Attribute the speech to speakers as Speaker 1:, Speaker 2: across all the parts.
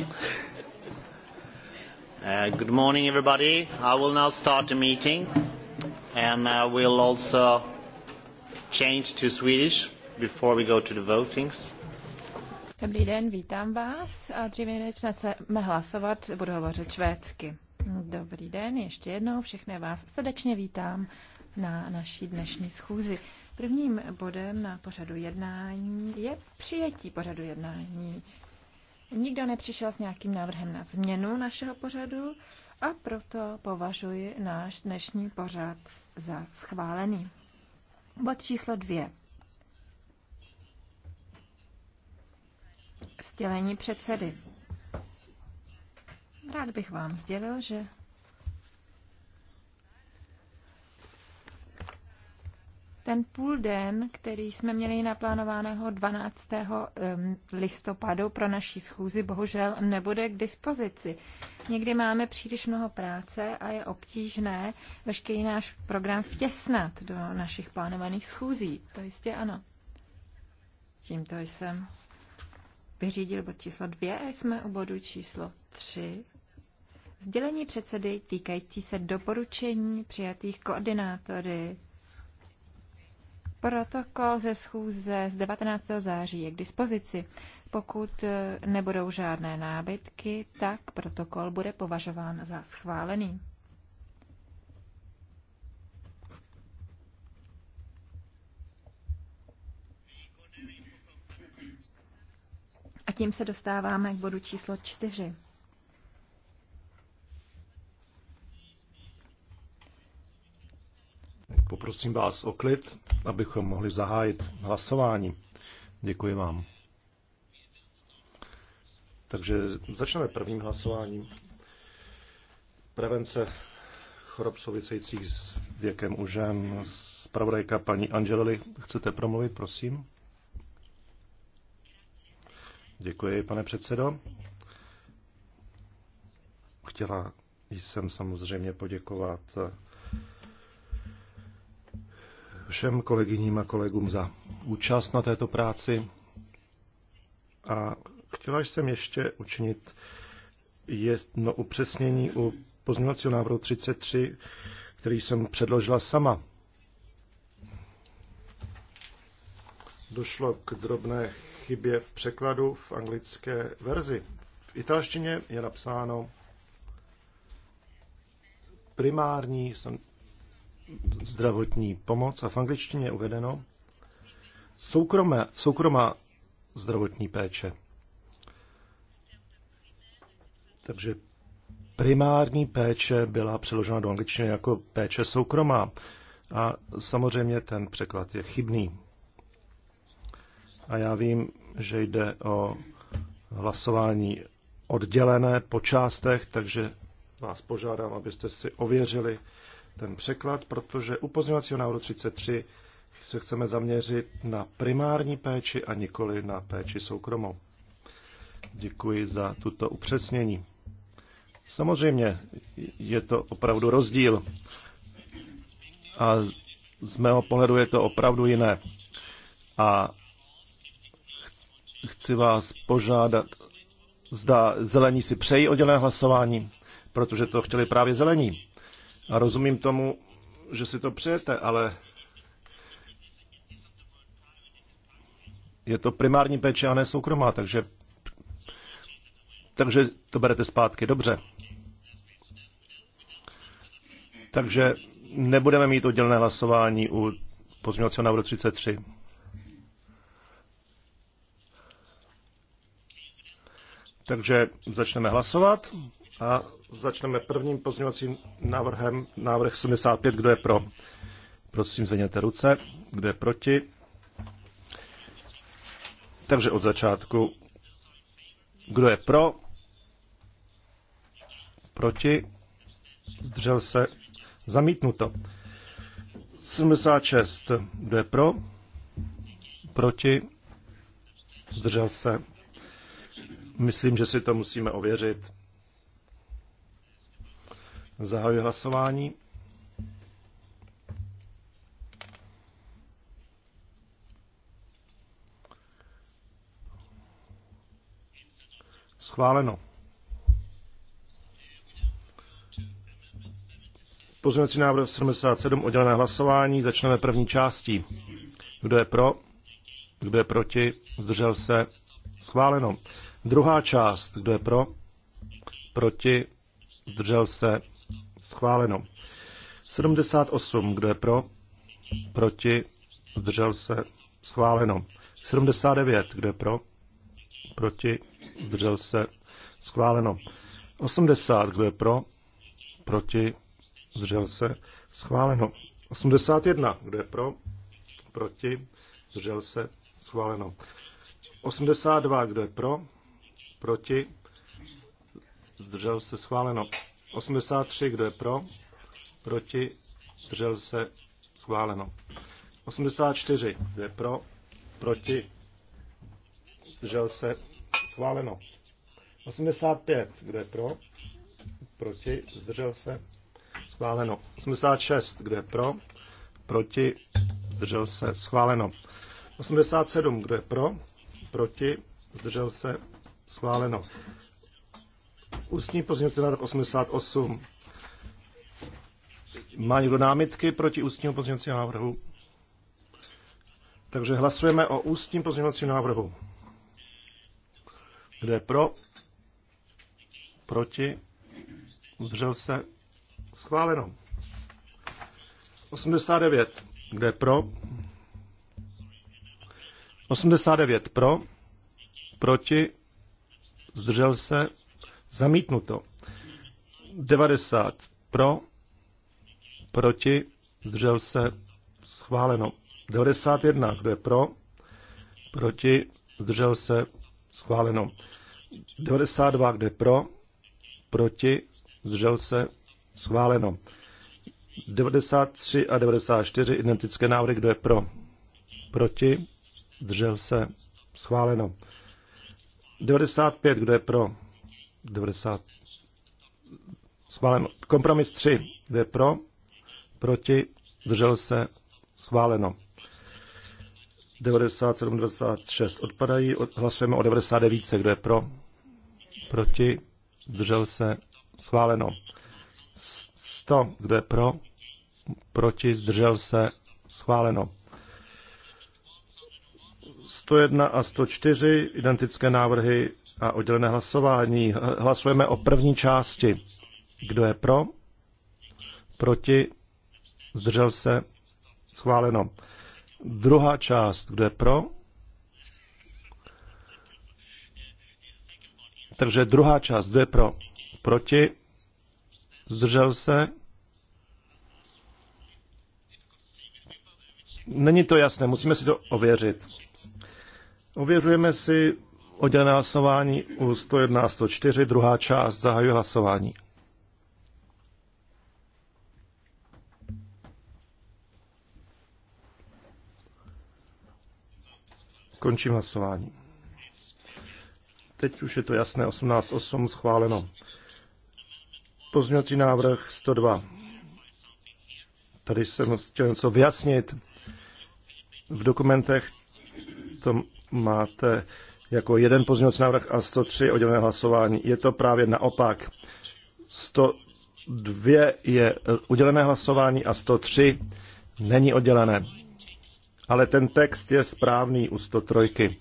Speaker 1: Uh, good morning, everybody. I will now start the meeting, and I will also change to Swedish before we go to the votings.
Speaker 2: Dobrý den, vítám vás a dříve než začneme hlasovat, budu hovořit švédsky. Dobrý den, ještě jednou všechny vás srdečně vítám na naší dnešní schůzi. Prvním bodem na pořadu jednání je přijetí pořadu jednání. Nikdo nepřišel s nějakým návrhem na změnu našeho pořadu a proto považuji náš dnešní pořad za schválený. Bod číslo dvě. Sdělení předsedy. Rád bych vám sdělil, že Ten půl den, který jsme měli naplánovaného 12. listopadu pro naší schůzi, bohužel nebude k dispozici. Někdy máme příliš mnoho práce a je obtížné veškerý náš program vtěsnat do našich plánovaných schůzí. To jistě ano. Tímto jsem vyřídil bod číslo dvě. a jsme u bodu číslo tři. Sdělení předsedy týkající se doporučení přijatých koordinátory Protokol ze schůze z 19. září je k dispozici. Pokud eh, nebudou žádné nábytky, tak protokol bude považován za schválený. A tím se dostáváme k bodu číslo čtyři.
Speaker 3: Poprosím vás o klid, abychom mohli zahájit hlasování. Děkuji vám. Takže začneme prvním hlasováním. Prevence chorob souvisejících s věkem u žen. Spravodajka paní Angelili, chcete promluvit, prosím? Děkuji, pane předsedo. Chtěla jsem samozřejmě poděkovat všem kolegyním a kolegům za účast na této práci. A chtěla jsem ještě učinit jedno upřesnění u pozměňovacího návrhu 33, který jsem předložila sama. Došlo k drobné chybě v překladu v anglické verzi. V italštině je napsáno primární zdravotní pomoc a v angličtině je uvedeno soukromé, soukromá zdravotní péče. Takže primární péče byla přeložena do angličtiny jako péče soukromá. A samozřejmě ten překlad je chybný. A já vím, že jde o hlasování oddělené po částech, takže vás požádám, abyste si ověřili ten překlad, protože u pozměňovacího návrhu 33 se chceme zaměřit na primární péči a nikoli na péči soukromou. Děkuji za tuto upřesnění. Samozřejmě je to opravdu rozdíl a z mého pohledu je to opravdu jiné. A chci vás požádat, zda zelení si přejí oddělené hlasování, protože to chtěli právě zelení. A rozumím tomu, že si to přejete, ale je to primární péče a ne soukromá, takže, takže to berete zpátky. Dobře. Takže nebudeme mít oddělené hlasování u pozměňovacího návrhu 33. Takže začneme hlasovat a Začneme prvním pozměňovacím návrhem, návrh 75, kdo je pro. Prosím, zvedněte ruce, kdo je proti. Takže od začátku, kdo je pro, proti, zdržel se, zamítnuto. 76, kdo je pro, proti, zdržel se. Myslím, že si to musíme ověřit. Zahajuji hlasování. Schváleno. Pozměňovací návrh 77, oddělené hlasování. Začneme první částí. Kdo je pro? Kdo je proti? Zdržel se? Schváleno. Druhá část. Kdo je pro? Proti? Zdržel se? Schváleno. 78, kdo je pro? Proti? Zdržel se? Schváleno. 79, kdo je pro? Proti? Zdržel se? Schváleno. 80, kdo je pro? Proti? Zdržel se? Schváleno. 81, kdo je pro? Proti? Zdržel se? Schváleno. 82, kdo je pro? Proti? Zdržel se? Schváleno. 83, kdo je pro, proti, držel se, schváleno. 84, kdo je pro, proti, držel se, schváleno. 85, kdo je pro, proti, zdržel se, schváleno. 86, kdo je pro, proti, zdržel se, schváleno. 87, kdo je pro, proti, zdržel se, schváleno. Ústní pozměňovací návrh 88. Má někdo námitky proti ústnímu pozměňovacímu návrhu? Takže hlasujeme o ústním pozměňovacím návrhu. Kde je pro? Proti? Zdržel se? Schváleno. 89. Kde je pro? 89 pro, proti, zdržel se, Zamítnuto. 90 pro, proti, zdržel se, schváleno. 91, kdo je pro, proti, zdržel se, schváleno. 92, kdo je pro, proti, zdržel se, schváleno. 93 a 94 identické návrhy, kdo je pro, proti, zdržel se, schváleno. 95, kdo je pro, 90. Schváleno. Kompromis 3. Jde pro. Proti. Držel se. Schváleno. 97, 96 odpadají. Hlasujeme o 99. Kdo je pro? Proti. Držel se. Schváleno. 100. Kdo je pro? Proti. Zdržel se. Schváleno. 101 a 104 identické návrhy a oddělené hlasování. Hlasujeme o první části. Kdo je pro? Proti? Zdržel se? Schváleno. Druhá část. Kdo je pro? Takže druhá část. Kdo je pro? Proti? Zdržel se? Není to jasné, musíme si to ověřit. Ověřujeme si Oddělené hlasování u 101 104, druhá část, zahajuji hlasování. Končím hlasování. Teď už je to jasné, 18.8 schváleno. Pozměňovací návrh 102. Tady jsem chtěl něco vyjasnit. V dokumentech to máte jako jeden pozměňovací návrh a 103 oddělené hlasování. Je to právě naopak. 102 je udělené eh, hlasování a 103 není oddělené. Ale ten text je správný u 103.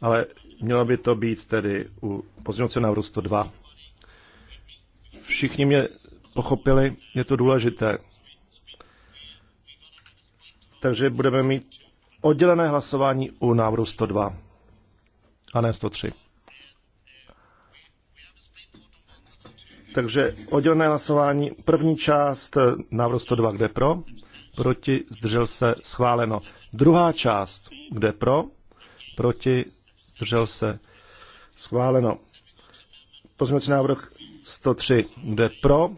Speaker 3: Ale mělo by to být tedy u pozměňovacího návrhu 102. Všichni mě pochopili, je to důležité. Takže budeme mít oddělené hlasování u návrhu 102 a ne 103. Takže oddělené hlasování. První část eh, návrhu 102, kde pro, proti, zdržel se, schváleno. Druhá část, kde pro, proti, zdržel se, schváleno. Pozměňovací návrh 103, kde pro,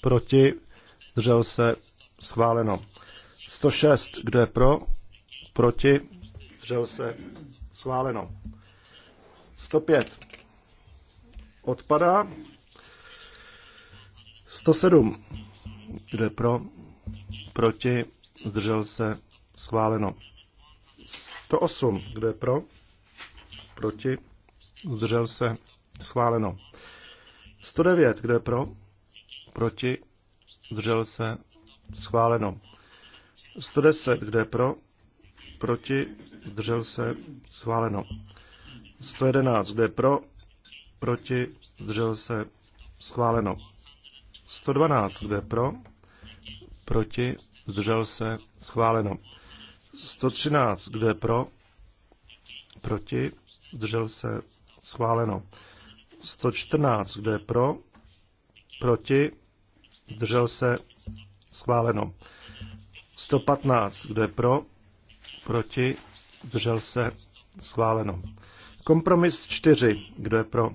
Speaker 3: proti, zdržel se, schváleno. 106, kde pro, proti, zdržel se, Schváleno. 105. Odpadá. 107. Kdo je pro? Proti? Zdržel se? Schváleno. 108. Kdo je pro? Proti? Zdržel se? Schváleno. 109. Kdo je pro? Proti? Zdržel se? Schváleno. 110. Kdo je pro? Proti? zdržel se, schváleno. 111, je pro, proti, zdržel se, schváleno. 112, je pro, proti, zdržel se, schváleno. 113, je pro, proti, zdržel se, schváleno. 114, je pro, proti, zdržel se, schváleno. 115, je pro, proti, zdržel se, schváleno. Kompromis 4, kdo je pro,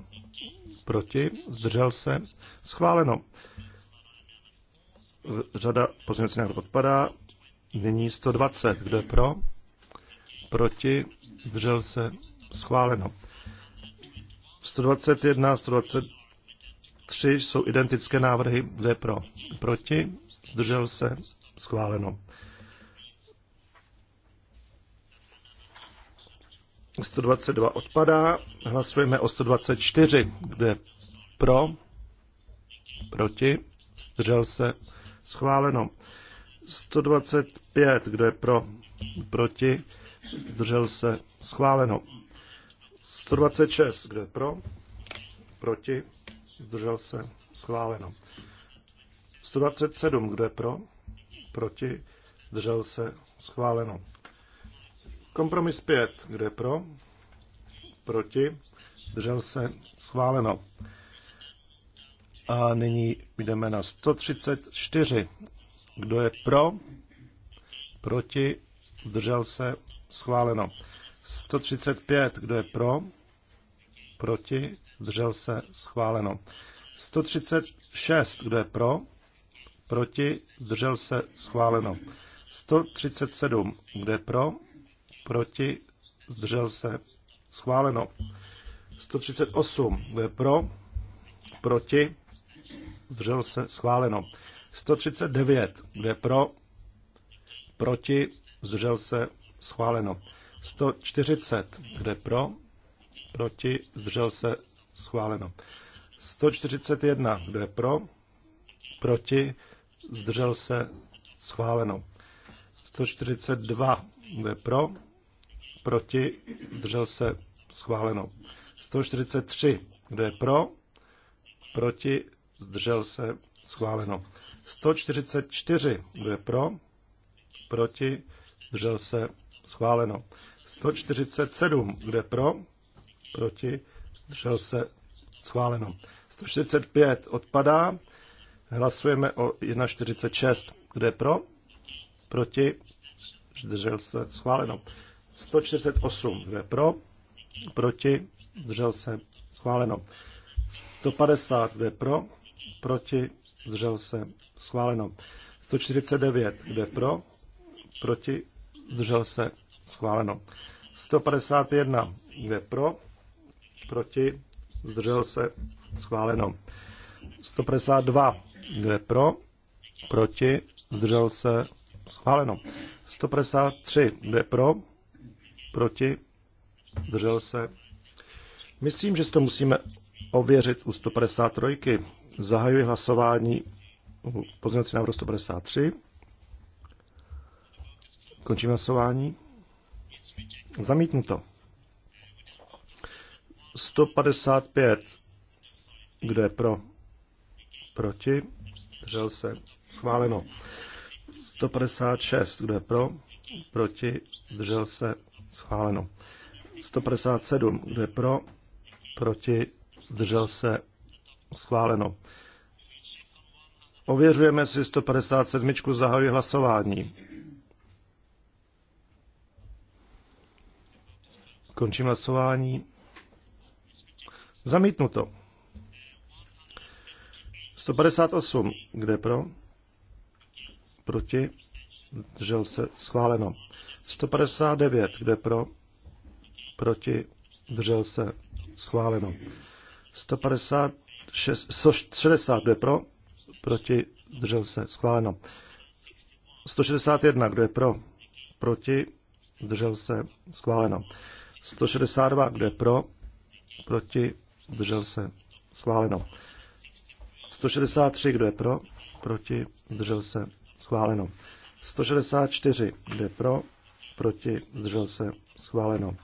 Speaker 3: proti, zdržel se, schváleno. Řada pozměňovacích návrhů odpadá. Nyní 120, kdo je pro, proti, zdržel se, schváleno. 121, 123 jsou identické návrhy, kde pro, proti, zdržel se, schváleno. 122 odpadá. Hlasujeme o 124, kde pro, proti, zdržel se, schváleno. 125, kdo je pro, proti, zdržel se, schváleno. 126, kdo je pro, proti, zdržel se, schváleno. 127, kdo je pro, proti, zdržel se, schváleno. Kompromis 5. Kdo je pro? Proti? Držel se? Schváleno. A nyní jdeme na 134. Kdo je pro? Proti? Držel se? Schváleno. 135. Kdo je pro? Proti? Držel se? Schváleno. 136. Kdo je pro? Proti? Zdržel se? Schváleno. 137. Kdo je pro? proti, zdržel se, schváleno. 138, kdo je pro, proti, zdržel se, schváleno. 139, kdo je pro, proti, zdržel se, schváleno. 140, je pro, proti, zdržel se, schváleno. 141, je pro, proti, zdržel se, schváleno. 142, je pro, proti, držel se, schváleno. 143, kdo je pro, proti, zdržel se, schváleno. 144, kdo je pro, proti, zdržel se, schváleno. 147, kdo je pro, proti, zdržel se, schváleno. 145 odpadá, hlasujeme o 146, kdo je pro, proti, zdržel se, schváleno. 148, kdo pro, proti, zdržel se, schváleno. 150, kdo pro, proti, zdržel se, schváleno. 149, kdo pro, proti, zdržel se, schváleno. 151, kdo pro, proti, zdržel se, schváleno. 152, kdo pro, proti, zdržel se, schváleno. 153, kdo pro, Proti? držel se? Myslím, že si to musíme ověřit u 153. Zahajuji hlasování u pozměnací návrhu 153. Končím hlasování. Zamítnuto. 155. Kdo je pro? Proti? Držel se. Schváleno. 156. Kdo je pro? Proti? Držel se. Schváleno. 157. Kdo je pro? Proti? Zdržel se? Schváleno. Ověřujeme si 157. Zahajuji hlasování. Končím hlasování. Zamítnuto. 158. Kde pro? Proti? Držel se. Schváleno. 159, kde pro, proti, držel se, schváleno. 156, 160, kde pro, proti, držel se, schváleno. 161, kdo je pro, proti, držel se, schváleno. 162, kdo je pro, proti, držel se, schváleno. 163, kdo je pro, proti, držel se, schváleno. 164, kdo je pro, proti, zdržel se, schváleno.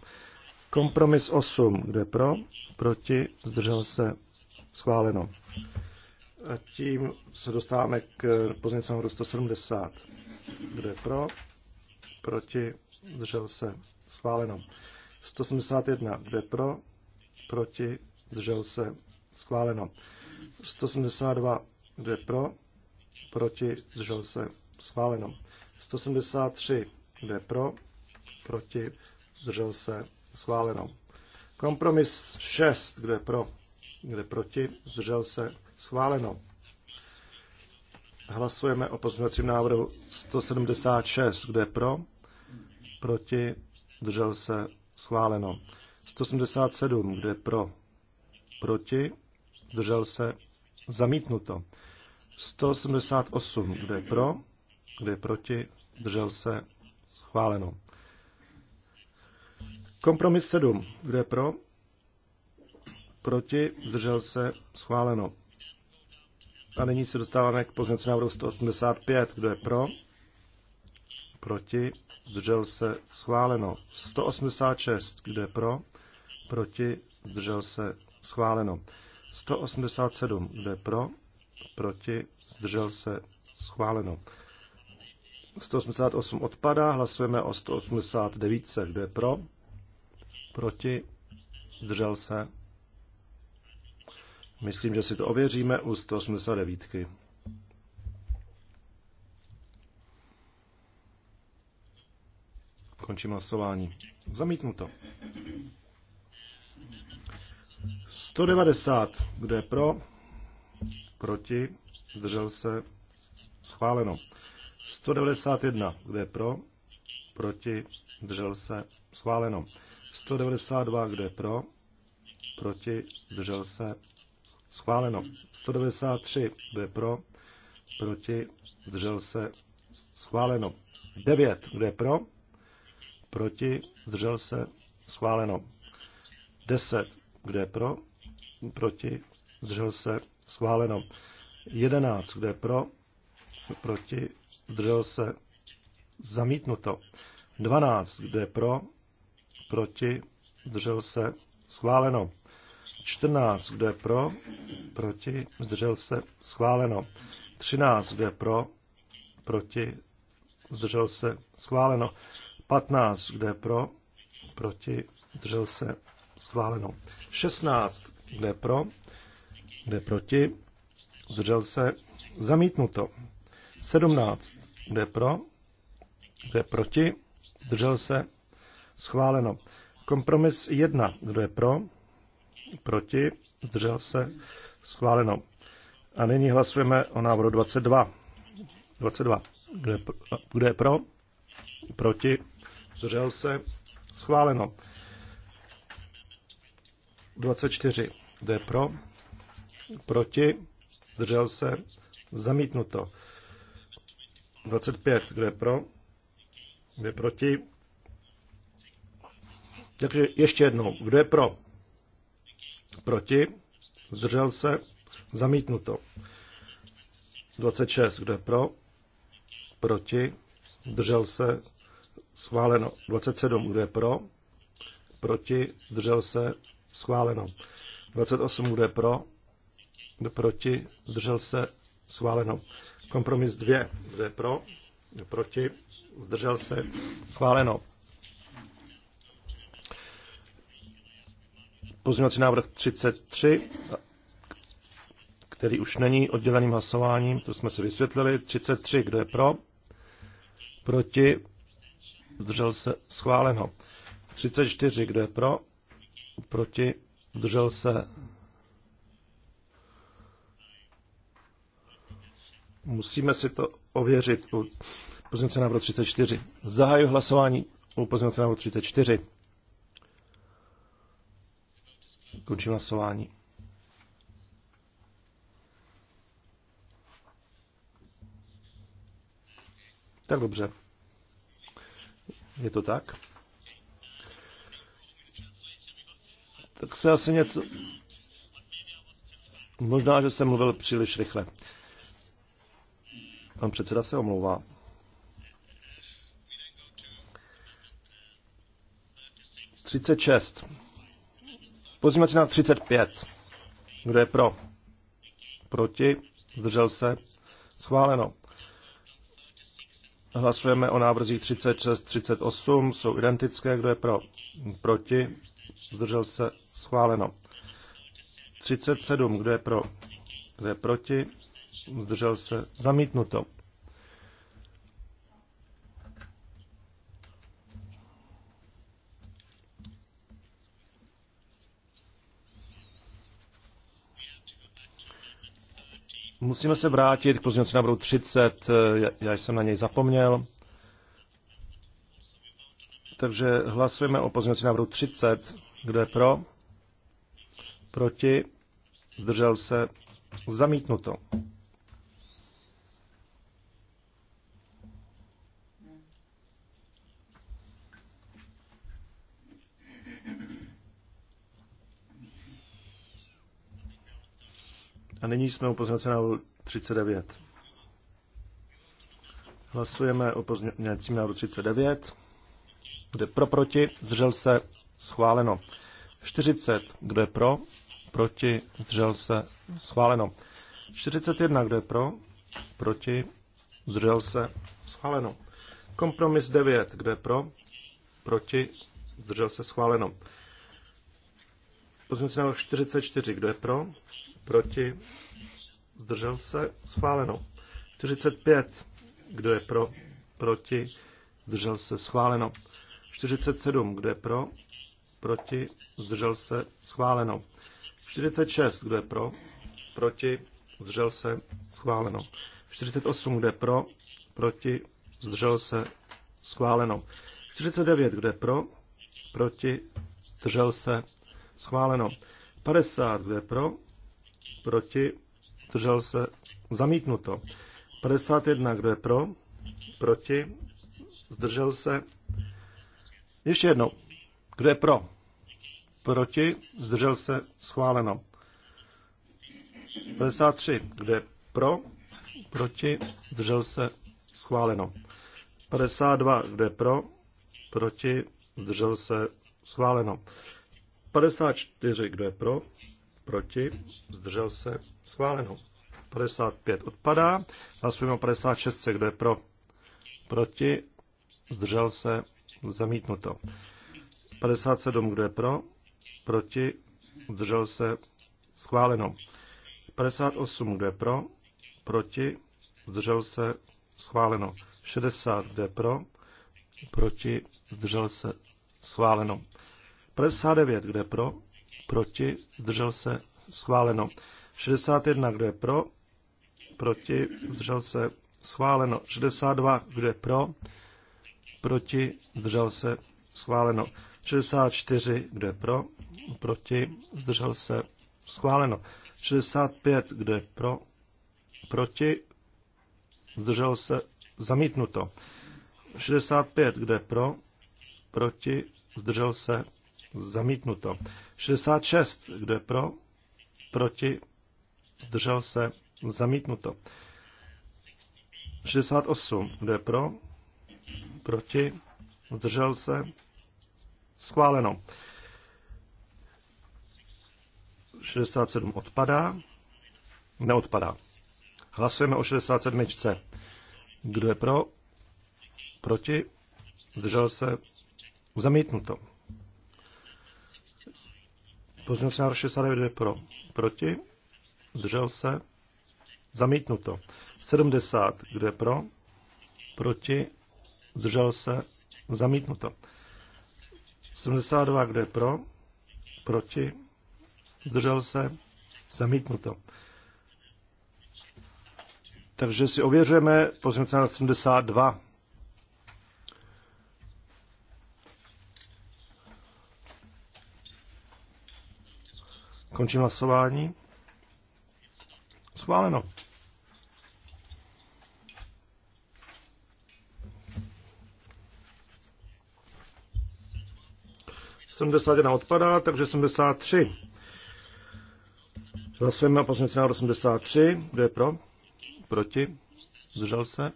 Speaker 3: Kompromis 8, kdo je pro, proti, zdržel se, schváleno. A tím se dostáváme k pozměnicám do 170. Kdo je pro, proti, zdržel se, schváleno. 171, kdo je pro, proti, zdržel se, schváleno. 172, kdo je pro, proti, zdržel se, schváleno. 173, kdo je pro? Proti? Zdržel se? Schváleno. Kompromis 6. Kdo je pro? Kdo je proti? Zdržel se? Schváleno. Hlasujeme o pozměňovacím návrhu 176. Kdo je pro? Proti? Zdržel se? Schváleno. 177. Kdo je pro? Proti? Zdržel se? Zamítnuto. 178. Kdo je pro? Kdo je proti? Držel se? Schváleno. Kompromis 7. Kdo je pro? Proti? Zdržel se? Schváleno. A nyní se dostáváme k pozměnce návrhu 185. Kdo je pro? Proti? Zdržel se? Schváleno. 186. Kdo je pro? Proti? Zdržel se? Schváleno. 187. Kdo je pro? Proti? Zdržel se? Schváleno. 188 odpadá, hlasujeme o 189. Kdo je pro? Proti? Zdržel se? Myslím, že si to ověříme u 189. Končím hlasování. Zamítnuto. 190. Kdo je pro? Proti? Zdržel se? Schváleno. 191, kde je pro, proti, držel se, schváleno. 192, kde je pro, proti, držel se, schváleno. 193, kde je pro, proti, držel se, schváleno. 9, kde je pro, proti, držel se, schváleno. 10, kde je pro, proti, zdržel se, schváleno. 11, kde je pro, proti, zdržel se, zamítnuto. 12, kdo je pro, proti, zdržel se, schváleno. 14, kdo je pro, proti, zdržel se, schváleno. 13, kdo je pro, proti, zdržel se, schváleno. 15, kdo je pro, proti, zdržel se, schváleno. 16, kdo je pro, kdo je proti, zdržel se, zamítnuto. 17. Kdo je pro? Kdo je proti? Držel se? Schváleno. Kompromis 1. Kdo je pro? Proti? Zdržel se? Schváleno. A nyní hlasujeme o návrhu 22. 22. Kdo je, pro? kdo je pro? Proti? Zdržel se? Schváleno. 24. Kdo je pro? Proti? Zdržel se? Zamítnuto. 25, kdo je pro, kdo je proti. Takže ještě jednou, kdo je pro, proti, zdržel se, zamítnuto. 26, kdo je pro, proti, zdržel se, schváleno. 27, kdo je pro, proti, zdržel se, schváleno. 28, kdo je pro, kdo proti, zdržel se, schváleno. Kompromis 2. Kdo je pro? Proti? Zdržel se? Schváleno. Pozměňovací návrh 33, který už není odděleným hlasováním, to jsme si vysvětlili. 33, kdo je pro? Proti? Zdržel se? Schváleno. 34, kdo je pro? Proti? Zdržel se? Musíme si to ověřit u pozice návrhu 34. Zahajuji hlasování u pozice návrhu 34. Končím hlasování. Tak dobře. Je to tak? Tak se asi něco... Možná, že jsem mluvil příliš rychle. Pan předseda se omlouvá. Třicet šest. na třicet 35. Kdo je pro? Proti? Zdržel se? Schváleno. Hlasujeme o návrzích 36, 38, jsou identické, kdo je pro, proti, zdržel se, schváleno. 37, kdo je pro, kdo je proti, zdržel se, zamítnuto. Musíme se vrátit k pozměnci návrhu 30, já jsem na něj zapomněl. Takže hlasujeme o pozměnci návrhu 30. Kdo je pro? Proti? Zdržel se? Zamítnuto. A nyní jsme u pozměňovacího návrhu 39. Hlasujeme o pozměňovacím návrhu 39. Kde pro, proti, zdržel se, schváleno. 40. Kdo je pro, proti, zdržel se, schváleno. 41. Kdo je pro, proti, zdržel se, schváleno. Kompromis 9. Kdo je pro, proti, zdržel se, schváleno. Pozměňovací návrh 44. Kdo je pro, proti, zdržel se, schváleno. 45, kdo je pro, proti, zdržel se, schváleno. 47, kdo je pro, proti, zdržel se, schváleno. 46, kdo je pro, proti, zdržel se, schváleno. 48, kdo je pro, proti, zdržel se, schváleno. 49, kdo je pro, proti, zdržel se, schváleno. 50, kdo je pro, proti, zdržel se, zamítnuto. 51, kdo je pro, proti, zdržel se. Ještě jednou, kdo je pro, proti, zdržel se, schváleno. 53, kdo je pro, proti, zdržel se, schváleno. 52, kdo je pro, proti, zdržel se, schváleno. 54, kdo je pro, proti, zdržel se, schváleno. 55 odpadá, hlasujeme o 56, kdo je pro, proti, zdržel se, zamítnuto. 57, kdo je pro, proti, zdržel se, schváleno. 58, kdo je pro, proti, zdržel se, schváleno. 60, kdo je pro, proti, zdržel se, schváleno. 59, kdo je pro, proti, zdržel se, schváleno. 61, kdo je pro, proti, zdržel se, schváleno. 62, kdo je pro, proti, zdržel se, schváleno. 64, kdo je pro, proti, zdržel se, schváleno. 65, kdo je pro, proti, zdržel se, zamítnuto. 65, kdo je pro, proti, zdržel se, Zamítnuto. 66. Kdo je pro? Proti? Zdržel se? Zamítnuto. 68. Kdo je pro? Proti? Zdržel se? Schváleno. 67 odpadá. Neodpadá. Hlasujeme o 67. Kdo je pro? Proti? Zdržel se? Zamítnuto. Pozměňovací návrh 69 pro. Proti. Zdržel se. Zamítnuto. 70, kde pro. Proti. Zdržel se. Zamítnuto. 72, kde pro. Proti. Zdržel se. Zamítnuto. Takže si ověřujeme pozměňovací návrh 72. Končím hlasování. Schváleno. Sedmdesát na odpadá, takže 73. Hlasujeme na poslední 83. Kdo je pro? Proti? Zdržel se?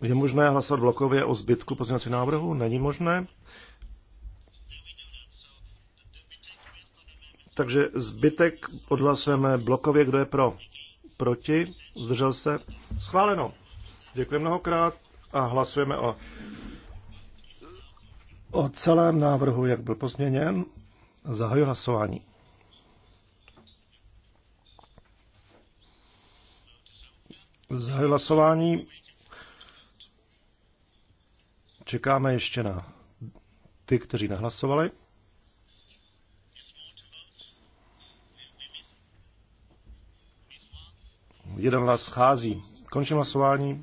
Speaker 3: Je možné hlasovat blokově o zbytku pozměňovacího návrhu? Není možné. Takže zbytek odhlasujeme blokově, kdo je pro, proti, zdržel se, schváleno. Děkuji mnohokrát a hlasujeme o, o celém návrhu, jak byl pozměněn. Zahajuji hlasování. Zahajuji hlasování. Čekáme ještě na ty, kteří nehlasovali. Jeden hlas schází. Končím hlasování.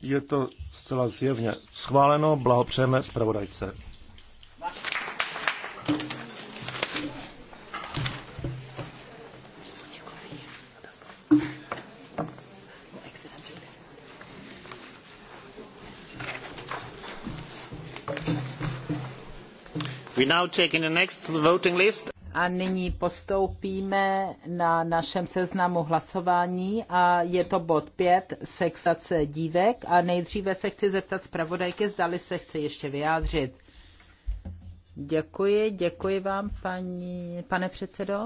Speaker 3: Je to zcela zjevně schváleno. Blahopřejeme zpravodajce.
Speaker 4: A nyní postoupíme na našem seznamu hlasování a je to bod 5, sexace dívek a nejdříve se chci zeptat zpravodajky, zdali se chce ještě vyjádřit. Děkuji, děkuji vám, paní, pane předsedo.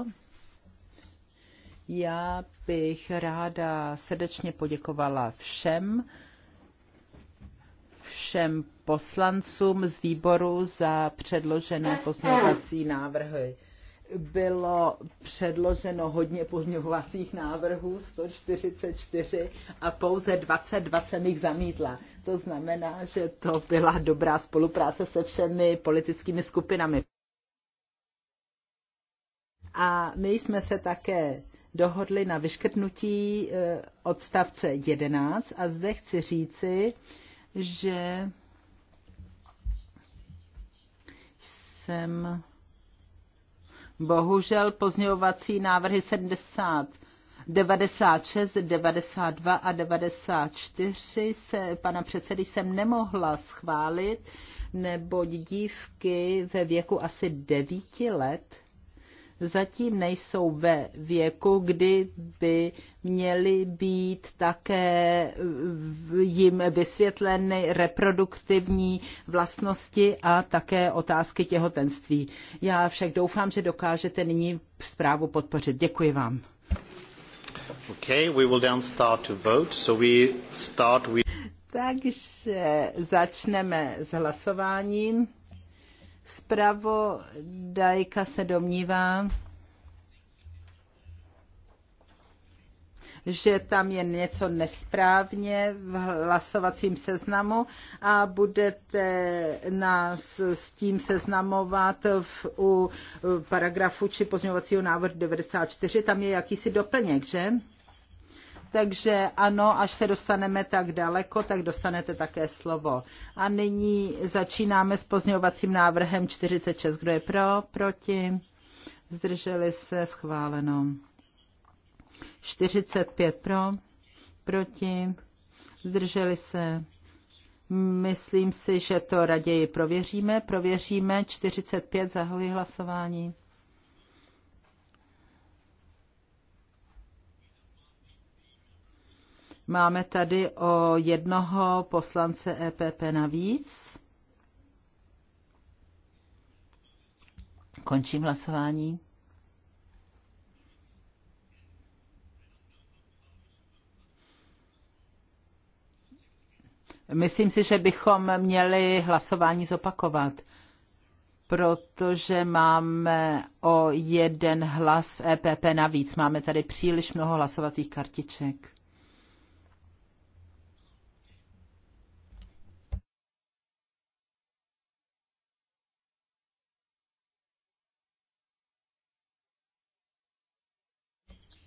Speaker 4: Já bych ráda srdečně poděkovala všem, všem poslancům z výboru za předložené pozměňovací návrhy. Bylo předloženo hodně pozměňovacích návrhů, 144, a pouze 22 jsem jich zamítla. To znamená, že to byla dobrá spolupráce se všemi politickými skupinami. A my jsme se také dohodli na vyškrtnutí eh, odstavce 11 a zde chci říci, že jsem bohužel pozňovací návrhy 70 96, 92 a 94 se, pana předsedy jsem nemohla schválit, neboť dívky ve věku asi 9 let zatím nejsou ve věku, kdy by měly být také eh, jim vysvětleny reproduktivní vlastnosti a také otázky těhotenství. Já však doufám, že dokážete nyní zprávu podpořit. Děkuji vám.
Speaker 1: Okay, we will then start to vote. So we start with...
Speaker 4: Takže začneme s hlasováním. Spravodajka se domnívá, že tam je něco nesprávně v hlasovacím seznamu a budete nás s tím seznamovat v, u paragrafu či pozměňovacího návrhu 94. Tam je jakýsi doplněk, že? Takže ano, až se dostaneme tak daleko, tak dostanete také slovo. A nyní začínáme s pozměňovacím návrhem 46. Kdo je pro, proti? Zdrželi se, schváleno. 45 pro, proti? Zdrželi se. Myslím si, že to raději prověříme. Prověříme 45, zahoji hlasování. Máme tady o jednoho poslance EPP navíc. Končím hlasování. Myslím si, že bychom měli hlasování zopakovat, protože máme o jeden hlas v EPP navíc. Máme tady příliš mnoho hlasovacích kartiček.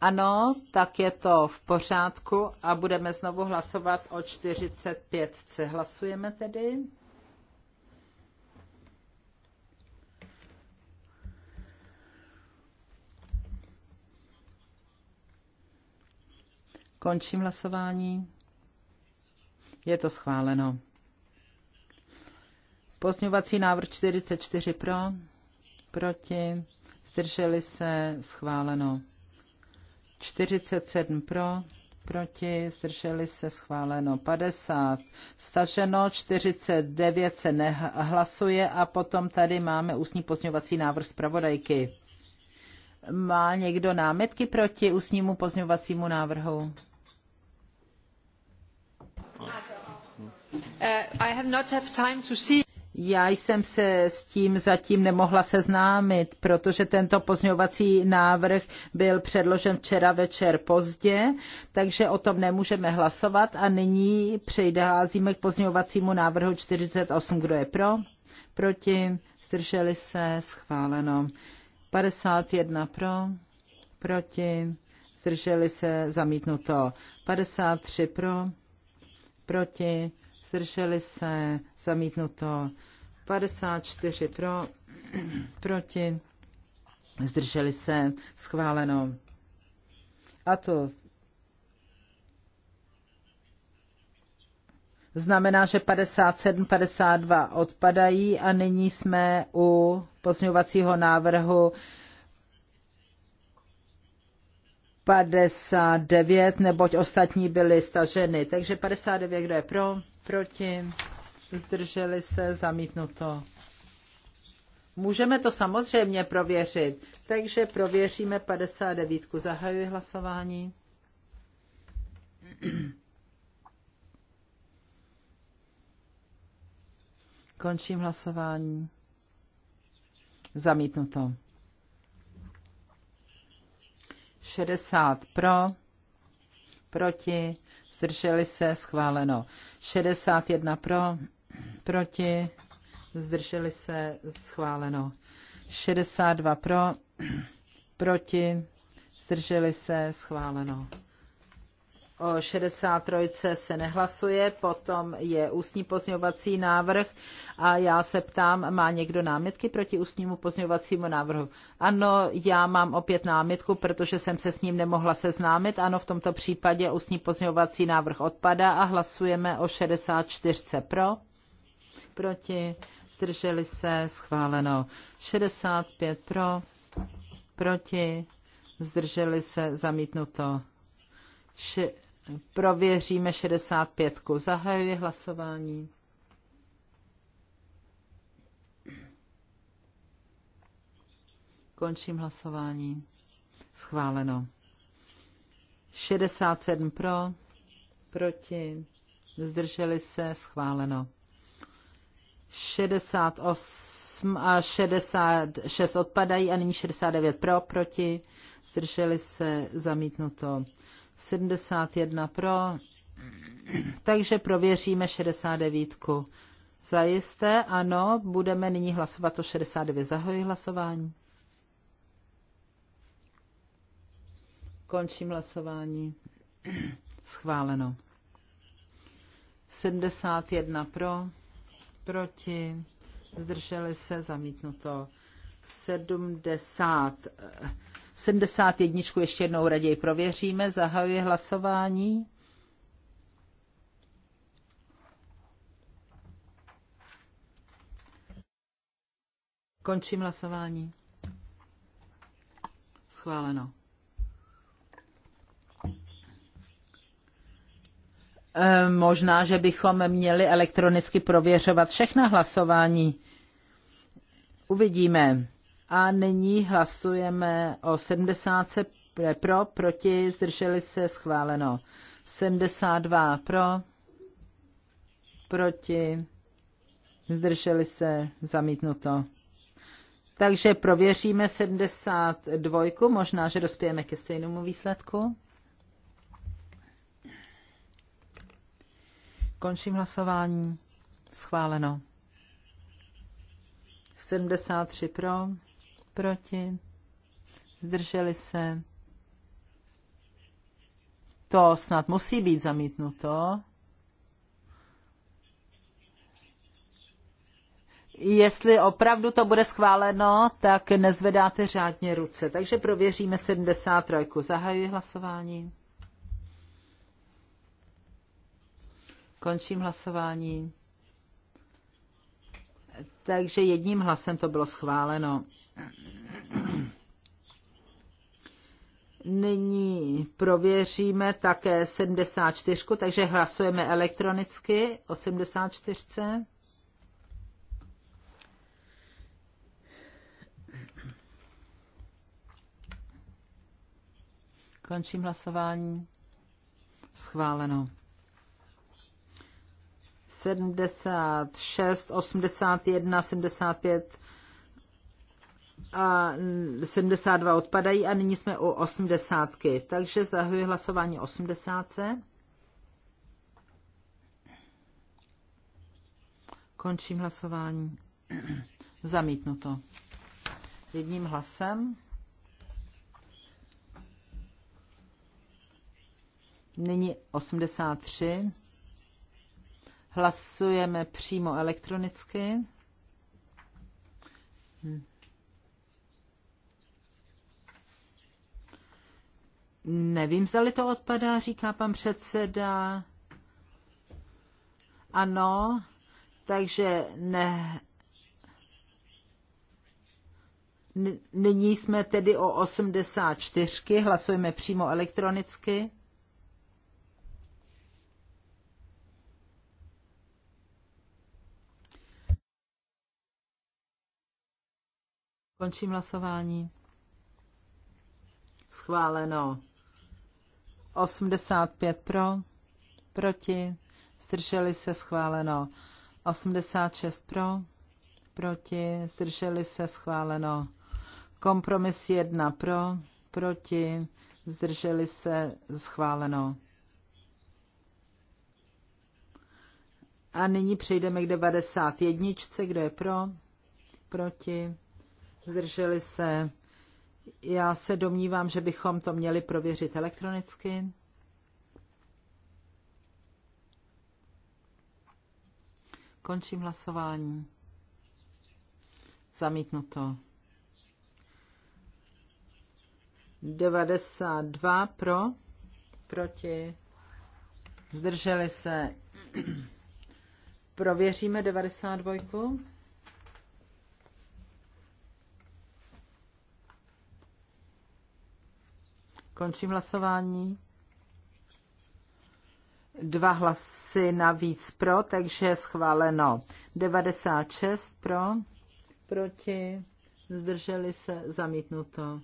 Speaker 4: Ano, tak je to v pořádku a budeme znovu hlasovat o 45. Hlasujeme tedy. Končím hlasování. Je to schváleno. Pozňovací návrh 44 pro, proti, zdrželi se, schváleno. 47 pro, proti, zdrželi se schváleno 50, staženo 49 se nehlasuje a potom tady máme ústní pozňovací návrh zpravodajky. Má někdo námitky proti ústnímu pozňovacímu návrhu?
Speaker 2: Uh, I have not have time to see.
Speaker 4: Já jsem se s tím zatím nemohla seznámit, protože tento pozňovací návrh byl předložen včera večer pozdě, takže o tom nemůžeme hlasovat a nyní přejdázíme k pozňovacímu návrhu 48. Kdo je pro? Proti? Zdrželi se? Schváleno. 51 pro? Proti? Zdrželi se? Zamítnuto. 53 pro? Proti? zdrželi se, zamítnuto 54 pro, proti, zdrželi se, schváleno. A to znamená, že 57, 52 odpadají a nyní jsme u pozměňovacího návrhu 59, neboť ostatní byly staženy. Takže 59, kdo je pro, proti, zdrželi se, zamítnuto. Můžeme to samozřejmě prověřit, takže prověříme 59. Zahajuji hlasování. Končím hlasování. Zamítnuto. 60 pro, proti, zdrželi se, schváleno. 61 pro, proti, zdrželi se, schváleno. 62 pro, proti, zdrželi se, schváleno o 63 se nehlasuje, potom je ústní pozměňovací návrh a já se ptám, má někdo námitky proti ústnímu pozměňovacímu návrhu? Ano, já mám opět námitku, protože jsem se s ním nemohla seznámit. Ano, v tomto případě ústní pozměňovací návrh odpadá a hlasujeme o 64 pro, proti, zdrželi se, schváleno 65 pro, proti, zdrželi se, zamítnuto. Ši- Prověříme 65. Zahajuji hlasování. Končím hlasování. Schváleno. 67 pro, proti, zdrželi se, schváleno. 68 a 66 odpadají a nyní 69 pro, proti, zdrželi se, zamítnuto. 71 pro, takže prověříme 69. Zajisté, ano, budeme nyní hlasovat o 69. Zahoji hlasování. Končím hlasování. Schváleno. 71 pro, proti, zdrželi se, zamítnuto. 70 71 ještě jednou raději prověříme. Zahajuji hlasování. Končím hlasování. Schváleno. Eh, možná, že bychom měli elektronicky prověřovat všechna hlasování. Uvidíme. A nyní hlasujeme o 70 pro, proti, zdrželi se, schváleno. 72 pro, proti, zdrželi se, zamítnuto. Takže prověříme 72, možná, že dospějeme ke stejnému výsledku. Končím hlasování. Schváleno. 73 pro, proti, zdrželi se. To snad musí být zamítnuto. Jestli opravdu to bude schváleno, tak nezvedáte řádně ruce. Takže prověříme 73. Zahajuji hlasování. Končím hlasování. Takže jedním hlasem to bylo schváleno. Nyní prověříme také 74, takže hlasujeme elektronicky o 74. Končím hlasování. Schváleno. 76, 81, 75 a 72 odpadají a nyní jsme u 80. Takže zahajuji hlasování 80. Končím hlasování. Zamítnuto. Jedním hlasem. Nyní 83. Hlasujeme přímo elektronicky. Hm. Nevím, zdali to odpadá, říká pan předseda. Ano, takže ne. Nyní jsme tedy o 84, hlasujeme přímo elektronicky. Končím hlasování. Schváleno. 85 pro, proti, zdrželi se schváleno. 86 pro, proti, zdrželi se schváleno. Kompromis 1 pro, proti, zdrželi se schváleno. A nyní přejdeme k 91, kdo je pro, proti, zdrželi se já se domnívám, že bychom to měli prověřit elektronicky. Končím hlasování. Zamítnuto. 92 pro, proti, zdrželi se. Prověříme 92. Končím hlasování. Dva hlasy navíc pro, takže schváleno. 96 pro, proti, zdrželi se, zamítnuto.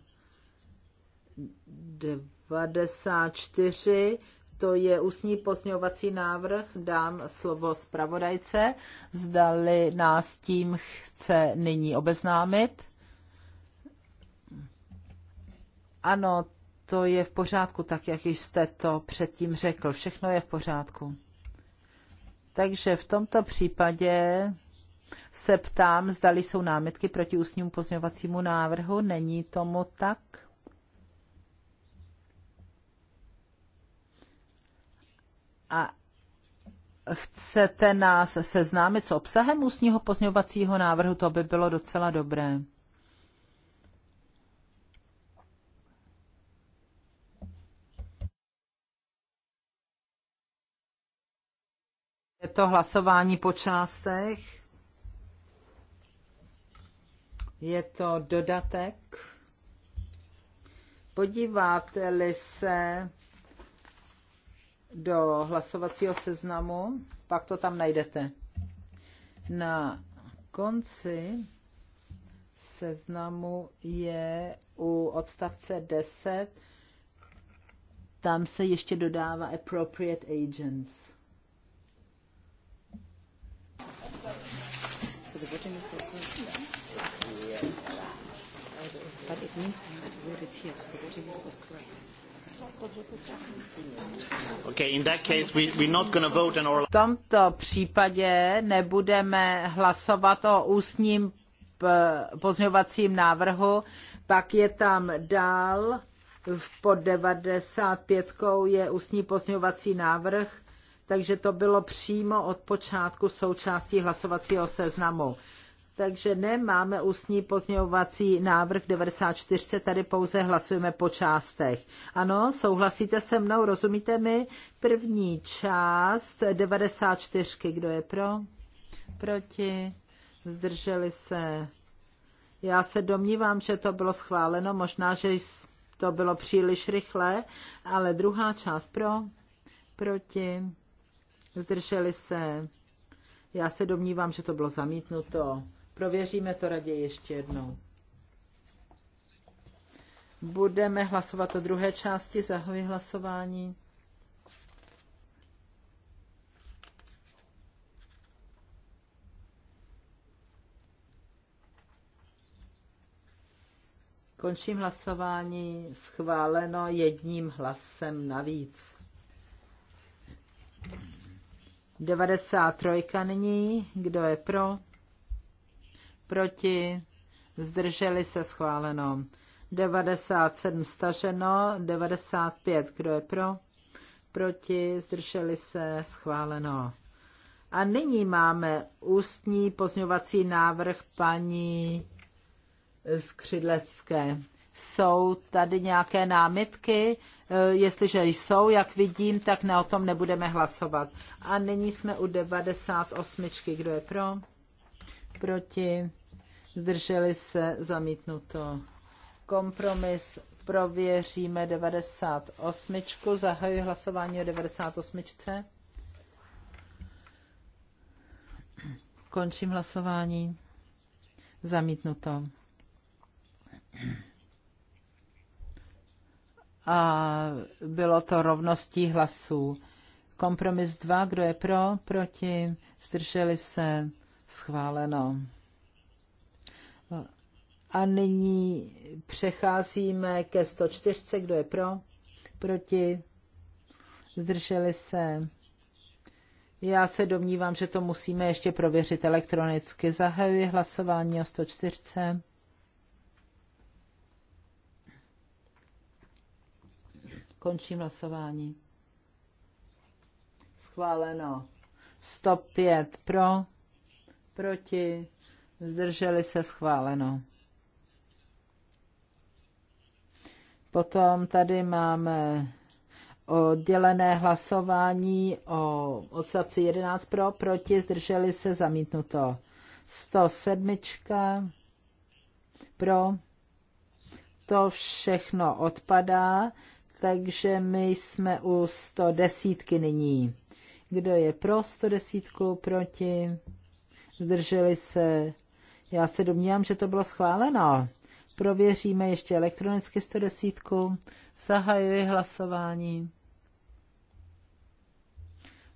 Speaker 4: 94, to je ústní posňovací návrh, dám slovo zpravodajce, zdali nás tím chce nyní obeznámit. Ano, to je v pořádku, tak jak jste to předtím řekl. Všechno je v pořádku. Takže v tomto případě se ptám, zdali jsou námitky proti ústnímu pozměňovacímu návrhu. Není tomu tak? A chcete nás seznámit s obsahem ústního pozměňovacího návrhu? To by bylo docela dobré. Je to hlasování po částech. Je to dodatek. Podíváte-li se do hlasovacího seznamu, pak to tam najdete. Na konci seznamu je u odstavce 10, tam se ještě dodává appropriate agents.
Speaker 5: to the voting is postponed. Yes. But it means we have to vote it here, so the voting is correct.
Speaker 1: Okay, in that case we, we're not going to vote an oral... V tomto
Speaker 4: případě nebudeme hlasovat o ústním pozňovacím návrhu, pak je tam dál pod 95 je ústní pozňovací návrh, takže to bylo přímo od počátku součástí hlasovacího seznamu. Takže nemáme ústní pozměňovací návrh 94, tady pouze hlasujeme po částech. Ano, souhlasíte se mnou, rozumíte mi? První část 94, kdo je pro? Proti? Zdrželi se? Já se domnívám, že to bylo schváleno, možná, že to bylo příliš rychle, ale druhá část pro? Proti? zdrželi se. Já se domnívám, že to bylo zamítnuto. Prověříme to raději ještě jednou. Budeme hlasovat o druhé části, zahoji hlasování. Končím hlasování schváleno jedním hlasem navíc. 93 nyní. Kdo je pro? Proti? Zdrželi se schváleno. 97 staženo. 95. Kdo je pro? Proti? Zdrželi se schváleno. A nyní máme ústní pozňovací návrh paní Skřidlecké. Jsou tady nějaké námitky? Eh, jestliže jsou, jak vidím, tak ne o tom nebudeme hlasovat. A nyní jsme u 98. Kdo je pro? Proti? Zdrželi se? Zamítnuto. Kompromis prověříme 98. Zahajuji hlasování o 98. Končím hlasování. Zamítnuto a bylo to rovností hlasů. Kompromis 2, kdo je pro, proti, zdrželi se, schváleno. A nyní přecházíme ke 104, kdo je pro, proti, zdrželi se. Já se domnívám, že to musíme ještě prověřit elektronicky. Zahajuji hlasování o 104. Končím hlasování. Schváleno. 105 pro, proti, zdrželi se schváleno. Potom tady máme oddělené hlasování o odstavci 11 pro, proti, zdrželi se zamítnuto. 107 pro, to všechno odpadá, takže my jsme u 110 nyní. Kdo je pro 110, proti? Zdrželi se. Já se domnívám, že to bylo schváleno. Prověříme ještě elektronicky 110. Zahajuji hlasování.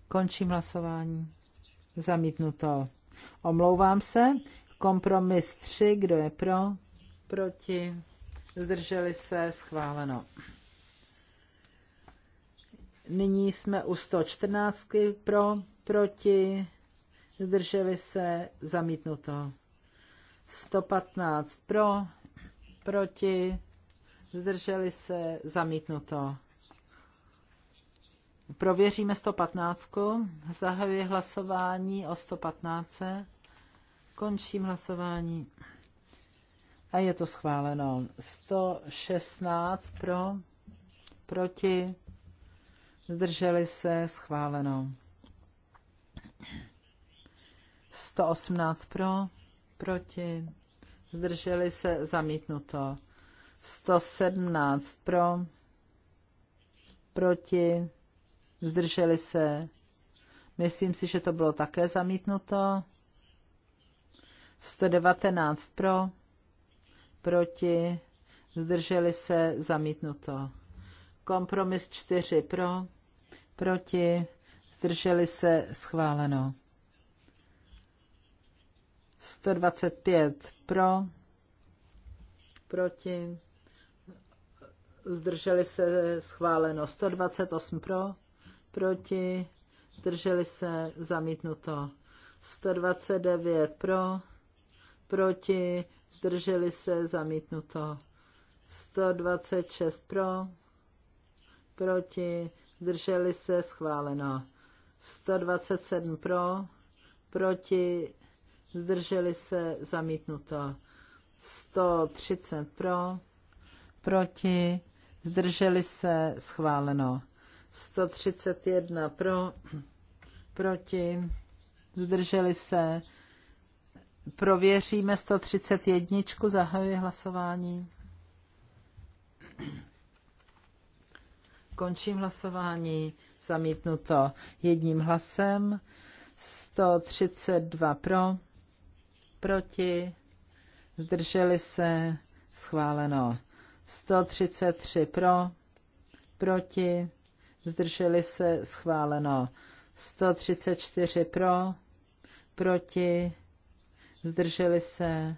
Speaker 4: Končím hlasování. Zamítnuto. Omlouvám se. Kompromis 3. Kdo je pro? Proti? Zdrželi se. Schváleno. Nyní jsme u 114 pro, proti, zdrželi se, zamítnuto. 115 pro, proti, zdrželi se, zamítnuto. Prověříme 115. Zahajuji hlasování o 115. Končím hlasování. A je to schváleno. 116 pro, proti, zdrželi se, schváleno. 118 pro, proti, zdrželi se, zamítnuto. 117 pro, proti, zdrželi se. Myslím si, že to bylo také zamítnuto. 119 pro, proti, zdrželi se, zamítnuto. Kompromis 4 pro, proti, zdrželi se, schváleno. 125 pro, proti, zdrželi se, schváleno. 128 pro, proti, zdrželi se, zamítnuto. 129 pro, proti, zdrželi se, zamítnuto. 126 pro, proti, zdrželi se, schváleno. 127 pro, proti, zdrželi se, zamítnuto. 130 pro, proti, zdrželi se, schváleno. 131 pro, proti, zdrželi se. Prověříme 131, zahajuji hlasování. Končím hlasování. Zamítnuto jedním hlasem. 132 pro, proti, zdrželi se, schváleno. 133 pro, proti, zdrželi se, schváleno. 134 pro, proti, zdrželi se,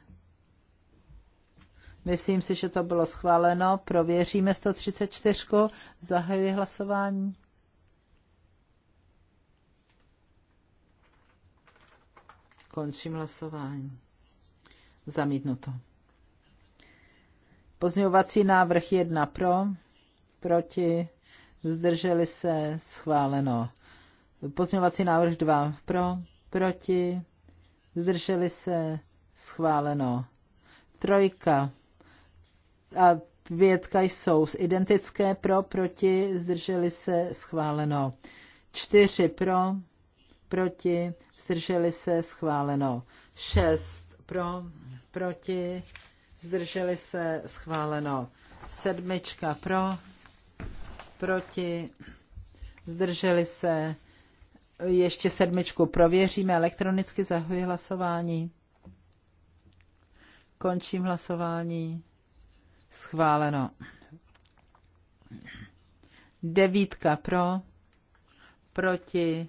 Speaker 4: Myslím si, že to bylo schváleno. Prověříme 134. Zahajuji hlasování. Končím hlasování. Zamítnuto. Pozměňovací návrh 1 pro, proti, zdrželi se, schváleno. Pozměňovací návrh 2 pro, proti, zdrželi se, schváleno. Trojka a pětka jsou identické pro, proti, zdrželi se, schváleno. Čtyři pro, proti, zdrželi se, schváleno. Šest pro, proti, zdrželi se, schváleno. Sedmička pro, proti, zdrželi se. Ještě sedmičku prověříme elektronicky, zahuji hlasování. Končím hlasování. Schváleno. Devítka pro, proti,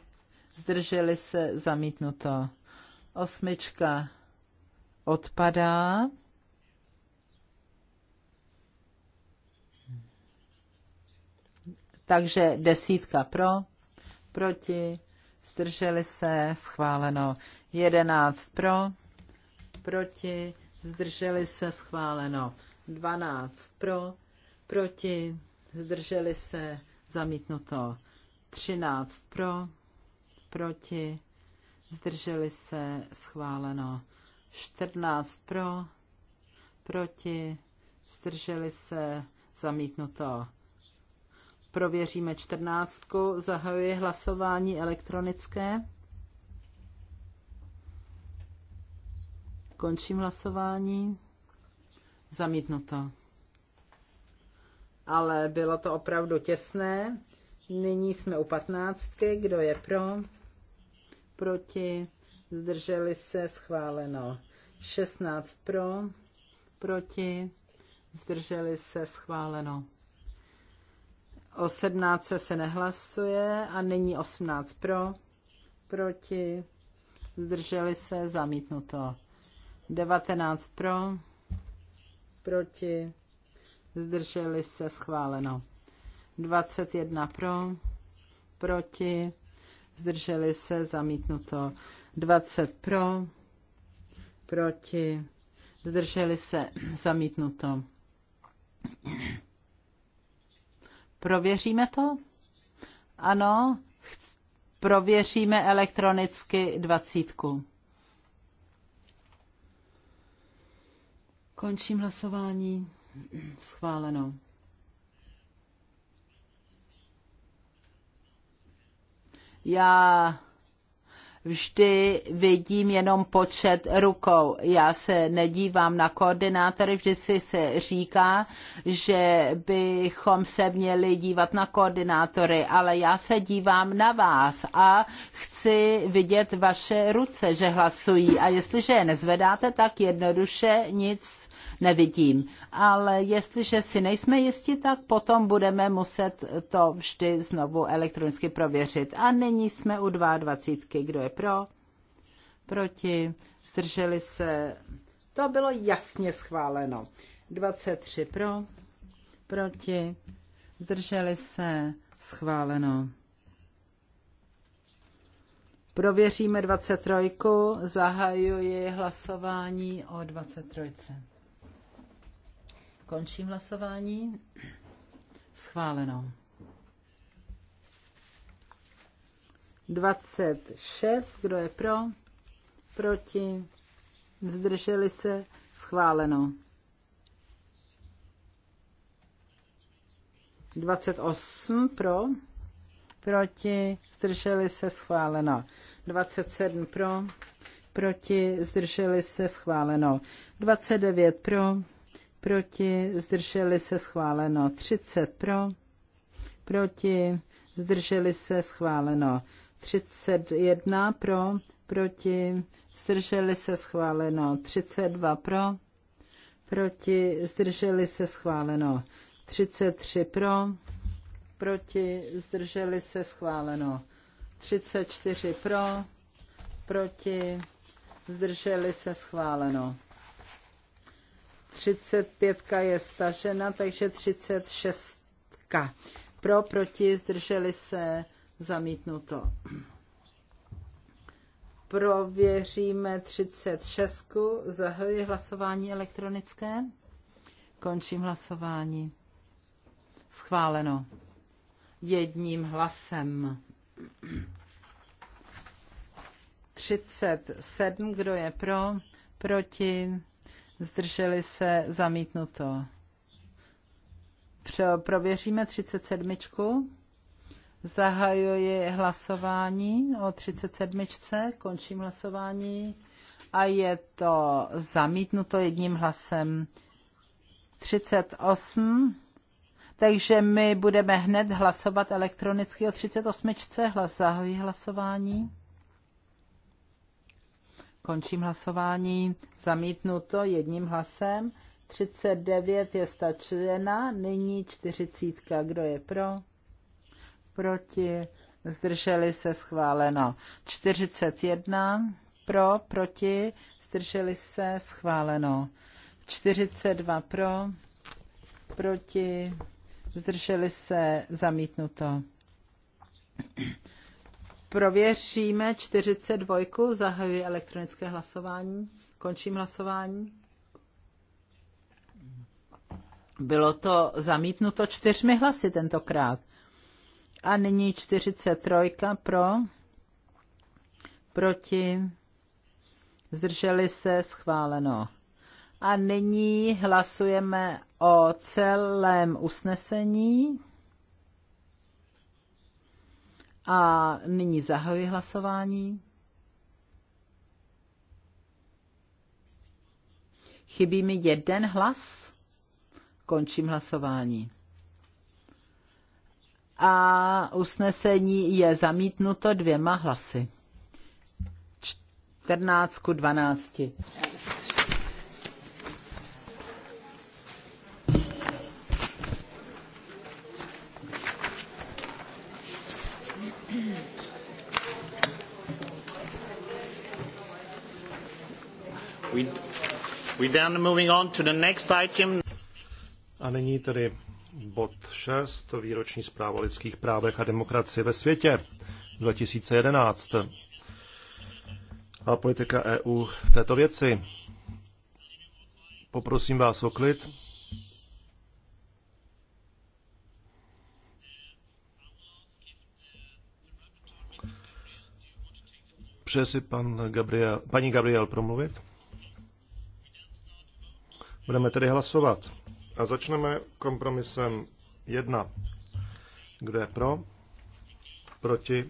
Speaker 4: zdrželi se, zamítnuto. Osmička odpadá. Takže desítka pro, proti, zdrželi se, schváleno. Jedenáct pro, proti, zdrželi se, schváleno. 12 pro, proti, zdrželi se, zamítnuto 13 pro, proti, zdrželi se, schváleno 14 pro, proti, zdrželi se, zamítnuto. Prověříme čtrnáctku, zahajuji hlasování elektronické. Končím hlasování. Zamítnuto. Ale bylo to opravdu těsné. Nyní jsme u patnáctky. Kdo je pro? Proti? Zdrželi se? Schváleno. 16 pro? Proti? Zdrželi se? Schváleno. O 17 se nehlasuje a nyní 18 pro, proti, zdrželi se, zamítnuto. 19 pro, proti, zdrželi se schváleno. 21 pro, proti, zdrželi se zamítnuto. 20 pro, proti, zdrželi se zamítnuto. Prověříme to? Ano, prověříme elektronicky dvacítku. Končím hlasování. Schváleno. Já vždy vidím jenom počet rukou. Já se nedívám na koordinátory, vždy si se říká, že bychom se měli dívat na koordinátory, ale já se dívám na vás a chci vidět vaše ruce, že hlasují. A jestliže je nezvedáte, tak jednoduše nic nevidím. Ale jestliže si nejsme jistí, tak potom budeme muset to vždy znovu elektronicky prověřit. A nyní jsme u 22. Kdo je pro? Proti? Zdrželi se? To bylo jasně schváleno. 23 pro, proti, zdrželi se, schváleno. Prověříme 23. Zahajuji hlasování o 23. Končím hlasování. Schváleno. 26. Kdo je pro? Proti? Zdrželi se? Schváleno. 28 pro, proti, zdrželi se, schváleno. 27 pro, proti, zdrželi se, schváleno. 29 pro, proti, zdrželi se schváleno 30 pro, proti, zdrželi se schváleno 31 pro, proti, zdrželi se schváleno 32 pro, proti, zdrželi se schváleno 33 pro, proti, zdrželi se schváleno 34 pro, proti, zdrželi se schváleno 35 je stažena, takže 36. Pro, proti, zdrželi se, zamítnuto. Prověříme 36. Zahajuji hlasování elektronické. Končím hlasování. Schváleno. Jedním hlasem. 37. Kdo je pro? Proti? zdrželi se, zamítnuto. Prověříme 37. Zahajuji hlasování o 37. Končím hlasování a je to zamítnuto jedním hlasem. 38. Takže my budeme hned hlasovat elektronicky o 38. Hlas, zahajuji hlasování. Končím hlasování. Zamítnuto jedním hlasem. 39 je stačena, nyní 40. Kdo je pro? Proti. Zdrželi se schváleno. 41 pro, proti. Zdrželi se schváleno. 42 pro, proti. Zdrželi se zamítnuto. Prověříme 42. Zahajuji elektronické hlasování. Končím hlasování. Bylo to zamítnuto čtyřmi hlasy tentokrát. A nyní 43 pro, proti, zdrželi se, schváleno. A nyní hlasujeme o celém usnesení a nyní zahajuji hlasování. Chybí mi jeden hlas. Končím hlasování. A usnesení je zamítnuto dvěma hlasy. 14 ku 12.
Speaker 1: moving on to the next item. A nyní tedy bod 6, výroční zpráva o lidských právech a
Speaker 3: demokracii ve světě 2011 a politika EU v této věci. Poprosím vás o klid. Přeje si pan Gabriel, paní Gabriel promluvit? Budeme tedy hlasovat. A začneme kompromisem 1. Kdo je pro? Proti?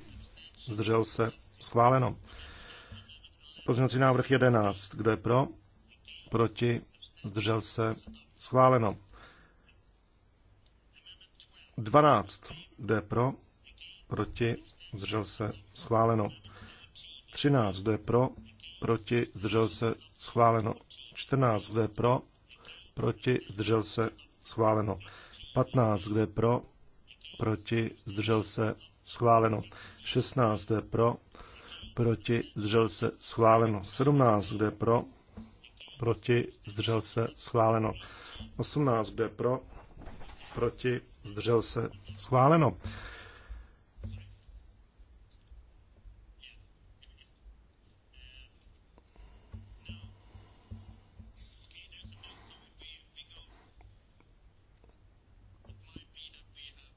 Speaker 3: Zdržel se? Schváleno. Pozměnací návrh 11. Kdo je pro? Proti? Zdržel se? Schváleno. 12. Kdo je pro? Proti? Zdržel se? Schváleno. 13. Kdo je pro? Proti? Zdržel se? Schváleno. 14. Kdo je pro? proti, zdržel se, schváleno. 15, kde pro, proti, zdržel se, schváleno. 16, kde pro, proti, zdržel se, schváleno. 17, kde pro, proti, zdržel se, schváleno. 18, kde pro, proti, zdržel se, schváleno.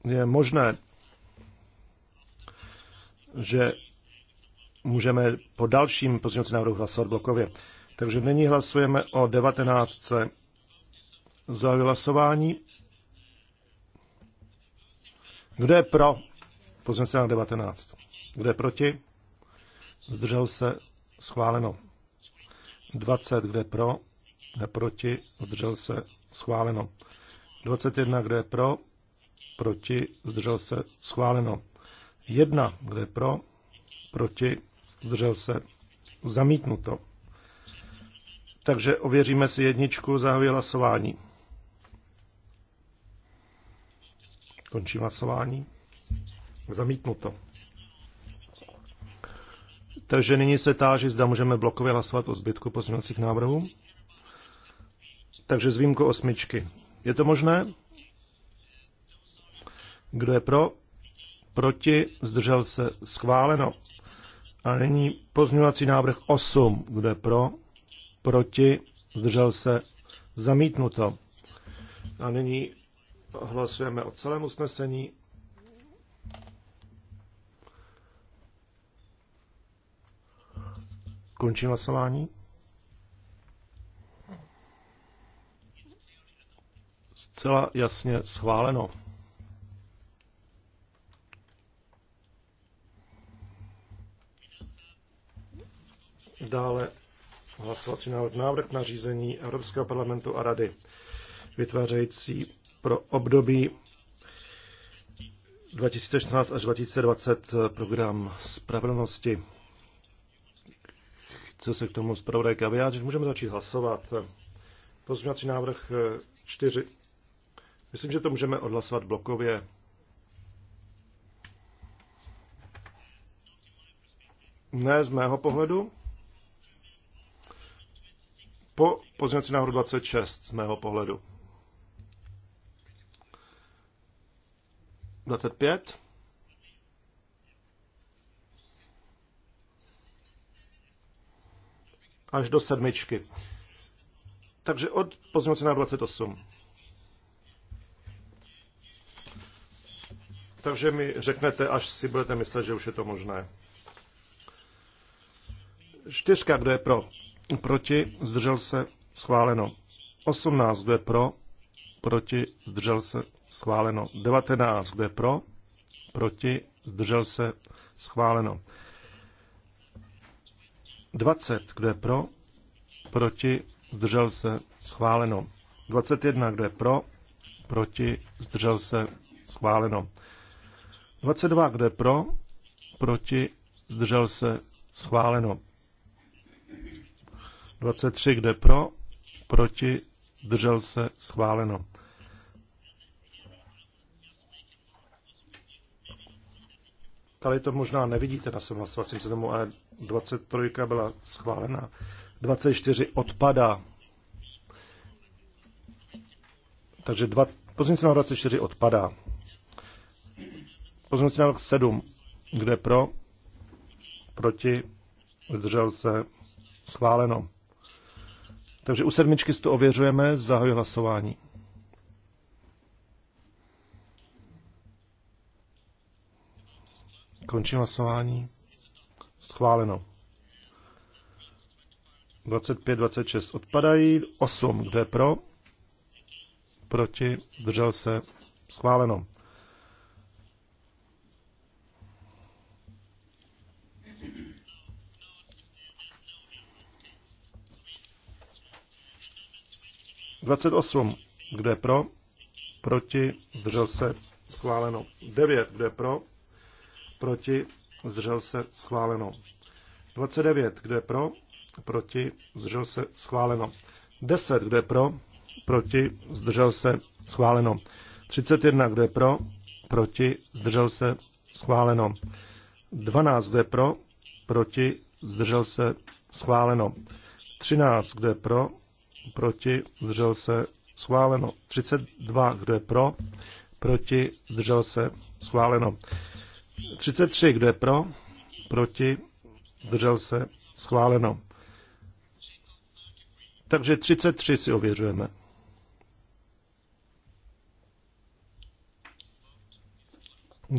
Speaker 3: je možné, že můžeme po dalším pozměňovacím návrhu hlasovat blokově. Takže nyní hlasujeme o 19. za hlasování. Kdo je pro pozměňovací návrh 19? Kdo je proti? Zdržel se schváleno. 20, kde pro, ne proti, zdržel se schváleno. 21, kde pro, proti, zdržel se, schváleno. 1, kde pro, proti, zdržel se, zamítnuto. Takže ověříme si jedničku, zahajuji hlasování. Končím hlasování. Zamítnuto. Takže nyní se táží, zda můžeme blokově hlasovat o zbytku pozměňovacích návrhů. Takže s výjimkou osmičky. Je to možné? Kdo je pro? Proti? Zdržel se? Schváleno. A nyní pozměňovací návrh 8. Kdo je pro? Proti? Zdržel se? Zamítnuto. A nyní hlasujeme o celém usnesení. Končím hlasování. Zcela jasně schváleno. Dále hlasovací návrh, návrh na řízení Evropského parlamentu a rady vytvářející pro období 2016 až 2020 program spravedlnosti. Chce se k tomu zpravodajka vyjádřit? Můžeme začít hlasovat. Pozměňovací návrh 4. Eh, Myslím, že to můžeme odhlasovat blokově. Ne z mého pohledu po pozměnci nahoru 26 z mého pohledu. 25. Až do sedmičky. Takže od pozměnce na 28. Takže mi řeknete, až si budete myslet, že už je to možné. Čtyřka, kdo je pro? proti, zdržel se, schváleno. 18, kdo je pro, proti, zdržel se, schváleno. 19, kdo je pro, proti, zdržel se, schváleno. 20, kdo je pro, proti, zdržel se, schváleno. 21, kdo je pro, proti, zdržel se, schváleno. 22, kdo je pro, proti, zdržel se, schváleno. 23, kde pro, proti, držel se, schváleno. Tady to možná nevidíte na svém hlasovacím seznamu, ale 23 byla schválena. 24 odpadá. Takže pozměnce na 24 odpadá. Pozměnce na 7, kde pro, proti, zdržel se, schváleno. Takže u sedmičky si to ověřujeme, zahoj hlasování. Končím hlasování. Schváleno. 25, 26 odpadají. 8, je pro? Proti, držel se. Schváleno. 28. Kdo je pro? Proti? Zdržel se? Schváleno. 9. Kdo je pro? Proti? Zdržel se? Schváleno. 29. Kdo je pro? Proti? Zdržel se? Schváleno. 10. Kdo je pro? Proti? Zdržel se? Schváleno. 31. Kdo je pro? Proti? Zdržel se? Schváleno. 12. Kdo je pro? Proti? Zdržel se? Schváleno. 13. Kdo je pro? proti, zdržel se, schváleno. 32, kdo je pro, proti, zdržel se, schváleno. 33, kdo je pro, proti, zdržel se, schváleno. Takže 33 si ověřujeme.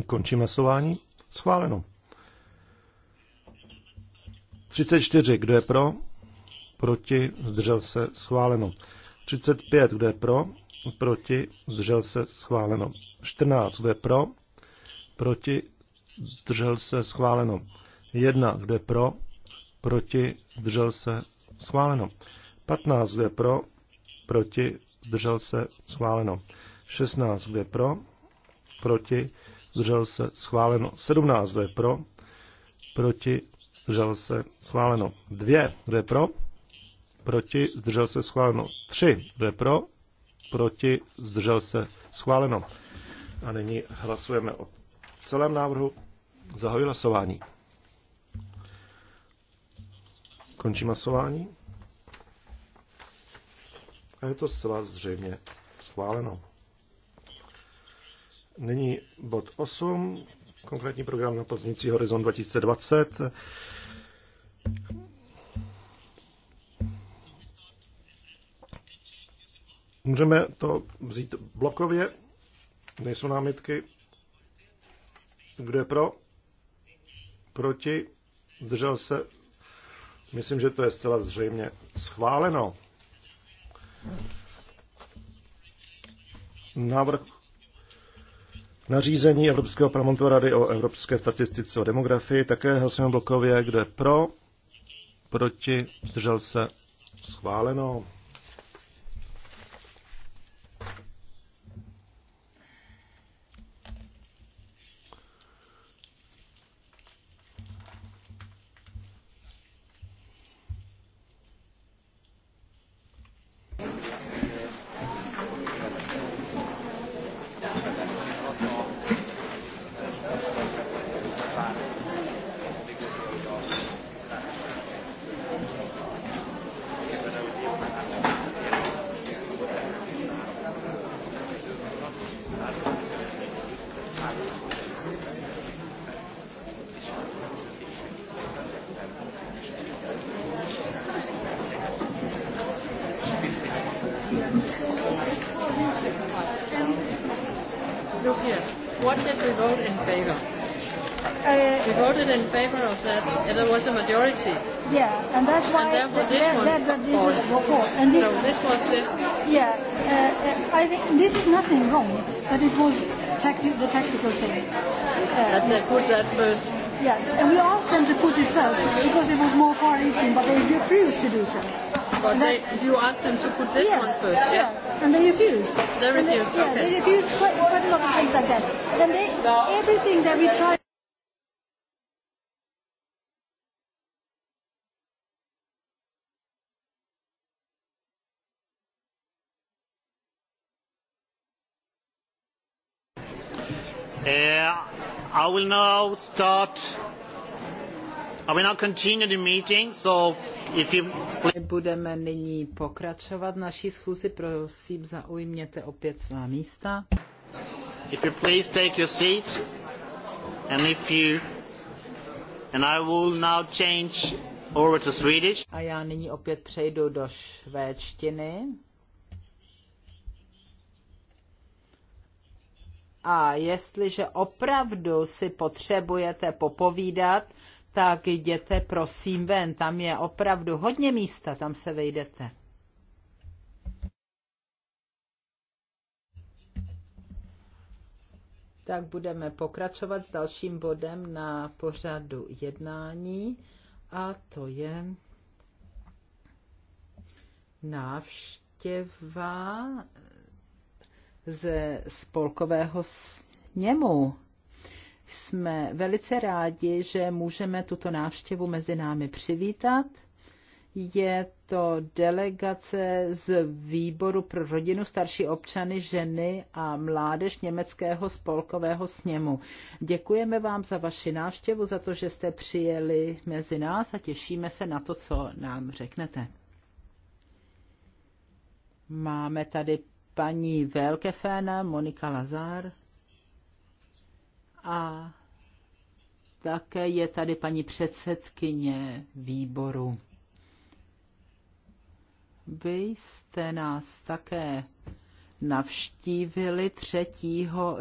Speaker 3: Končím hlasování. Schváleno. 34. Kdo je pro? proti, zdržel se, schváleno. 35, kdo je pro, proti, zdržel se, schváleno. 14, kdo je pro, proti, zdržel se, schváleno. 1, kdo je pro, proti, zdržel se, schváleno. 15, kdo je pro, proti, zdržel se, schváleno. 16, kdo je pro, proti, zdržel se, schváleno. 17, kdo je pro, proti, zdržel se, schváleno. 2, kdo je pro, proti, zdržel se schváleno. 3, kdo je pro, proti, zdržel se schváleno. A nyní hlasujeme o celém návrhu. Zahajuji hlasování. Končím hlasování. A je to zcela zřejmě schváleno. Nyní bod 8, konkrétní program na pozměnící Horizon 2020. Můžeme to vzít blokově, nejsou námitky. Kdo je pro? Proti? Držel se? Myslím, že to je zcela zřejmě schváleno. Návrh nařízení Evropského parlamentu Rady o evropské statistice o demografii, také hlasujeme blokově, kdo je pro, proti, zdržel se, schváleno.
Speaker 1: will now start. I will now continue the meeting, so if
Speaker 4: you... Budeme nyní pokračovat naší schůzi, prosím zaujměte
Speaker 1: opět svá místa. If you please take your seat, and if you... And I will now change over to Swedish.
Speaker 4: A já nyní opět přejdu do švédštiny. A jestliže opravdu si potřebujete popovídat, tak jděte prosím ven, tam je opravdu hodně místa, tam se vejdete. Tak budeme pokračovat s dalším bodem na pořadu jednání a to je návštěva ze spolkového sněmu. Jsme velice rádi, že můžeme tuto návštěvu mezi námi přivítat. Je to delegace z výboru pro rodinu, starší občany, ženy a mládež Německého spolkového sněmu. Děkujeme vám za vaši návštěvu, za to, že jste přijeli mezi nás a těšíme se na to, co nám řeknete. Máme tady paní Velkeféna, Monika Lazar a také je tady paní předsedkyně výboru. Vy jste nás také navštívili 3.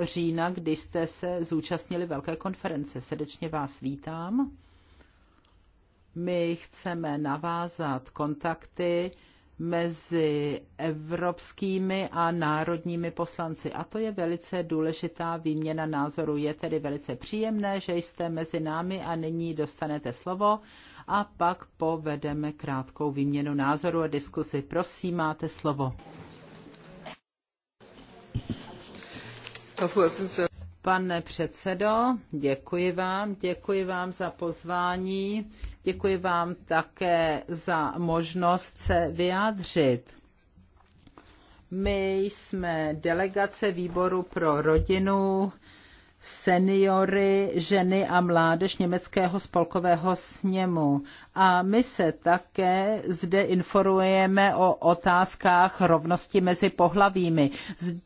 Speaker 4: října, když jste se zúčastnili velké konference. Srdečně vás vítám. My chceme navázat kontakty mezi evropskými a národními poslanci. A to je velice důležitá výměna názorů. Je tedy velice příjemné, že jste mezi námi a nyní dostanete slovo a pak povedeme krátkou výměnu názorů a diskusi. Prosím, máte slovo. Pane předsedo, děkuji vám, děkuji vám za pozvání Děkuji vám také za možnost se vyjádřit. My jsme delegace výboru pro rodinu, seniory, ženy a mládež Německého spolkového sněmu. A my se také zde informujeme o otázkách rovnosti mezi pohlavími. Zde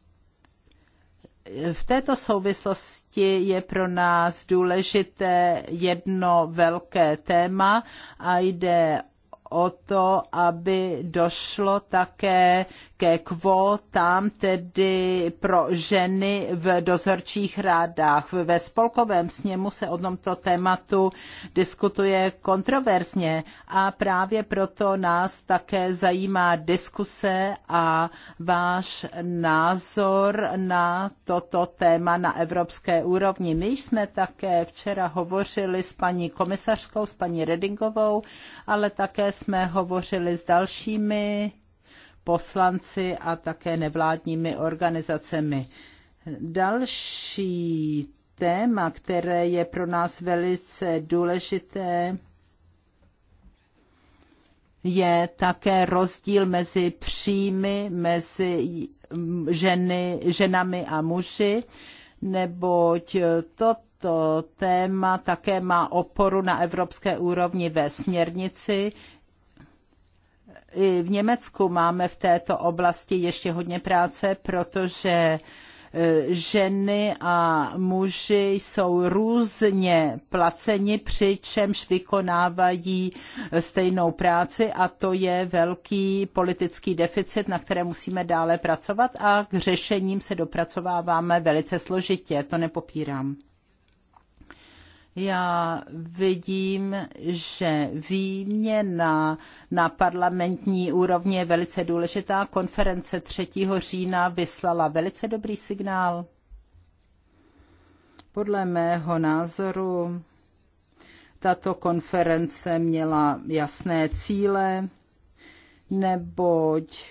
Speaker 4: v této souvislosti je pro nás důležité jedno velké téma a jde o to, aby došlo také ke kvótám, tedy pro ženy v dozorčích rádách. Ve spolkovém sněmu se o tomto tématu diskutuje kontroverzně a právě proto nás také zajímá diskuse a váš názor na toto téma na evropské úrovni. My jsme také včera hovořili s paní komisařkou, s paní Redingovou, ale také jsme hovořili s dalšími poslanci a také nevládními organizacemi. Další téma, které je pro nás velice důležité, je také rozdíl mezi příjmy, mezi ženy, ženami a muži, neboť toto téma také má oporu na evropské úrovni ve směrnici, v Německu máme v této oblasti ještě hodně práce, protože e, ženy a muži jsou různě placeni, přičemž vykonávají stejnou práci a to je velký politický deficit, na které musíme dále pracovat a k řešením se dopracováváme velice složitě, to nepopírám já vidím, že výměna na parlamentní úrovni je velice důležitá. Konference 3. října vyslala velice dobrý signál. Podle mého názoru tato konference měla jasné cíle, neboť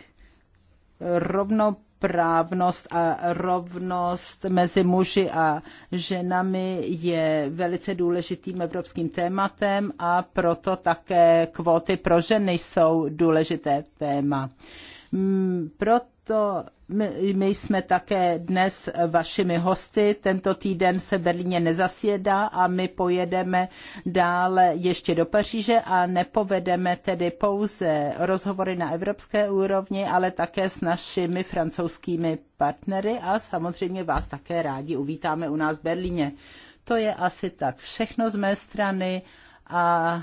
Speaker 4: rovnoprávnost a rovnost mezi muži a ženami je velice důležitým evropským tématem a proto také kvóty pro ženy jsou důležité téma. Proto my jsme také dnes vašimi hosty. Tento týden se Berlíně nezasjedá a my pojedeme dále ještě do Paříže a nepovedeme tedy pouze rozhovory na evropské úrovni, ale také s našimi francouzskými partnery a samozřejmě vás také rádi uvítáme u nás v Berlíně. To je asi tak všechno z mé strany a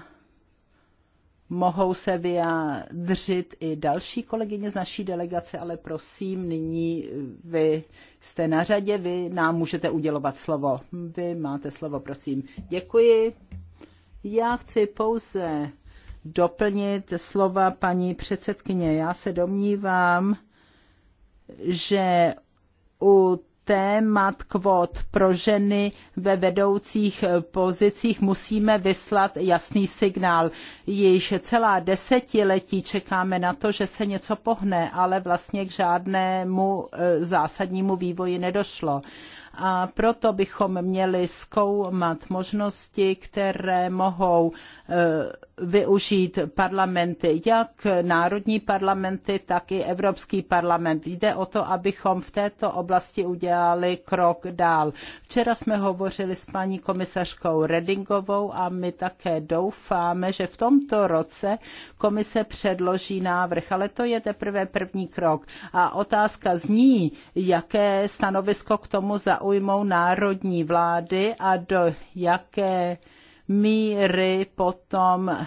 Speaker 4: mohou se vyjádřit i další kolegyně z naší delegace, ale prosím, nyní vy jste na řadě, vy nám můžete udělovat slovo. Vy máte slovo, prosím. Děkuji. Já chci pouze doplnit slova paní předsedkyně. Já se domnívám, že u témat kvót pro ženy ve vedoucích pozicích musíme vyslat jasný signál. Již celá desetiletí čekáme na to, že se něco pohne, ale vlastně k žádnému e, zásadnímu vývoji nedošlo a proto bychom měli zkoumat možnosti, které mohou eh, využít parlamenty, jak národní parlamenty, tak i Evropský parlament. Jde o to, abychom v této oblasti udělali krok dál. Včera jsme hovořili s paní komisařkou Redingovou a my také doufáme, že v tomto roce komise předloží návrh, ale to je teprve první krok. A otázka zní, jaké stanovisko k tomu zaujíme zaujmou národní vlády a do jaké míry potom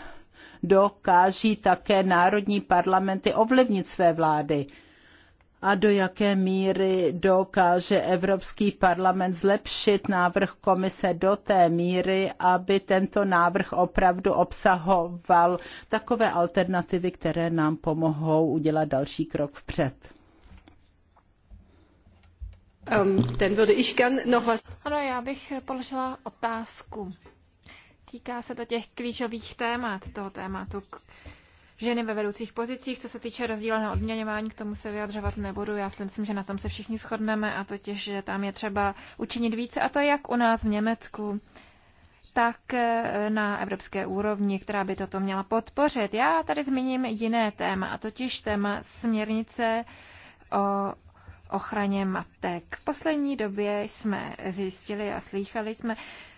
Speaker 4: dokáží také národní parlamenty ovlivnit své vlády a do jaké míry dokáže Evropský parlament zlepšit návrh komise do té míry, aby tento návrh opravdu obsahoval takové alternativy, které nám pomohou udělat další krok vpřed.
Speaker 2: Um, ten würde ich gern noch was... Ano, já bych položila otázku. Týká se to těch klíčových témat, toho tématu ženy ve vedoucích pozicích, co se týče rozdíleného odměňování, k tomu se vyjadřovat nebudu. Já si myslím, že na tom se všichni shodneme a totiž, že tam je třeba učinit více a to jak u nás v Německu, tak eh, na evropské úrovni, která by toto měla podpořit. Já tady zmíním jiné téma, a totiž téma směrnice o ochraně matek. V poslední době jsme zjistili a slýchali jsme,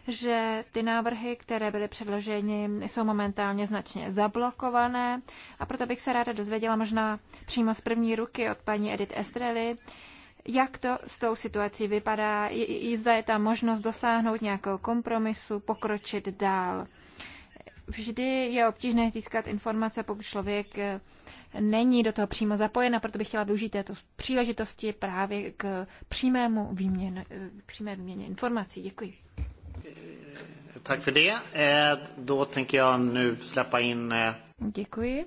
Speaker 2: že ty návrhy, které byly předloženy, jsou momentálně značně zablokované a proto bych se ráda dozvěděla možná přímo z první ruky od paní Edith Estrely, jak to s tou situací vypadá, zda je tam možnost dosáhnout nějakého kompromisu, pokročit dál. Vždy je obtížné získat informace, pokud člověk není do toho přímo zapojena, proto bych chtěla využít této příležitosti právě k přímému výměn, přímé výměně informací. Děkuji.
Speaker 1: Tak för det. Eh, då tänker jag nu släppa in... Eh,
Speaker 2: Děkuji.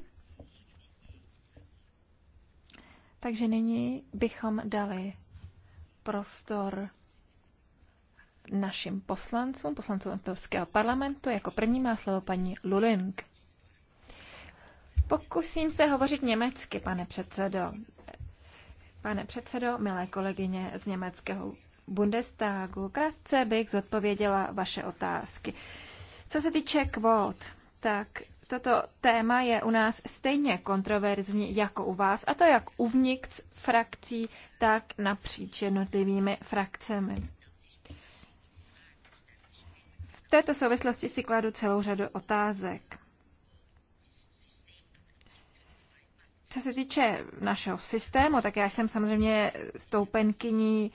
Speaker 2: Takže nyní bychom dali prostor našim poslancům, poslancům Evropského parlamentu. Jako první má slovo paní Lulink. Pokusím se hovořit německy, pane předsedo. Pane předsedo, milé kolegyně z německého Bundestagu, krátce bych zodpověděla vaše otázky. Co se týče kvót, tak toto téma je u nás stejně kontroverzní jako u vás, a to jak uvnitř frakcí, tak napříč jednotlivými frakcemi. V této souvislosti si kladu celou řadu otázek. Co se týče našeho systému, tak já jsem samozřejmě stoupenkyní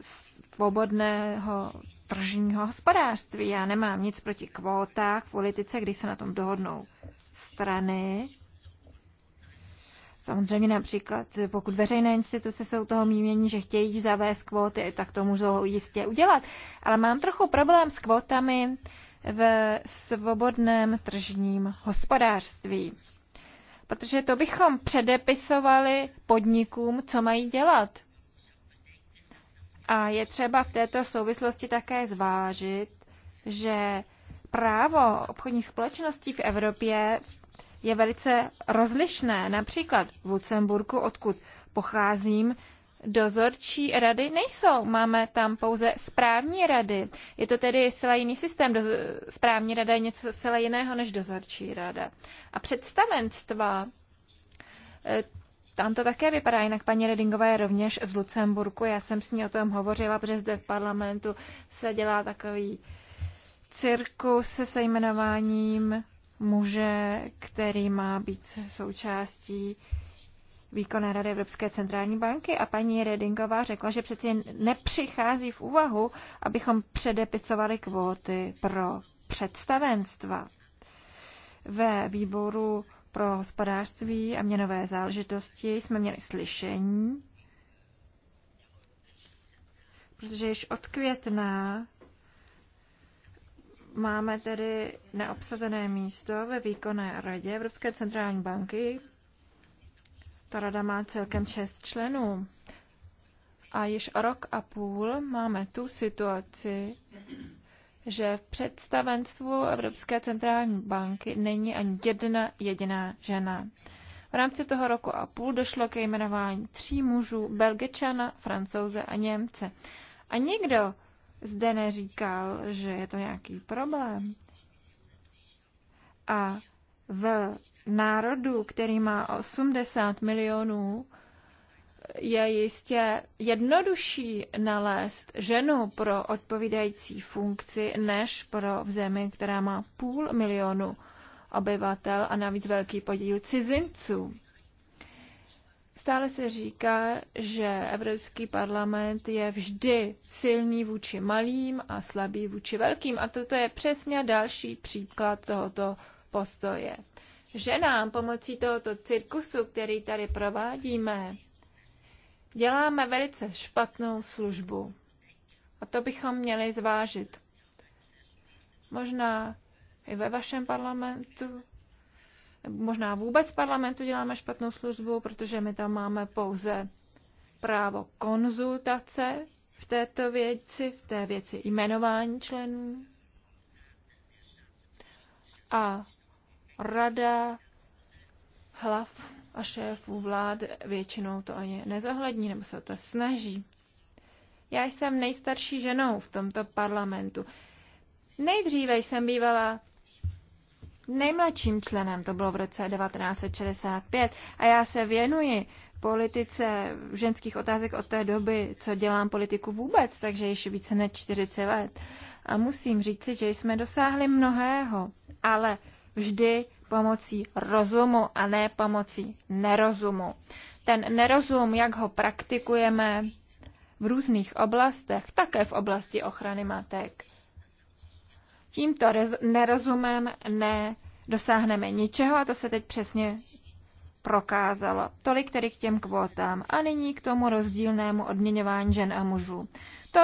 Speaker 2: svobodného tržního hospodářství. Já nemám nic proti kvótách v politice, když se na tom dohodnou strany. Samozřejmě například, pokud veřejné instituce jsou toho mínění, že chtějí zavést kvóty, tak to můžou jistě udělat. Ale mám trochu problém s kvótami v svobodném tržním hospodářství protože to bychom předepisovali podnikům, co mají dělat. A je třeba v této souvislosti také zvážit, že právo obchodních společností v Evropě je velice rozlišné. Například v Lucemburku, odkud pocházím, dozorčí rady nejsou. Máme tam pouze správní rady. Je to tedy celý jiný systém. Do, správní rada je něco celé jiného než dozorčí rada. A představenstva, eh, tam to také vypadá jinak. Paní Redingová je rovněž z Lucemburku. Já jsem s ní o tom hovořila, protože zde v parlamentu se dělá takový cirkus se jmenováním muže, který má být součástí uh, výkonné rady Evropské centrální banky a paní Redingová řekla, že přeci nepřichází v úvahu, abychom předepisovali kvóty pro představenstva. Ve výboru pro hospodářství a měnové záležitosti jsme měli slyšení, protože již od května máme tedy neobsazené místo ve výkonné radě Evropské centrální banky ta rada má celkem šest členů. A již rok a půl máme tu situaci, že v představenstvu Evropské centrální banky není ani jedna jediná žena. V rámci toho roku a půl došlo ke jmenování tří mužů, Belgičana, Francouze a Němce. A nikdo zde neříkal, že je to nějaký problém. A v národu, který má 80 milionů, je jistě jednodušší nalézt ženu pro odpovídající funkci, než pro v zemi, která má půl milionu obyvatel a navíc velký podíl cizinců. Stále se říká, že Evropský parlament je vždy silný vůči malým a slabý vůči velkým. A toto je přesně další příklad tohoto postoje ženám pomocí tohoto cirkusu, který tady provádíme, děláme velice špatnou službu. A to bychom měli zvážit. Možná i ve vašem parlamentu, možná vůbec parlamentu děláme špatnou službu, protože my tam máme pouze právo konzultace v této věci, v té věci jmenování členů. A rada hlav a šéfů vlád většinou to ani nezohlední nebo se o to snaží. Já jsem nejstarší ženou v tomto parlamentu. Nejdříve jsem bývala nejmladším členem, to bylo v roce 1965, a já se věnuji politice ženských otázek od té doby, co dělám politiku vůbec, takže ještě více než 40 let. A musím říci, že jsme dosáhli mnohého, ale vždy pomocí rozumu a ne pomocí nerozumu. Ten nerozum, jak ho praktikujeme v různých oblastech, také v oblasti ochrany matek. Tímto nerozumem ne dosáhneme ničeho a to se teď přesně prokázalo. Tolik tedy k těm kvótám. A nyní k tomu rozdílnému odměňování žen a mužů.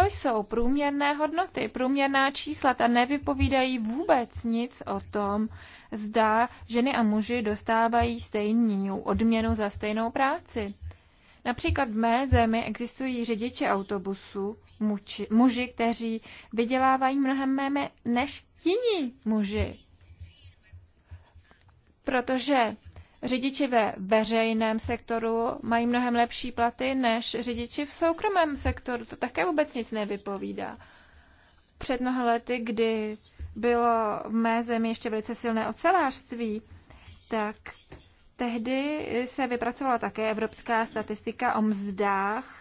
Speaker 2: To jsou průměrné hodnoty, průměrná čísla, ta nevypovídají vůbec nic o tom, zda ženy a muži dostávají stejnou odměnu za stejnou práci. Například v mé zemi existují řidiči autobusu muči, muži, kteří vydělávají mnohem méně než jiní muži. Protože řidiči ve veřejném sektoru mají mnohem lepší platy než řidiči v soukromém sektoru. To také vůbec nic nevypovídá. Před mnoha lety, kdy bylo v mé zemi ještě velice silné ocelářství, tak tehdy se vypracovala také evropská statistika o mzdách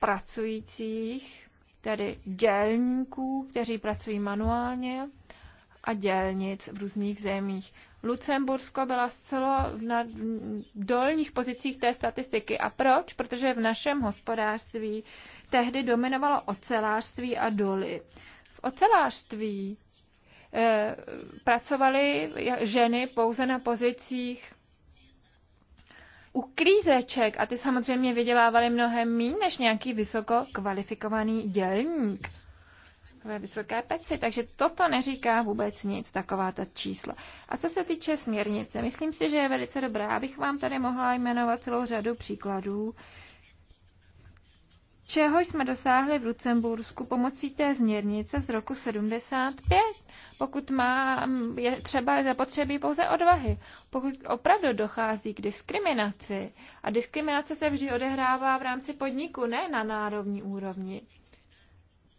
Speaker 2: pracujících, tedy dělníků, kteří pracují manuálně a dělnic v různých zemích. Lucembursko byla zcela na dolních pozicích té statistiky. A proč? Protože v našem hospodářství tehdy dominovalo ocelářství a doly. V ocelářství e, pracovaly ženy pouze na pozicích uklízeček a ty samozřejmě vydělávaly mnohem méně než nějaký vysoko kvalifikovaný dělník ve vysoké peci. Takže toto neříká vůbec nic, taková ta čísla. A co se týče směrnice, myslím si, že je velice dobrá. Abych vám tady mohla jmenovat celou řadu příkladů, čeho jsme dosáhli v Lucembursku pomocí té směrnice z roku 75. Pokud má, je třeba zapotřebí pouze odvahy. Pokud opravdu dochází k diskriminaci, a diskriminace se vždy odehrává v rámci podniku, ne na národní úrovni,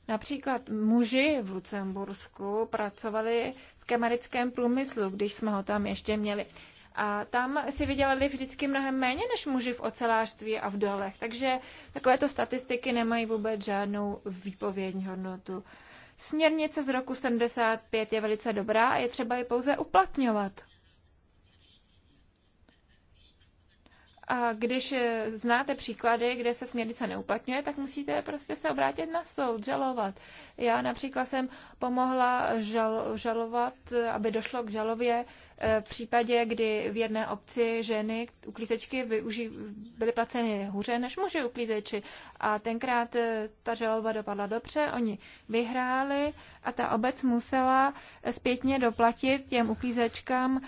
Speaker 2: Například muži v Lucembursku pracovali v kemerickém průmyslu, když jsme ho tam ještě měli. A tam si vydělali vždycky mnohem méně než muži v ocelářství a v dolech. Takže takovéto statistiky nemají vůbec žádnou výpovědní hodnotu. Směrnice z roku 75 je velice dobrá a je třeba ji pouze uplatňovat. A když eh, znáte příklady, kde se směrnice neuplatňuje, tak musíte prostě se obrátit na soud, žalovat. Já například jsem pomohla žal, žalovat, aby došlo k žalově eh, v případě, kdy v jedné obci ženy uklízečky využi- byly placeny hůře než muži uklízeči. A tenkrát eh, ta žalova dopadla dobře, oni vyhráli a ta obec musela eh, zpětně doplatit těm uklízečkám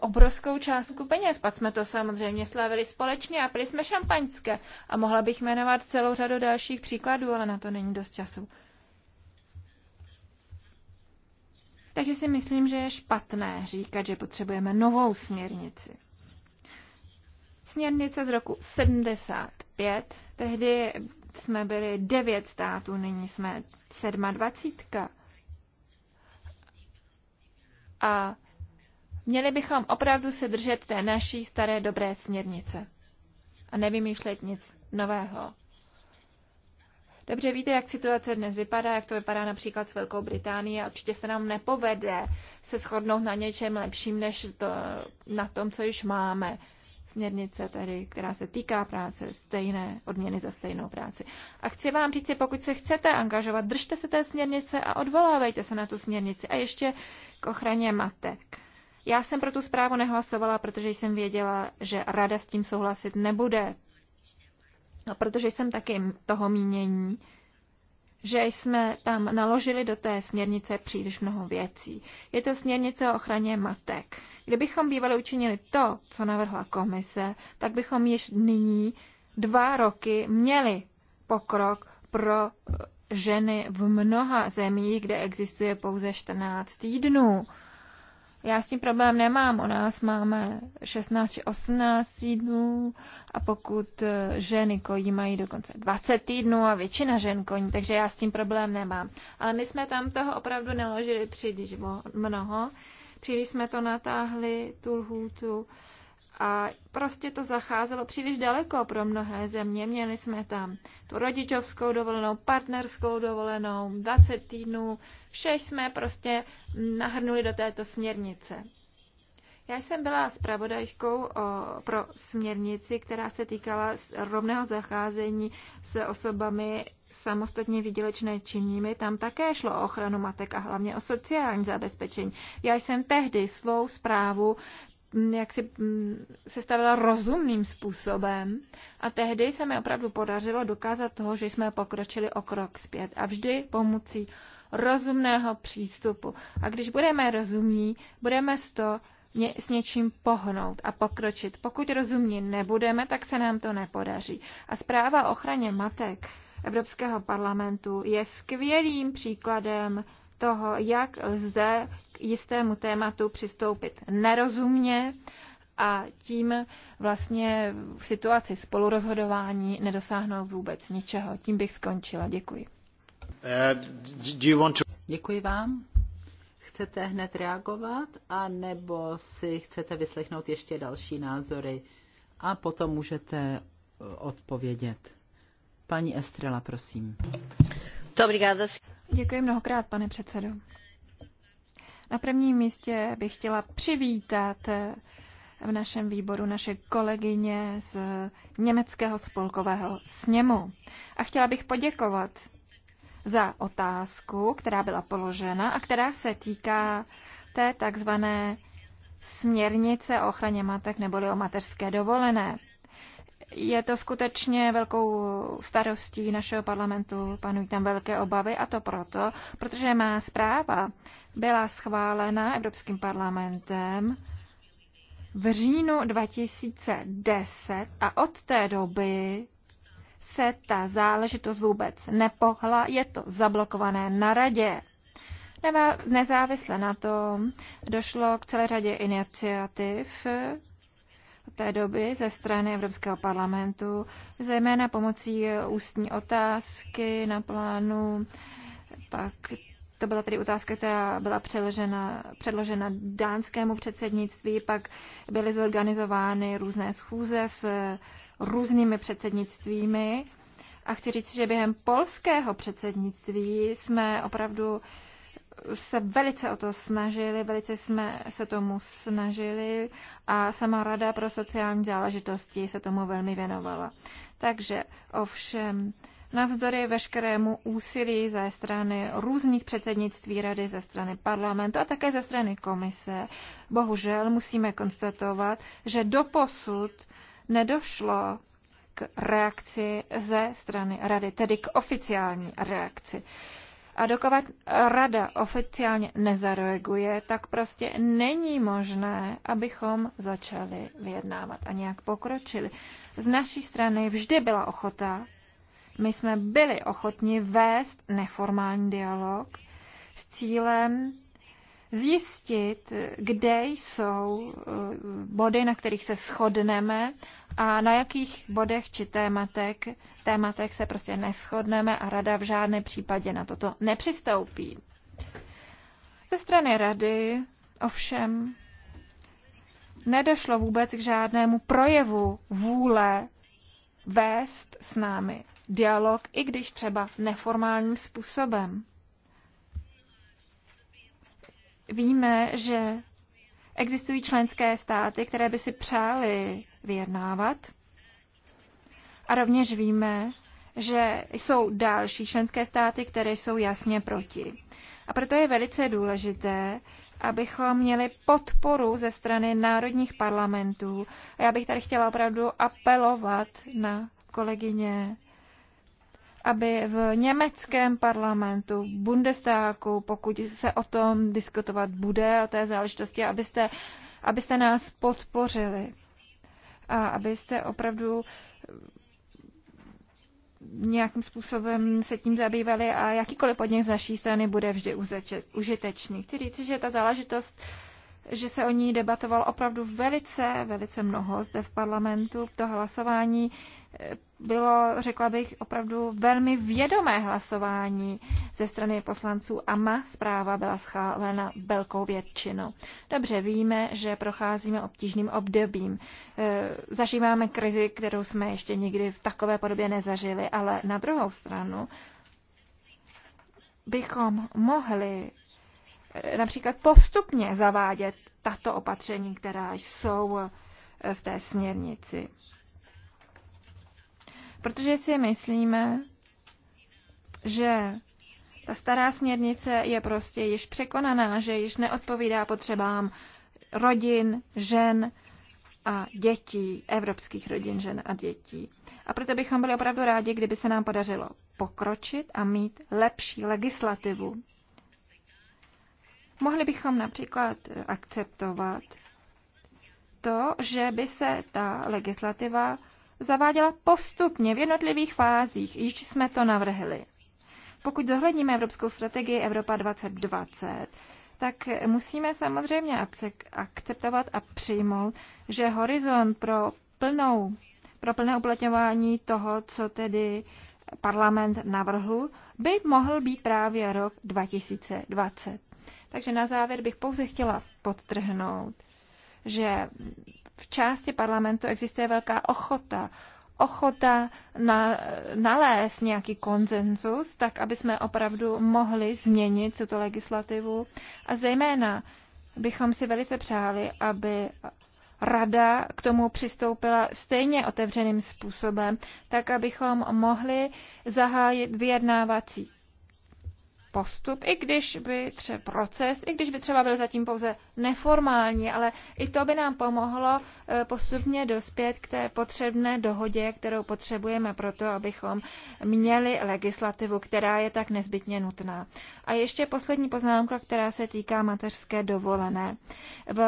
Speaker 2: obrovskou částku peněz. Pak jsme to samozřejmě slavili společně a pili jsme šampaňské. A mohla bych jmenovat celou řadu dalších příkladů, ale na to není dost času. Takže si myslím, že je špatné říkat, že potřebujeme novou směrnici. Směrnice z roku 75, tehdy jsme byli 9 států, nyní jsme 27. A měli bychom opravdu se držet té naší staré dobré směrnice a nevymýšlet nic nového. Dobře víte, jak situace dnes vypadá, jak to vypadá například s Velkou Británií a určitě se nám nepovede se shodnout na něčem lepším, než to, na tom, co již máme směrnice, tedy, která se týká práce, stejné odměny za stejnou práci. A chci vám říct, pokud se chcete angažovat, držte se té směrnice a odvolávejte se na tu směrnici. A ještě k ochraně matek. Já jsem pro tu zprávu nehlasovala, protože jsem věděla, že rada s tím souhlasit nebude. No, protože jsem taky toho mínění, že jsme tam naložili do té směrnice příliš mnoho věcí. Je to směrnice o ochraně matek. Kdybychom bývali učinili to, co navrhla komise, tak bychom již nyní dva roky měli pokrok pro e, ženy v mnoha zemích, kde existuje pouze 14 týdnů. Já s tím problém nemám. U nás máme 16 či 18 týdnů a pokud eh, ženy kojí, mají dokonce 20 týdnů a většina žen koní, takže já s tím problém nemám. Ale my jsme tam toho opravdu neložili příliš mnoho. Příliš jsme to natáhli, tu lhůtu a prostě to zacházelo příliš daleko pro mnohé země. Měli jsme tam tu rodičovskou dovolenou, partnerskou dovolenou, 20 týdnů. Vše jsme prostě nahrnuli do této směrnice. Já jsem byla zpravodajkou pro směrnici, která se týkala rovného zacházení s osobami samostatně výdělečné činnými. Tam také šlo o ochranu matek a hlavně o sociální zabezpečení. Já jsem tehdy svou zprávu jak si mm, sestavila rozumným způsobem a tehdy se mi opravdu podařilo dokázat toho, že jsme pokročili o krok zpět a vždy pomocí rozumného přístupu. A když budeme rozumní, budeme s to ně, s něčím pohnout a pokročit. Pokud rozumní nebudeme, tak se nám to nepodaří. A zpráva o ochraně matek Evropského parlamentu je skvělým příkladem toho, jak lze jistému tématu přistoupit nerozumně a tím vlastně v situaci spolurozhodování nedosáhnout vůbec ničeho. Tím bych skončila. Děkuji. Uh, Děkuji vám. Chcete hned reagovat,
Speaker 4: a nebo si chcete vyslechnout ještě další názory a potom můžete uh, odpovědět. Paní Estrela, prosím.
Speaker 2: Děkuji mnohokrát, pane předsedo. Na prvním místě bych chtěla přivítat eh, v našem výboru naše kolegyně z Německého spolkového sněmu. A chtěla bych poděkovat za otázku, která byla položena a která se týká té takzvané směrnice o ochraně matek neboli o mateřské dovolené. Je to skutečně velkou starostí našeho parlamentu, panují tam velké obavy a to proto, protože má zpráva byla schválena Evropským parlamentem v říjnu 2010 a od té doby se ta záležitost vůbec nepohla, je to zablokované na radě. Nezávisle na tom došlo k celé řadě iniciativ od té doby ze strany Evropského parlamentu, zejména pomocí ústní otázky na plánu, pak to byla tedy otázka, která byla předložena, předložena dánskému předsednictví, pak byly zorganizovány různé schůze s různými předsednictvími. A chci říct, že během polského předsednictví jsme opravdu se velice o to snažili, velice jsme se tomu snažili a sama Rada pro sociální záležitosti se tomu velmi věnovala. Takže ovšem navzdory veškerému úsilí ze strany různých předsednictví rady, ze strany parlamentu a také ze strany komise. Bohužel musíme konstatovat, že doposud nedošlo k reakci ze strany rady, tedy k oficiální reakci. A dokud rada oficiálně nezareaguje, tak prostě není možné, abychom začali vyjednávat a nějak pokročili. Z naší strany vždy byla ochota my jsme byli ochotni vést neformální dialog s cílem zjistit, kde jsou eh, body, na kterých se shodneme a na jakých bodech či tématek, tématech se prostě neschodneme a rada v žádném případě na toto nepřistoupí. Ze strany rady ovšem nedošlo vůbec k žádnému projevu vůle vést s námi dialog, i když třeba neformálním způsobem. Víme, že existují členské státy, které by si přáli vyjednávat. A rovněž víme, že jsou další členské státy, které jsou jasně proti. A proto je velice důležité, abychom měli podporu ze strany národních parlamentů. A já bych tady chtěla opravdu apelovat na kolegyně aby v německém parlamentu, v Bundestagu, pokud se o tom diskutovat bude, o té záležitosti, abyste, abyste nás podpořili a abyste opravdu nějakým způsobem se tím zabývali a jakýkoliv podnik z naší strany bude vždy užitečný. Chci říct, že ta záležitost že se o ní debatoval opravdu velice, velice mnoho zde v parlamentu. To hlasování bylo, řekla bych, opravdu velmi vědomé hlasování ze strany poslanců a má zpráva byla schválena velkou většinou. Dobře víme, že procházíme obtížným obdobím. E, zažíváme krizi, kterou jsme ještě nikdy v takové podobě nezažili, ale na druhou stranu bychom mohli e, například postupně zavádět tato opatření, která jsou v té směrnici protože si myslíme, že ta stará směrnice je prostě již překonaná, že již neodpovídá potřebám rodin, žen a dětí, evropských rodin, žen a dětí. A proto bychom byli opravdu rádi, kdyby se nám podařilo pokročit a mít lepší legislativu. Mohli bychom například akceptovat to, že by se ta legislativa zaváděla postupně v jednotlivých fázích, již jsme to navrhli. Pokud zohledníme Evropskou strategii Evropa 2020, tak musíme samozřejmě akceptovat a přijmout, že horizont pro plnou pro plné uplatňování toho, co tedy parlament navrhl, by mohl být právě rok 2020. Takže na závěr bych pouze chtěla podtrhnout, že v části parlamentu existuje velká ochota ochota na, nalézt nějaký konsenzus, tak aby jsme opravdu mohli změnit tuto legislativu. A zejména bychom si velice přáli, aby rada k tomu přistoupila stejně otevřeným způsobem, tak abychom mohli zahájit vyjednávací postup, i když by třeba proces, i když by třeba byl zatím pouze neformální, ale i to by nám pomohlo eh, postupně dospět k té potřebné dohodě, kterou potřebujeme pro to, abychom měli legislativu, která je tak nezbytně nutná. A ještě poslední poznámka, která se týká mateřské dovolené. V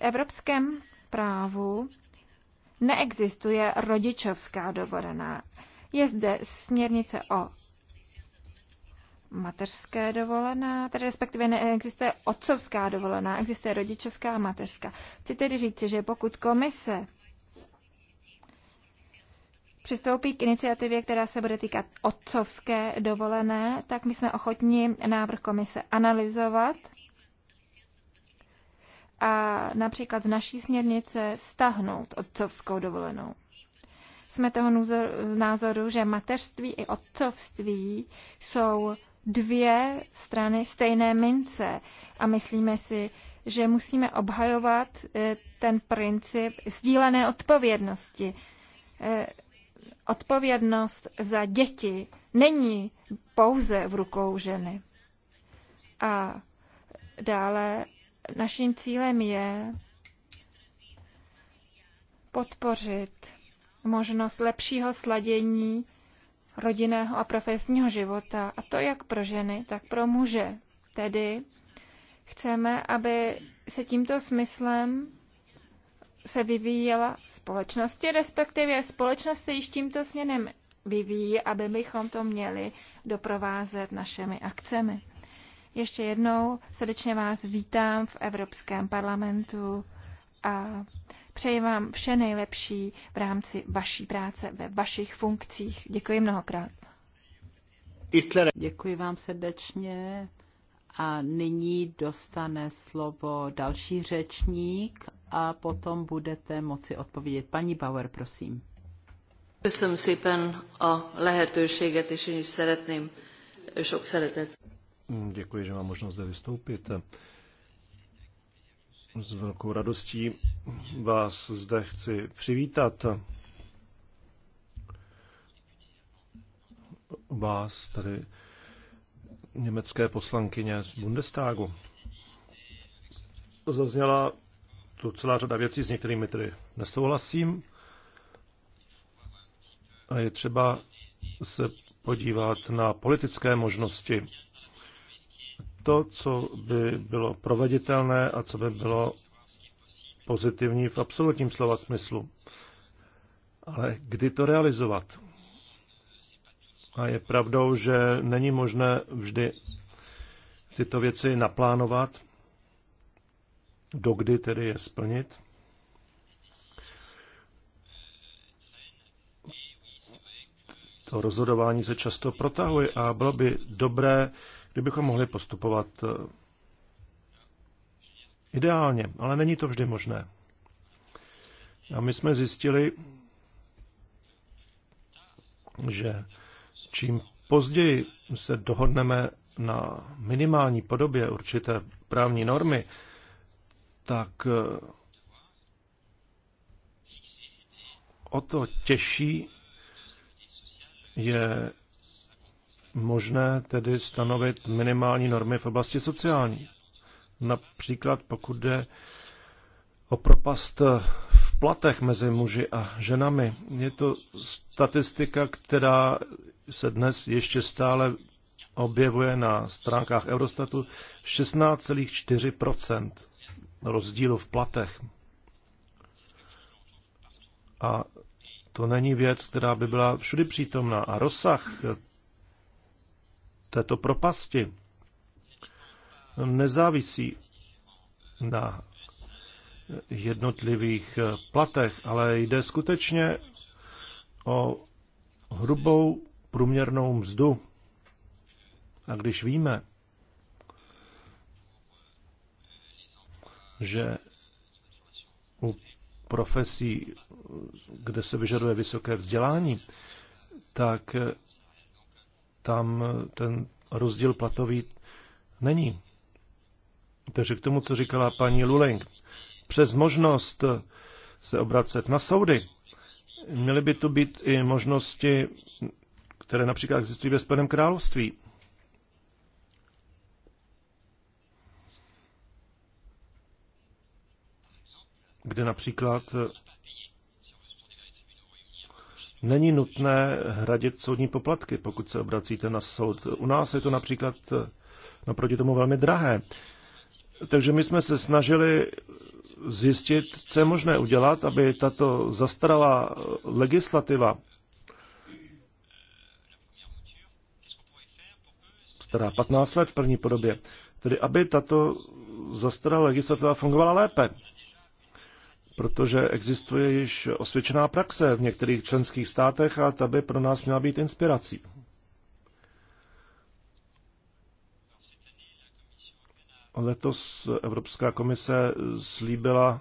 Speaker 2: evropském právu neexistuje rodičovská dovolená. Je zde směrnice o mateřské dovolená, tedy respektive neexistuje otcovská dovolená, existuje rodičovská a mateřská. Chci tedy říci, že pokud komise přistoupí k iniciativě, která se bude týkat otcovské dovolené, tak my jsme ochotni návrh komise analyzovat a například z naší směrnice stahnout otcovskou dovolenou. Jsme toho názoru, že mateřství i otcovství jsou dvě strany stejné mince a myslíme si, že musíme obhajovat eh, ten princip sdílené odpovědnosti. Eh, odpovědnost za děti není pouze v rukou ženy. A dále naším cílem je podpořit možnost lepšího sladění rodinného a profesního života, a to jak pro ženy, tak pro muže. Tedy chceme, aby se tímto smyslem se vyvíjela společnosti, respektive společnost se již tímto směrem vyvíjí, aby bychom to měli doprovázet našimi akcemi. Ještě jednou srdečně vás vítám v Evropském parlamentu a Přeji vám vše nejlepší v rámci vaší práce, ve vašich funkcích. Děkuji mnohokrát.
Speaker 1: Děkuji
Speaker 4: vám srdečně. A nyní dostane slovo další řečník a potom budete moci odpovědět. Paní Bauer, prosím.
Speaker 2: Köszönöm szépen a lehetőséget, és én is szeretném sok szeretet.
Speaker 3: Děkuji, že mám možnost zde vystoupit. S velkou radostí vás zde chci přivítat. Vás tady německé poslankyně z Bundestagu. Zazněla tu celá řada věcí, s některými tedy nesouhlasím. A je třeba se podívat na politické možnosti to, co by bylo proveditelné a co by bylo pozitivní v absolutním slova smyslu. Ale kdy to realizovat? A je pravdou, že není možné vždy tyto věci naplánovat, dokdy tedy je splnit. To rozhodování se často protahuje a bylo by dobré kdybychom mohli postupovat eh, ideálně, ale není to vždy možné. A my jsme zjistili, že čím později se dohodneme na minimální podobě určité právní normy, tak eh, o to těžší je možné tedy stanovit minimální normy v oblasti sociální. Například pokud jde o propast v platech mezi muži a ženami. Je to statistika, která se dnes ještě stále objevuje na stránkách Eurostatu 16,4 rozdílu v platech. A to není věc, která by byla všudy přítomná. A rozsah této propasti nezávisí na jednotlivých platech, ale jde skutečně o hrubou průměrnou mzdu. A když víme, že u profesí, kde se vyžaduje vysoké vzdělání, tak tam ten rozdíl platový není. Takže k tomu, co říkala paní Luling, přes možnost se obracet na soudy, měly by tu být i možnosti, které například existují ve Spojeném království. Kde například není nutné hradit soudní poplatky, pokud se obracíte na soud. U nás je to například eh, naproti tomu velmi drahé. Takže my jsme se snažili zjistit, co je možné udělat, aby tato zastaralá eh, legislativa, stará 15 let v první podobě, tedy aby tato zastaralá legislativa fungovala lépe protože existuje již osvědčená praxe v některých členských státech a ta by pro nás měla být inspirací. Letos Evropská komise slíbila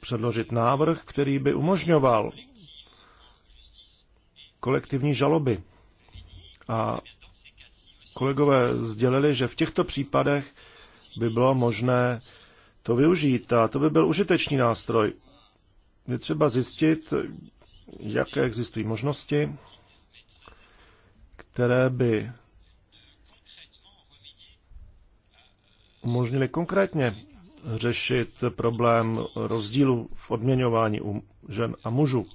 Speaker 3: předložit návrh, který by umožňoval kolektivní žaloby. A kolegové sdělili, že v těchto případech by bylo možné to využít a to by byl užitečný nástroj. Je třeba zjistit, jaké existují možnosti, které by umožnili konkrétně řešit problém rozdílu v odměňování u žen a mužů,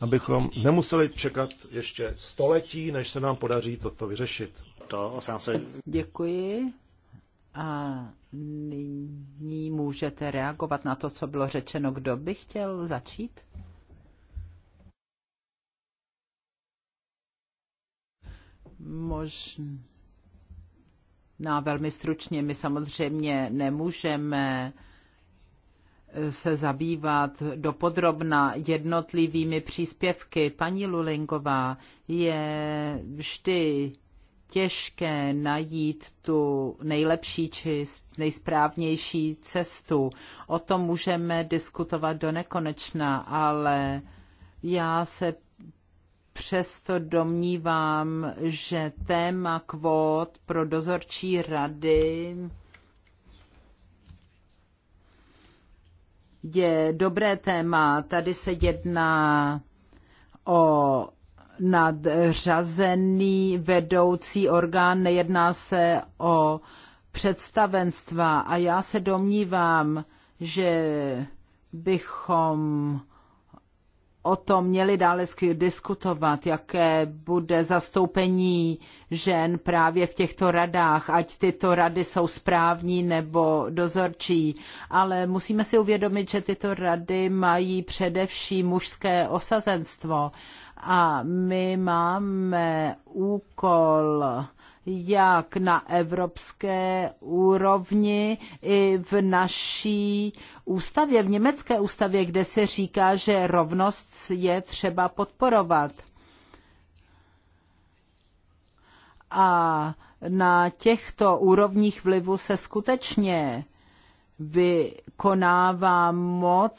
Speaker 3: abychom nemuseli čekat ještě století, než se nám podaří toto vyřešit. To
Speaker 4: Děkuji. A nyní můžete reagovat na to, co bylo řečeno. Kdo by chtěl začít? Možná velmi stručně. My samozřejmě nemůžeme se zabývat dopodrobna jednotlivými příspěvky. Paní Lulingová je vždy těžké najít tu nejlepší či nejsprávnější cestu. O tom můžeme diskutovat do nekonečna, ale já se přesto domnívám, že téma kvót pro dozorčí rady je dobré téma. Tady se jedná o nadřazený vedoucí orgán, nejedná se o představenstva a já se domnívám, že bychom o tom měli dále diskutovat, jaké bude zastoupení žen právě v těchto radách, ať tyto rady jsou správní nebo dozorčí. Ale musíme si uvědomit, že tyto rady mají především mužské osazenstvo a my máme úkol jak na evropské úrovni i v naší ústavě, v německé ústavě, kde se říká, že rovnost je třeba podporovat. A na těchto úrovních vlivu se skutečně vykonává moc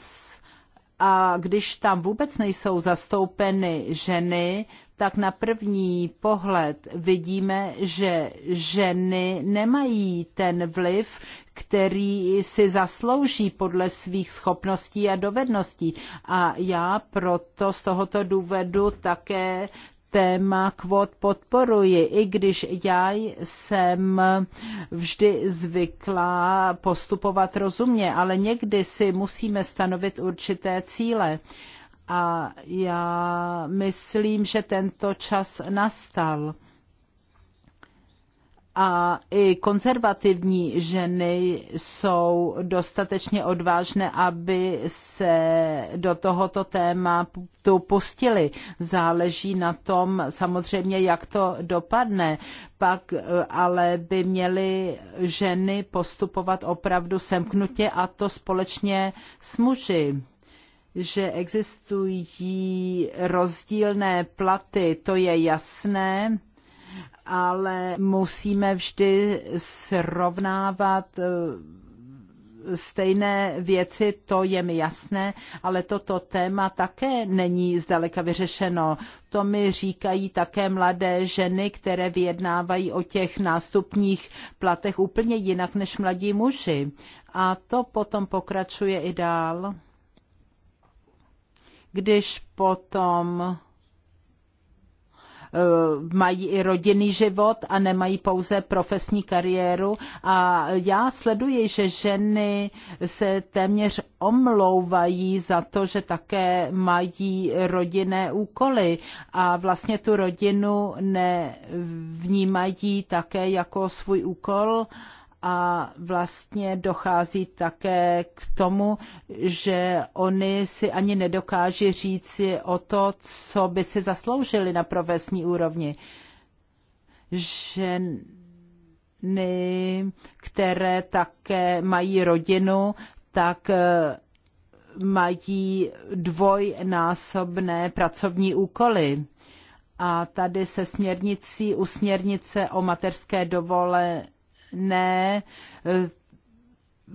Speaker 4: a když tam vůbec nejsou zastoupeny ženy, tak na první pohled vidíme, že ženy nemají ten vliv, který si zaslouží podle svých schopností a dovedností. A já proto z tohoto důvodu také téma kvot podporuji, i když já jsem vždy zvyklá postupovat rozumně, ale někdy si musíme stanovit určité cíle. A já myslím, že tento čas nastal a i konzervativní ženy jsou dostatečně odvážné, aby se do tohoto tu pustili. Záleží na tom samozřejmě, jak to dopadne. Pak eh, ale by měly ženy postupovat opravdu semknutě a to společně s muži že existují rozdílné platy, to je jasné ale musíme vždy srovnávat eh, stejné věci, to je mi jasné, ale toto téma také není zdaleka vyřešeno. To mi říkají také mladé ženy, které vyjednávají o těch nástupních platech úplně jinak než mladí muži. A to potom pokračuje i dál. Když potom Eh, mají i rodinný život a nemají pouze profesní kariéru. A já sleduji, že ženy se téměř omlouvají za to, že také mají rodinné úkoly a vlastně tu rodinu nevnímají také jako svůj úkol a vlastně dochází také k tomu, že oni si ani nedokáží říci o to, co by si zasloužili na profesní úrovni. Ženy, které také mají rodinu, tak eh, mají dvojnásobné pracovní úkoly a tady se směrnicí u směrnice o mateřské dovolené ne eh,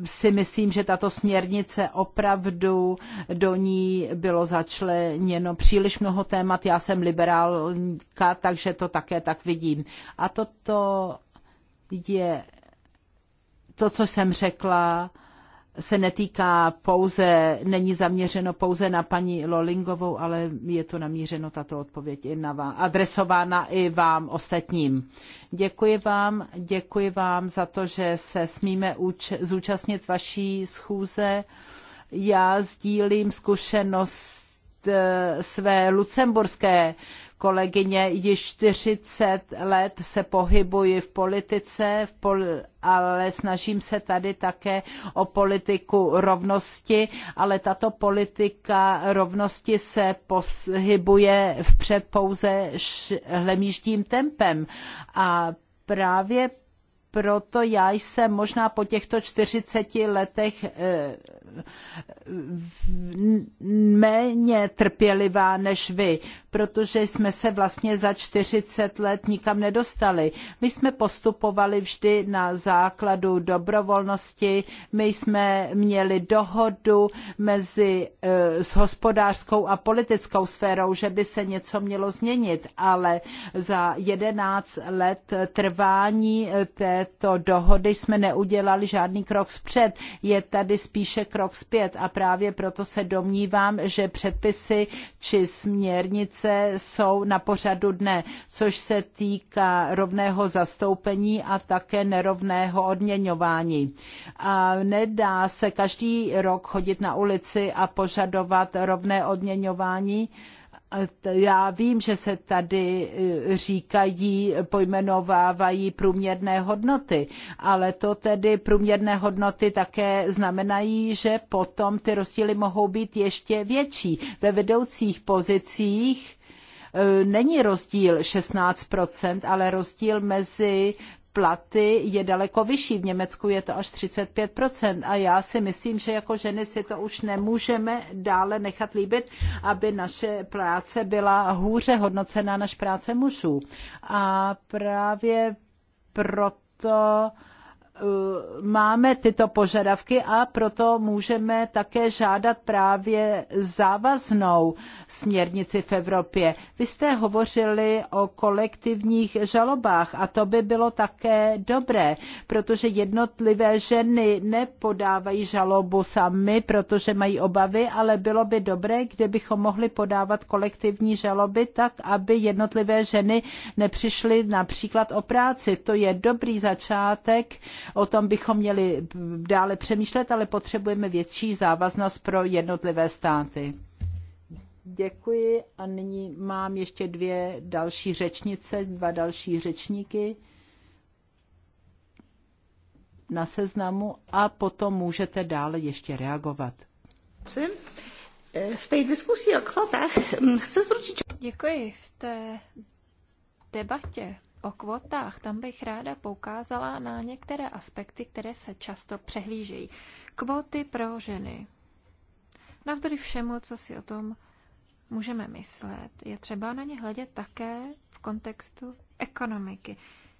Speaker 4: si myslím, že tato směrnice opravdu do ní bylo začleněno příliš mnoho témat. Já jsem liberálka, takže to také tak vidím. A toto je to, co jsem řekla, se netýká pouze, není zaměřeno pouze na paní Lolingovou, ale je to namířeno tato odpověď i na vám, adresována i vám ostatním. Děkuji vám, děkuji vám za to, že se smíme úč- zúčastnit vaší schůze. Já sdílím zkušenost eh, své lucemburské kolegyně, již 40 let se pohybuji v politice, ale snažím se tady také o politiku rovnosti, ale tato politika rovnosti se pohybuje vpřed pouze hlemýždím tempem. A právě proto já jsem možná po těchto 40 letech eh, méně trpělivá než vy protože jsme se vlastně za 40 let nikam nedostali. My jsme postupovali vždy na základu dobrovolnosti, my jsme měli dohodu mezi eh, s hospodářskou a politickou sférou, že by se něco mělo změnit, ale za 11 let trvání eh, této dohody jsme neudělali žádný krok vpřed. Je tady spíše krok zpět a právě proto se domnívám, že předpisy či směrnice se jsou na pořadu dne, což se týká rovného zastoupení a také nerovného odměňování. A nedá se každý rok chodit na ulici a požadovat rovné odměňování, já vím, že se tady e, říkají, pojmenovávají průměrné hodnoty, ale to tedy průměrné hodnoty také znamenají, že potom ty rozdíly mohou být ještě větší. Ve vedoucích pozicích e, není rozdíl 16%, ale rozdíl mezi platy je daleko vyšší. V Německu je to až 35%. A já si myslím, že jako ženy si to už nemůžeme dále nechat líbit, aby naše práce byla hůře hodnocena, než práce mužů. A právě proto Eh, máme tyto požadavky a proto můžeme také žádat právě závaznou směrnici v Evropě. Vy jste hovořili o kolektivních žalobách a to by bylo také dobré, protože jednotlivé ženy nepodávají žalobu sami, protože mají obavy, ale bylo by dobré, kdybychom mohli podávat kolektivní žaloby tak, aby jednotlivé ženy nepřišly například o práci. To je dobrý začátek, O tom bychom měli dále přemýšlet, ale potřebujeme větší závaznost pro jednotlivé státy. Děkuji a nyní mám ještě dvě další řečnice, dva další řečníky na seznamu a potom můžete dále ještě reagovat.
Speaker 1: V té
Speaker 5: diskusi o kvotách hm, chci zručit.
Speaker 2: Děkuji. V té debatě o kvotách, tam bych ráda poukázala na některé aspekty, které se často přehlížejí. Kvóty pro ženy. Navzdory všemu, co si o tom můžeme myslet, je třeba na ně hledět také v kontextu ekonomiky.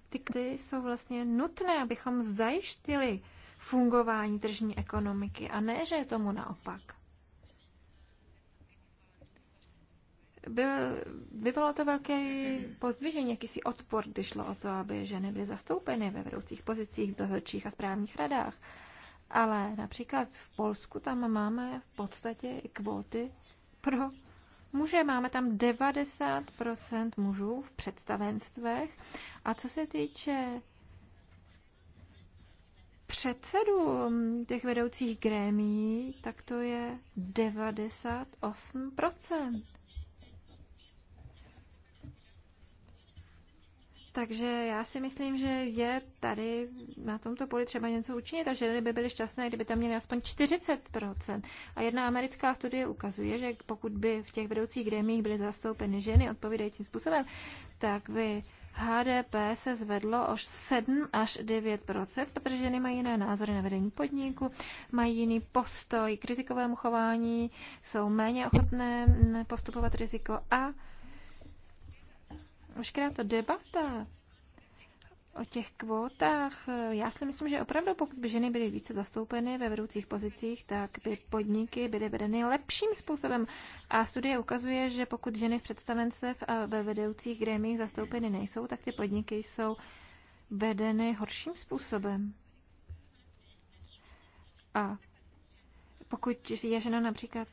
Speaker 2: Ty kvóty jsou vlastně nutné, abychom zajištili fungování tržní ekonomiky a ne, že je tomu naopak. byl, vyvolalo to velký pozdvižení, jakýsi odpor, když šlo o to, aby ženy byly zastoupeny ve vedoucích pozicích, v dozorčích a správních radách. Ale například v Polsku tam máme v podstatě i kvóty pro muže. Máme tam 90% mužů v představenstvech. A co se týče předsedů mm, těch vedoucích grémí, tak to je 98%. Takže já si myslím, že je tady na tomto poli třeba něco učinit a ženy by byly šťastné, kdyby tam měly aspoň 40%. A jedna americká studie ukazuje, že pokud by v těch vedoucích gremích byly zastoupeny ženy odpovídajícím způsobem, tak by HDP se zvedlo o 7 až 9 protože ženy mají jiné názory na vedení podniku, mají jiný postoj k rizikovému chování, jsou méně ochotné postupovat riziko a veškerá ta debata o těch kvótách, já si myslím, že opravdu pokud by ženy byly více zastoupeny ve vedoucích pozicích, tak by podniky byly vedeny lepším způsobem. A studie ukazuje, že pokud ženy v představenstvech a ve vedoucích grémích zastoupeny nejsou, tak ty podniky jsou vedeny horším způsobem. A pokud je žena například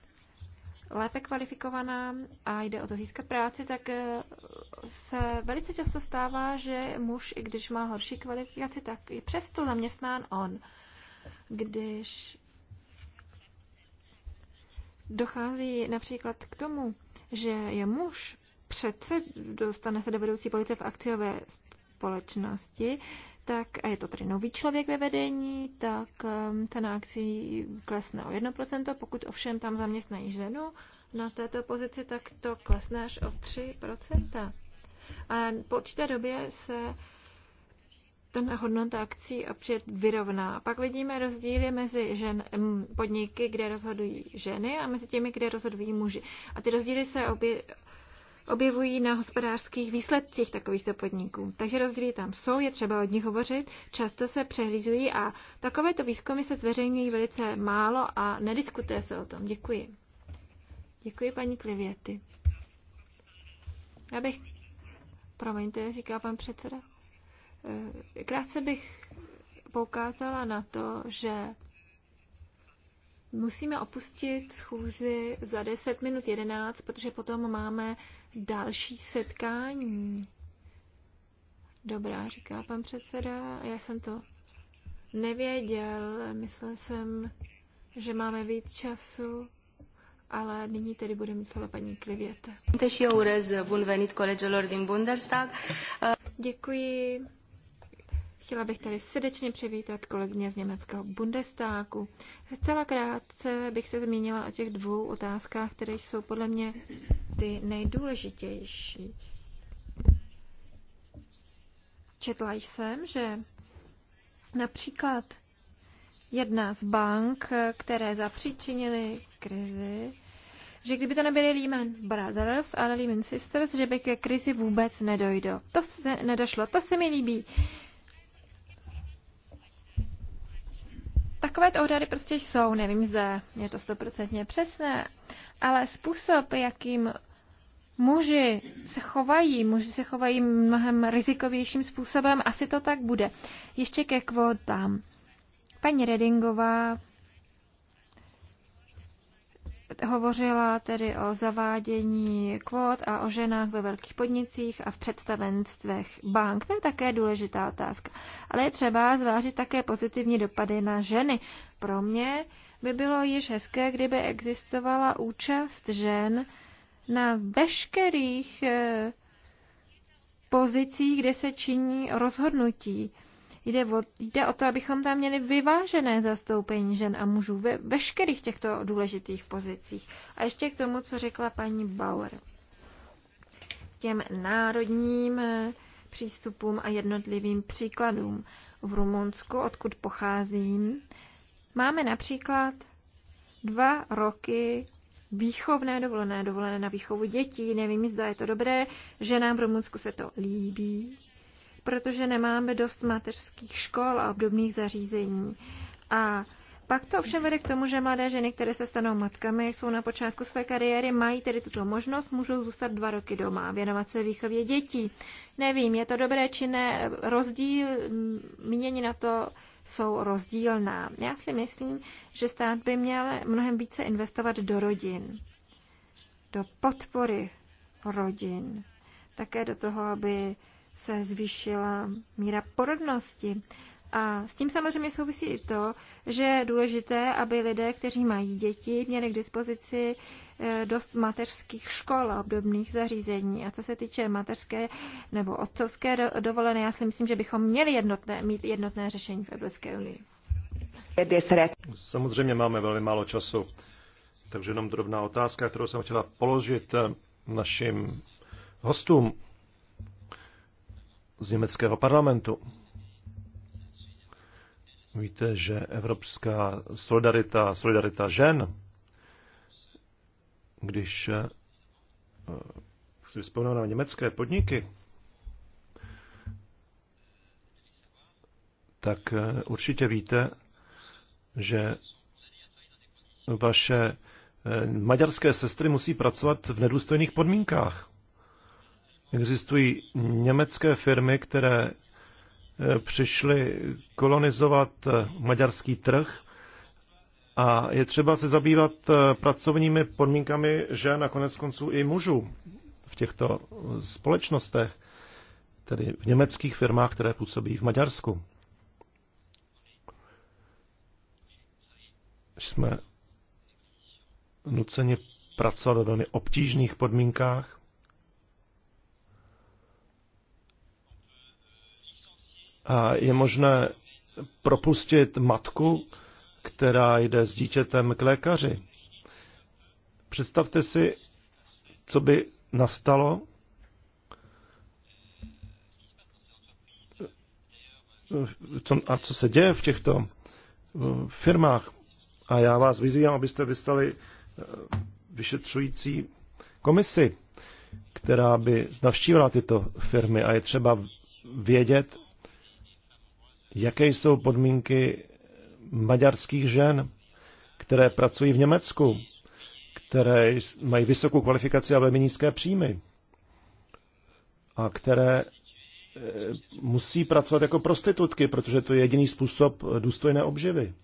Speaker 2: lépe kvalifikovaná a jde o to získat práci, tak eh, se velice často stává, že muž, i když má horší kvalifikaci, tak je přesto zaměstnán on. Když dochází například k tomu, že je muž přece dostane se do vedoucí policie v akciové společnosti, tak, a je to tedy nový člověk ve vedení, tak um, ten akci klesne o 1%, pokud ovšem tam zaměstnají ženu na této pozici, tak to klesne až o 3%. A po určité době se ten hodnota akcí opět vyrovná. Pak vidíme rozdíly mezi žen, podniky, kde rozhodují ženy a mezi těmi, kde rozhodují muži. A ty rozdíly se obě, objevují na hospodářských výsledcích takovýchto podniků. Takže rozdíly tam jsou, je třeba od nich hovořit, často se přehlížují a takovéto výzkumy se zveřejňují velice málo a nediskutuje se o tom. Děkuji. Děkuji paní Klivěty. Já bych Promiňte, říká pan předseda. Eh, krátce bych poukázala na to, že musíme opustit schůzi za 10 minut 11, protože potom máme další setkání. Dobrá, říká pan předseda. Já jsem to nevěděl. Myslel jsem, že máme víc času ale nyní tedy bude mít slovo paní Klivěte. Děkuji. Chtěla bych tady srdečně přivítat kolegyně z německého Bundestagu. Zcela krátce bych se zmínila o těch dvou otázkách, které jsou podle mě ty nejdůležitější. Četla jsem, že například jedna z bank, které zapříčinily krizi, že kdyby to nebyly Lehman Brothers, ale Lehman Sisters, že by ke krizi vůbec nedojdo. To se nedošlo, to se mi líbí. Takové to odhady prostě jsou, nevím, zda je to stoprocentně přesné, ale způsob, jakým muži se chovají, muži se chovají mnohem rizikovějším způsobem, asi to tak bude. Ještě ke kvotám. Paní Redingová Hovořila tedy o zavádění kvót a o ženách ve velkých podnicích a v představenstvech bank. To je také důležitá otázka. Ale je třeba zvážit také pozitivní dopady na ženy. Pro mě by bylo již hezké, kdyby existovala účast žen na veškerých eh, pozicích, kde se činí rozhodnutí. Jde o, jde o to, abychom tam měli vyvážené zastoupení žen a mužů ve veškerých těchto důležitých pozicích. A ještě k tomu, co řekla paní Bauer. Těm národním eh, přístupům a jednotlivým příkladům. V Rumunsku, odkud pocházím, máme například dva roky výchovné dovolené, dovolené na výchovu dětí. Nevím, zda je to dobré, že nám v Rumunsku se to líbí protože nemáme dost mateřských škol a obdobných zařízení. A pak to ovšem vede k tomu, že mladé ženy, které se stanou matkami, jsou na počátku své kariéry, mají tedy tuto možnost, můžou zůstat dva roky doma a věnovat se výchově dětí. Nevím, je to dobré či ne, rozdíl, mění na to jsou rozdílná. Já si myslím, že stát by měl mnohem více investovat do rodin, do podpory rodin, také do toho, aby se zvýšila míra porodnosti. A s tím samozřejmě souvisí i to, že je důležité, aby lidé, kteří mají děti, měli k dispozici eh, dost mateřských škol a obdobných zařízení. A co se týče mateřské nebo otcovské dovolené, já si myslím, že bychom měli jednotné, mít jednotné řešení v Evropské unii.
Speaker 3: Samozřejmě máme velmi málo času, takže jenom drobná otázka, kterou jsem chtěla položit eh, našim hostům z německého parlamentu. Víte, že evropská solidarita, solidarita žen, když eh, si vzpomínám na německé podniky, tak eh, určitě víte, že vaše eh, maďarské sestry musí pracovat v nedůstojných podmínkách. Existují německé firmy, které eh, přišly kolonizovat eh, maďarský trh a je třeba se zabývat eh, pracovními podmínkami žen a konec konců i mužů v těchto společnostech, tedy v německých firmách, které působí v Maďarsku. Jsme nuceni pracovat ve velmi obtížných podmínkách a je možné propustit matku, která jde s dítětem k lékaři. Představte si, co by nastalo, co, a co se děje v těchto firmách. A já vás vyzývám, abyste vystali eh, vyšetřující komisi, která by navštívila tyto firmy a je třeba vědět, jaké jsou podmínky maďarských žen, které pracují v Německu, které mají vysokou kvalifikaci a velmi nízké příjmy a které e, musí pracovat jako prostitutky, protože to je jediný způsob důstojné obživy.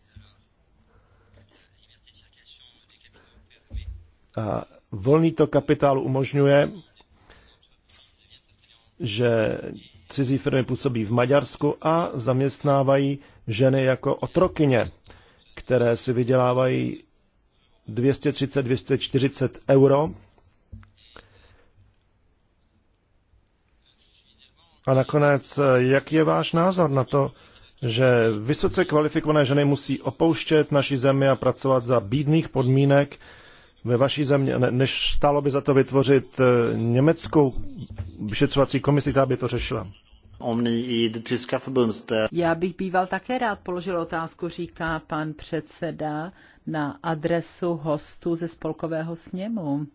Speaker 3: A volný to kapitál umožňuje, že cizí firmy působí v Maďarsku a zaměstnávají ženy jako otrokyně, které si vydělávají 230-240 euro. A nakonec, jaký je váš názor na to, že vysoce kvalifikované ženy musí opouštět naši zemi a pracovat za bídných podmínek, ve vaší zemi, než stálo by za to vytvořit eh, německou vyšetřovací komisi, která by to řešila?
Speaker 4: Já bych býval také rád položil otázku, říká pan předseda, na adresu hostů ze spolkového sněmu.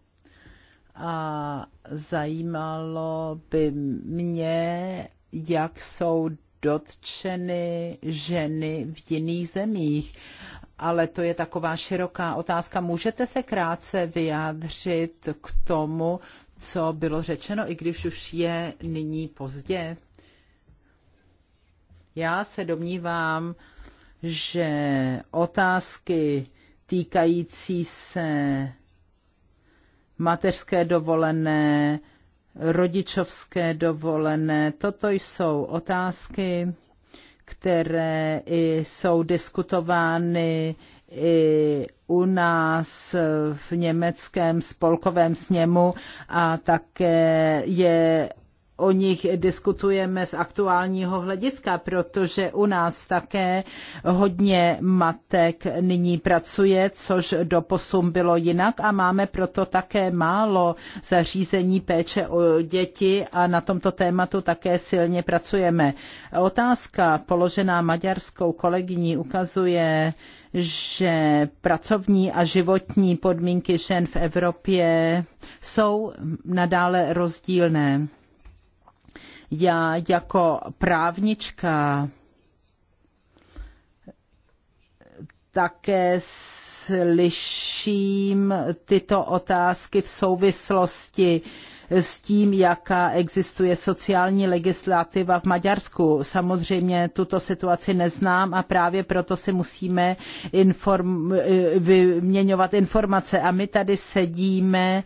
Speaker 4: A zajímalo by mě, jak jsou dotčeny ženy v jiných zemích ale to je taková široká otázka. Můžete se krátce vyjádřit k tomu, co bylo řečeno, i když už je nyní pozdě? Já se domnívám, že otázky týkající se mateřské dovolené, rodičovské dovolené, toto jsou otázky, které jsou diskutovány i u nás v německém spolkovém sněmu a také je o nich diskutujeme z aktuálního hlediska, protože u nás také hodně matek nyní pracuje, což do posun bylo jinak a máme proto také málo zařízení péče o děti a na tomto tématu také silně pracujeme. Otázka položená maďarskou kolegyní ukazuje, že pracovní a životní podmínky žen v Evropě jsou nadále rozdílné. Já jako právnička také slyším tyto otázky v souvislosti s tím, jaká existuje sociální legislativa v Maďarsku. Samozřejmě tuto situaci neznám a právě proto si musíme inform, vyměňovat informace. A my tady sedíme uh,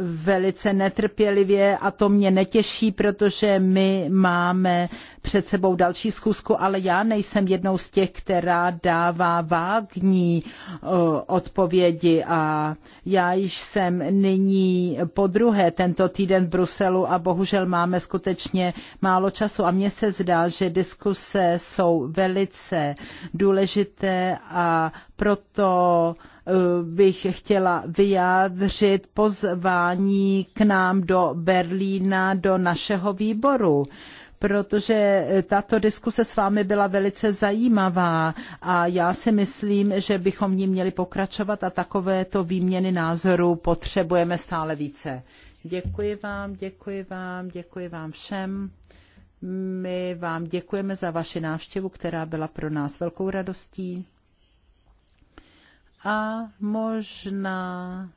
Speaker 4: velice netrpělivě a to mě netěší, protože my máme před sebou další zkusku, ale já nejsem jednou z těch, která dává vágní eh, odpovědi a já již jsem nyní po druhé tento týden v Bruselu a bohužel máme skutečně málo času a mně se zdá, že diskuse jsou velice důležité a proto bych chtěla vyjádřit pozvání k nám do Berlína, do našeho výboru protože tato diskuse s vámi byla velice zajímavá a já si myslím, že bychom v ní měli pokračovat a takovéto výměny názorů potřebujeme stále více. Děkuji vám, děkuji vám, děkuji vám všem. My vám děkujeme za vaši návštěvu, která byla pro nás velkou radostí a možná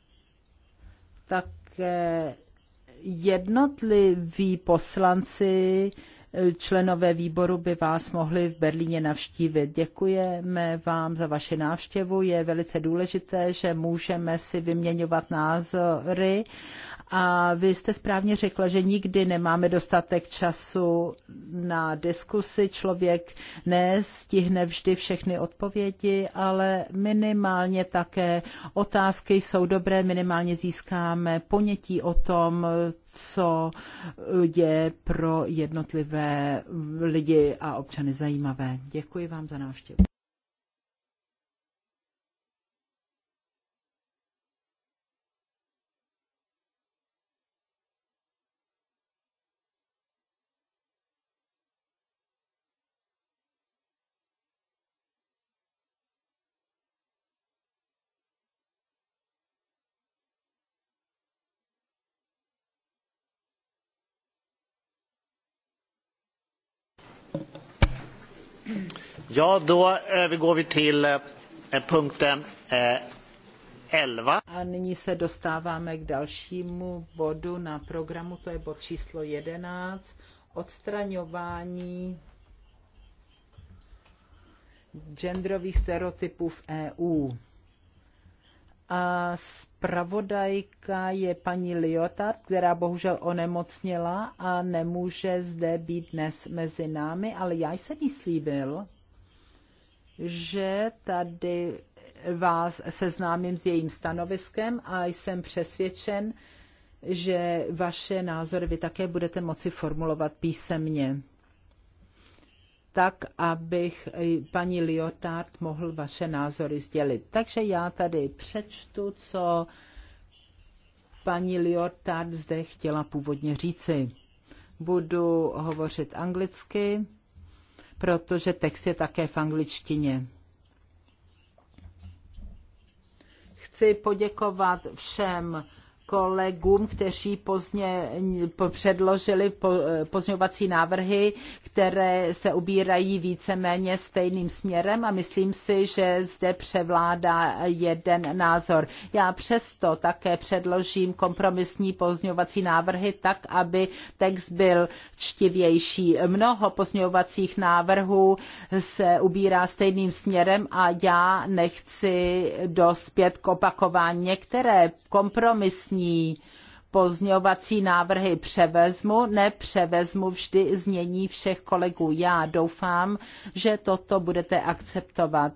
Speaker 4: také jednotliví poslanci členové výboru by vás mohli v Berlíně navštívit. Děkujeme vám za vaši návštěvu. Je velice důležité, že můžeme si vyměňovat názory a vy jste správně řekla, že nikdy nemáme dostatek času na diskusi. Člověk nestihne vždy všechny odpovědi, ale minimálně také otázky jsou dobré, minimálně získáme ponětí o tom, co je pro jednotlivé lidi a občany zajímavé. Děkuji vám za návštěvu.
Speaker 1: Ja, då övergår eh, vi till eh, eh, punkten 11. A nyní se dostáváme
Speaker 4: k dalšímu bodu na programu, to je bod číslo 11, odstraňování genderových stereotypů v EU. A zpravodajka je paní Liotard, která bohužel onemocněla a nemůže zde být dnes mezi námi, ale já jsem jí slíbil, že tady vás seznámím s jejím stanoviskem a jsem přesvědčen, že vaše názory vy také budete moci formulovat písemně, tak, abych paní Liotard mohl vaše názory sdělit. Takže já tady přečtu, co paní Liotard zde chtěla původně říci. Budu hovořit anglicky protože text je také v angličtině. Chci poděkovat všem kolegům, kteří pozdě předložili pozňovací návrhy, které se ubírají víceméně stejným směrem a myslím si, že zde převládá jeden názor. Já přesto také předložím kompromisní pozňovací návrhy tak, aby text byl čtivější. Mnoho pozňovacích návrhů se ubírá stejným směrem a já nechci dospět k opakování. Některé kompromisní znění pozňovací návrhy převezmu, nepřevezmu vždy znění všech kolegů. Já doufám, že toto budete akceptovat.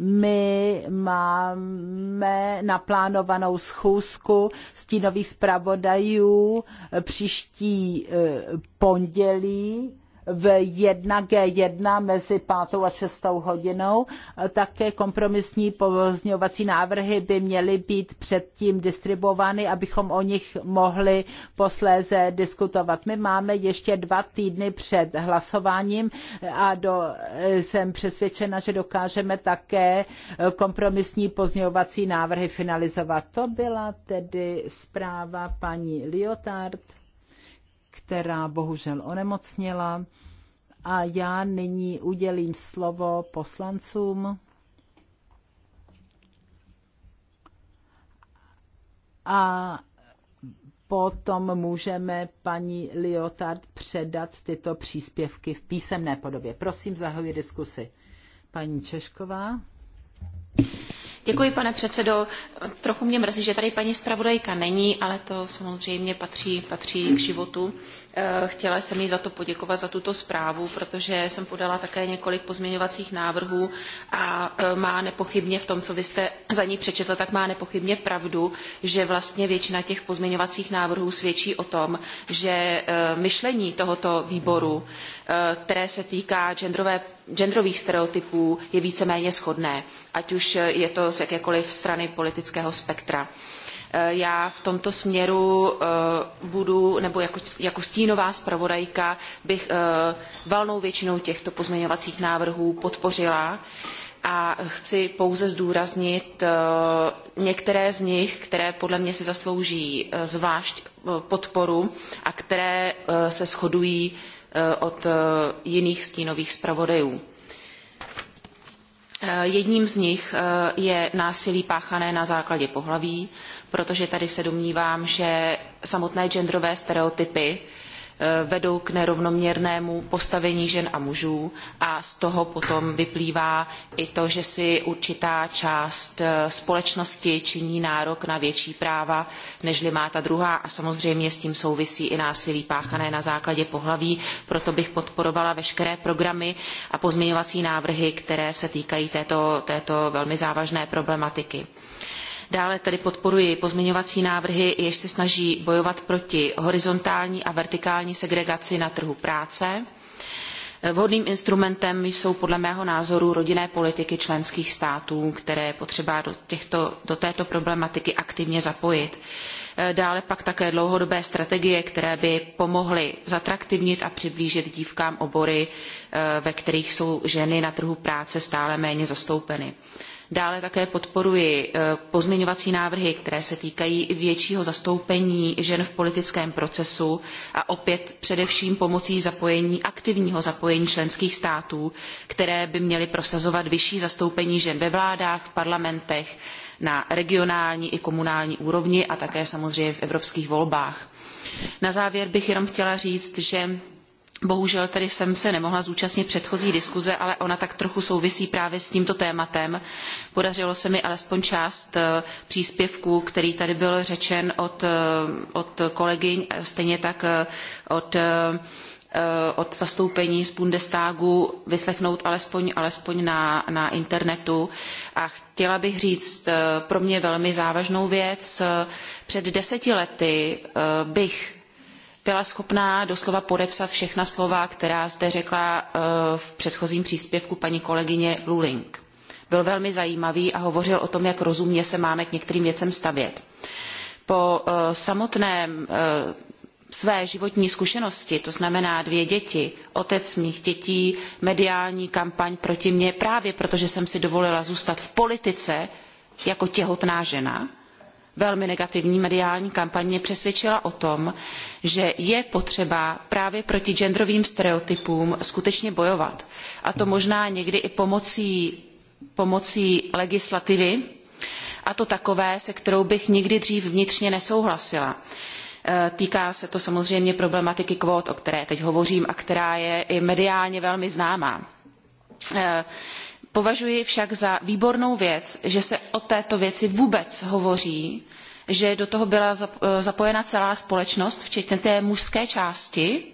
Speaker 4: My máme naplánovanou schůzku stínových zpravodajů příští eh, pondělí v 1G1 mezi 5. a 6. hodinou. Také kompromisní pozňovací návrhy by měly být předtím distribuovány, abychom o nich mohli posléze diskutovat. My máme ještě dva týdny před hlasováním a do, jsem přesvědčena, že dokážeme také kompromisní pozňovací návrhy finalizovat. To byla tedy zpráva paní Liotard která bohužel onemocněla. A já nyní udělím slovo poslancům. A potom můžeme paní Liotard předat tyto příspěvky v písemné podobě. Prosím, zahajuji diskusi. Paní Češková.
Speaker 5: Děkuji, pane předsedo. Trochu mě mrzí, že tady paní zpravodajka není, ale to samozřejmě patří, patří k životu. Eh, chtěla jsem jí za to poděkovat, za tuto zprávu, protože jsem podala také několik pozměňovacích návrhů a eh, má nepochybně v tom, co vy jste za ní přečetl, tak má nepochybně pravdu, že vlastně většina těch pozměňovacích návrhů svědčí o tom, že eh, myšlení tohoto výboru, které se týká genderové genderových stereotypů je víceméně shodné ať už je to z jakékoliv strany politického spektra. Eh, já v tomto směru eh, budu, nebo jako, jako stínová zpravodajka bych eh, valnou většinou těchto pozměňovacích návrhů podpořila a chci pouze zdůraznit některé z nich, které podle mě si zaslouží zvlášť podporu a které se shodují od jiných stínových zpravodajů. Eh, jedním z nich eh, je násilí páchané na základě pohlaví, protože tady se domnívám, že samotné genderové stereotypy Eh, vedou k nerovnoměrnému postavení žen a mužů a z toho potom vyplývá i to, že si určitá část eh, společnosti činí nárok na větší práva, nežli má ta druhá a samozřejmě s tím souvisí i násilí páchané na základě pohlaví. Proto bych podporovala veškeré programy a pozměňovací návrhy, které se týkají této, této velmi závažné problematiky. Dále tedy podporuji pozměňovací návrhy, jež se snaží bojovat proti horizontální a vertikální segregaci na trhu práce. Vhodným instrumentem jsou podle mého názoru rodinné politiky členských států, které je potřeba do, těchto, do této problematiky aktivně zapojit. Dále pak také dlouhodobé strategie, které by pomohly zatraktivnit a přiblížit dívkám obory, eh, ve kterých jsou ženy na trhu práce stále méně zastoupeny. Dále také podporuji eh, pozměňovací návrhy, které se týkají většího zastoupení žen v politickém procesu a opět především pomocí zapojení, aktivního zapojení členských států, které by měly prosazovat vyšší zastoupení žen ve vládách, v parlamentech, na regionální i komunální úrovni a také samozřejmě v evropských volbách. Na závěr bych jenom chtěla říct, že Bohužel tedy jsem se nemohla zúčastnit předchozí diskuze, ale ona tak trochu souvisí právě s tímto tématem. Podařilo se mi alespoň část eh, příspěvků, který tady byl řečen od, eh, od kolegyň, stejně tak eh, od od zastoupení z Bundestagu vyslechnout alespoň, alespoň na, na internetu. A chtěla bych říct pro mě velmi závažnou věc. Před deseti lety bych byla schopná doslova podepsat všechna slova, která zde řekla eh, v předchozím příspěvku paní kolegyně Luling. Byl velmi zajímavý a hovořil o tom, jak rozumně se máme k některým věcem stavět. Po eh, samotném eh, své životní zkušenosti, to znamená dvě děti, otec mých dětí, mediální kampaň proti mně, právě protože jsem si dovolila zůstat v politice jako těhotná žena, velmi negativní mediální kampaně přesvědčila o tom, že je potřeba právě proti genderovým stereotypům skutečně bojovat. A to možná někdy i pomocí, pomocí legislativy, a to takové, se kterou bych nikdy dřív vnitřně nesouhlasila. E, týká se to samozřejmě problematiky kvót, o které teď hovořím a která je i mediálně velmi známá. E, Považuji však za výbornou věc, že se o této věci vůbec hovoří, že do toho byla eh, zapojena celá společnost, včetně té mužské části,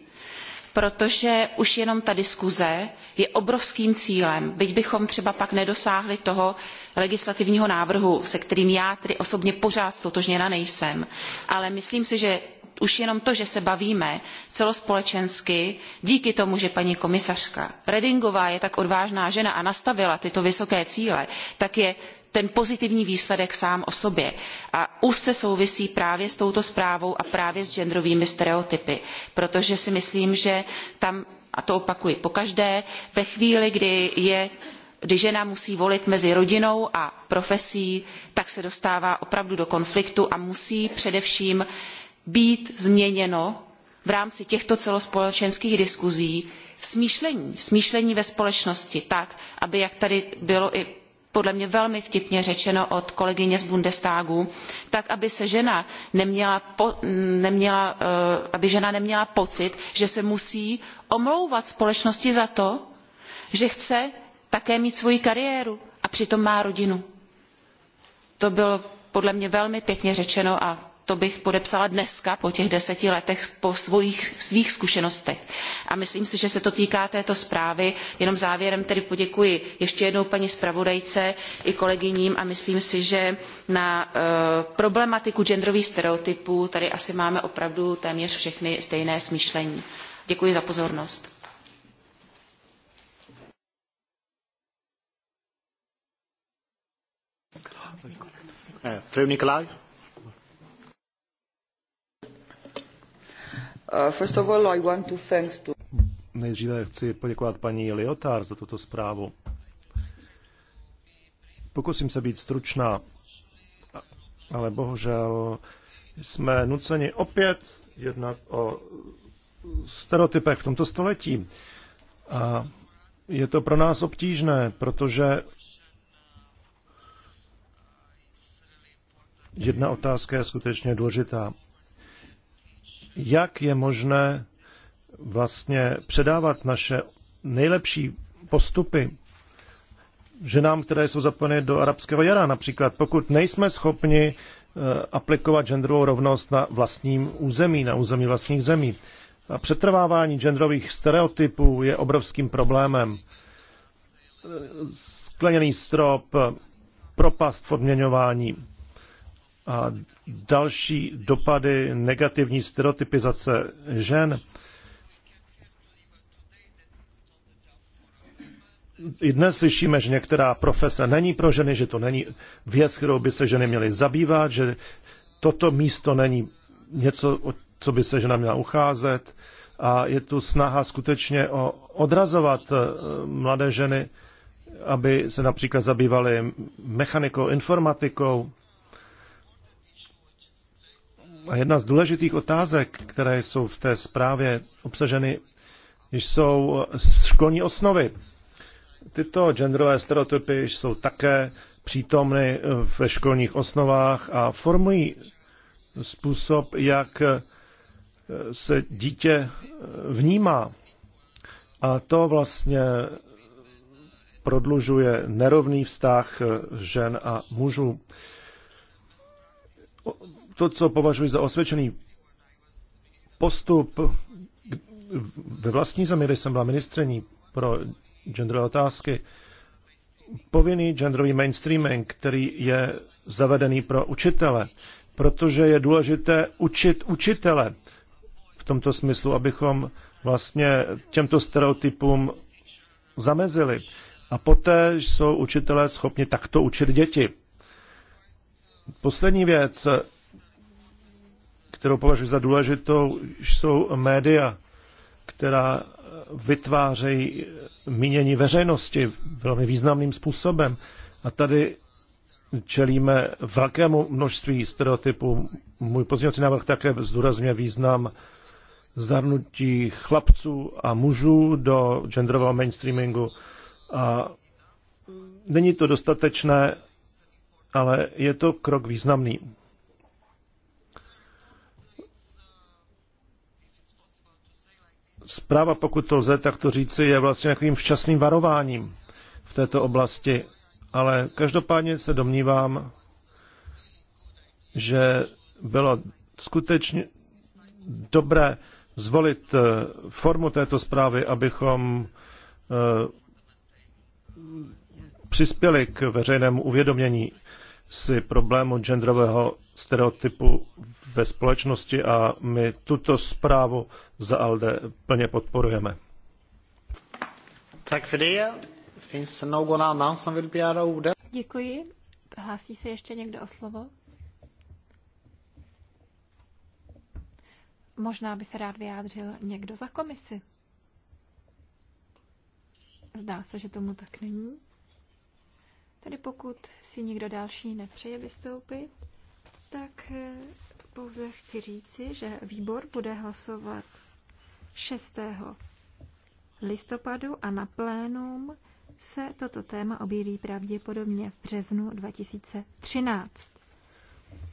Speaker 5: protože už jenom ta diskuze je obrovským cílem, byť bychom třeba pak nedosáhli toho legislativního návrhu, se kterým já tedy osobně pořád stotožněna nejsem. Ale myslím si, že už jenom to, že se bavíme celospolečensky, díky tomu, že paní komisařka Redingová je tak odvážná žena a nastavila tyto vysoké cíle, tak je ten pozitivní výsledek sám o sobě. A úzce souvisí právě s touto zprávou a právě s genderovými stereotypy, protože si myslím, že tam, a to opakuji pokaždé, ve chvíli, kdy je kdy žena musí volit mezi rodinou a profesí, tak se dostává opravdu do konfliktu a musí především být změněno v rámci těchto celospolečenských diskuzí smýšlení, smýšlení ve společnosti tak, aby, jak tady bylo i podle mě velmi vtipně řečeno od kolegyně z Bundestagu, tak aby se žena neměla, po, neměla, eh, aby žena neměla pocit, že se musí omlouvat společnosti za to, že chce také mít svoji kariéru a přitom má rodinu. To bylo podle mě velmi pěkně řečeno a to bych podepsala dneska po těch deseti letech po svých svých zkušenostech. A myslím si, že se to týká této zprávy. Jenom závěrem tedy poděkuji ještě jednou paní zpravodajce i kolegyním a myslím si, že na uh, problematiku genderových stereotypů tady asi máme opravdu téměř všechny stejné smýšlení. Děkuji za pozornost.
Speaker 1: Eh, Frau Uh,
Speaker 3: Nejdříve chci poděkovat paní Liotár za tuto zprávu. Pokusím se být stručná, ale bohužel jsme nuceni opět jednat o stereotypech v tomto století. A je to pro nás obtížné, protože jedna otázka je skutečně důležitá jak je možné vlastně předávat naše nejlepší postupy ženám, které jsou zapojeny do arabského jara. Například pokud nejsme schopni eh, aplikovat genderovou rovnost na vlastním území, na území vlastních zemí. A přetrvávání genderových stereotypů je obrovským problémem. Eh, skleněný strop, propast v odměňování, a další dopady negativní stereotypizace žen. I dnes slyšíme, že některá profese není pro ženy, že to není věc, kterou by se ženy měly zabývat, že toto místo není něco, o co by se žena měla ucházet. A je tu snaha skutečně o odrazovat eh, mladé ženy, aby se například zabývaly mechanikou, informatikou, a jedna z důležitých otázek, které jsou v té zprávě obsaženy, jsou eh, školní osnovy. Tyto genderové stereotypy jsou také přítomny eh, ve školních osnovách a formují způsob, jak eh, se dítě vnímá. A to vlastně prodlužuje nerovný vztah žen a mužů to, co považuji za osvědčený postup ve vlastní zemi, kde jsem byla ministrení pro genderové otázky, povinný genderový mainstreaming, který je zavedený pro učitele, protože je důležité učit učitele v tomto smyslu, abychom vlastně těmto stereotypům zamezili. A poté jsou učitelé schopni takto učit děti. Poslední věc, kterou považuji za důležitou, jsou média, která vytvářejí mínění veřejnosti velmi významným způsobem. A tady čelíme velkému množství stereotypů. Můj pozměňovací návrh také zdůrazňuje význam zdarnutí chlapců a mužů do genderového mainstreamingu. A není to dostatečné ale je to krok významný. Zpráva, pokud to lze takto říci, je vlastně nějakým včasným varováním v této oblasti, ale každopádně se domnívám, že bylo skutečně dobré zvolit eh, formu této zprávy, abychom eh, přispěli k veřejnému uvědomění si problému genderového stereotypu ve společnosti a my tuto zprávu za ALDE plně podporujeme.
Speaker 1: Tak
Speaker 2: Děkuji. Hlásí se ještě někdo o slovo? Možná by se rád vyjádřil někdo za komisi. Zdá se, že tomu tak není. Tedy pokud si nikdo další nepřeje vystoupit, tak eh, pouze chci říci, že výbor bude hlasovat 6. listopadu a na plénum se toto téma objeví pravděpodobně v březnu 2013.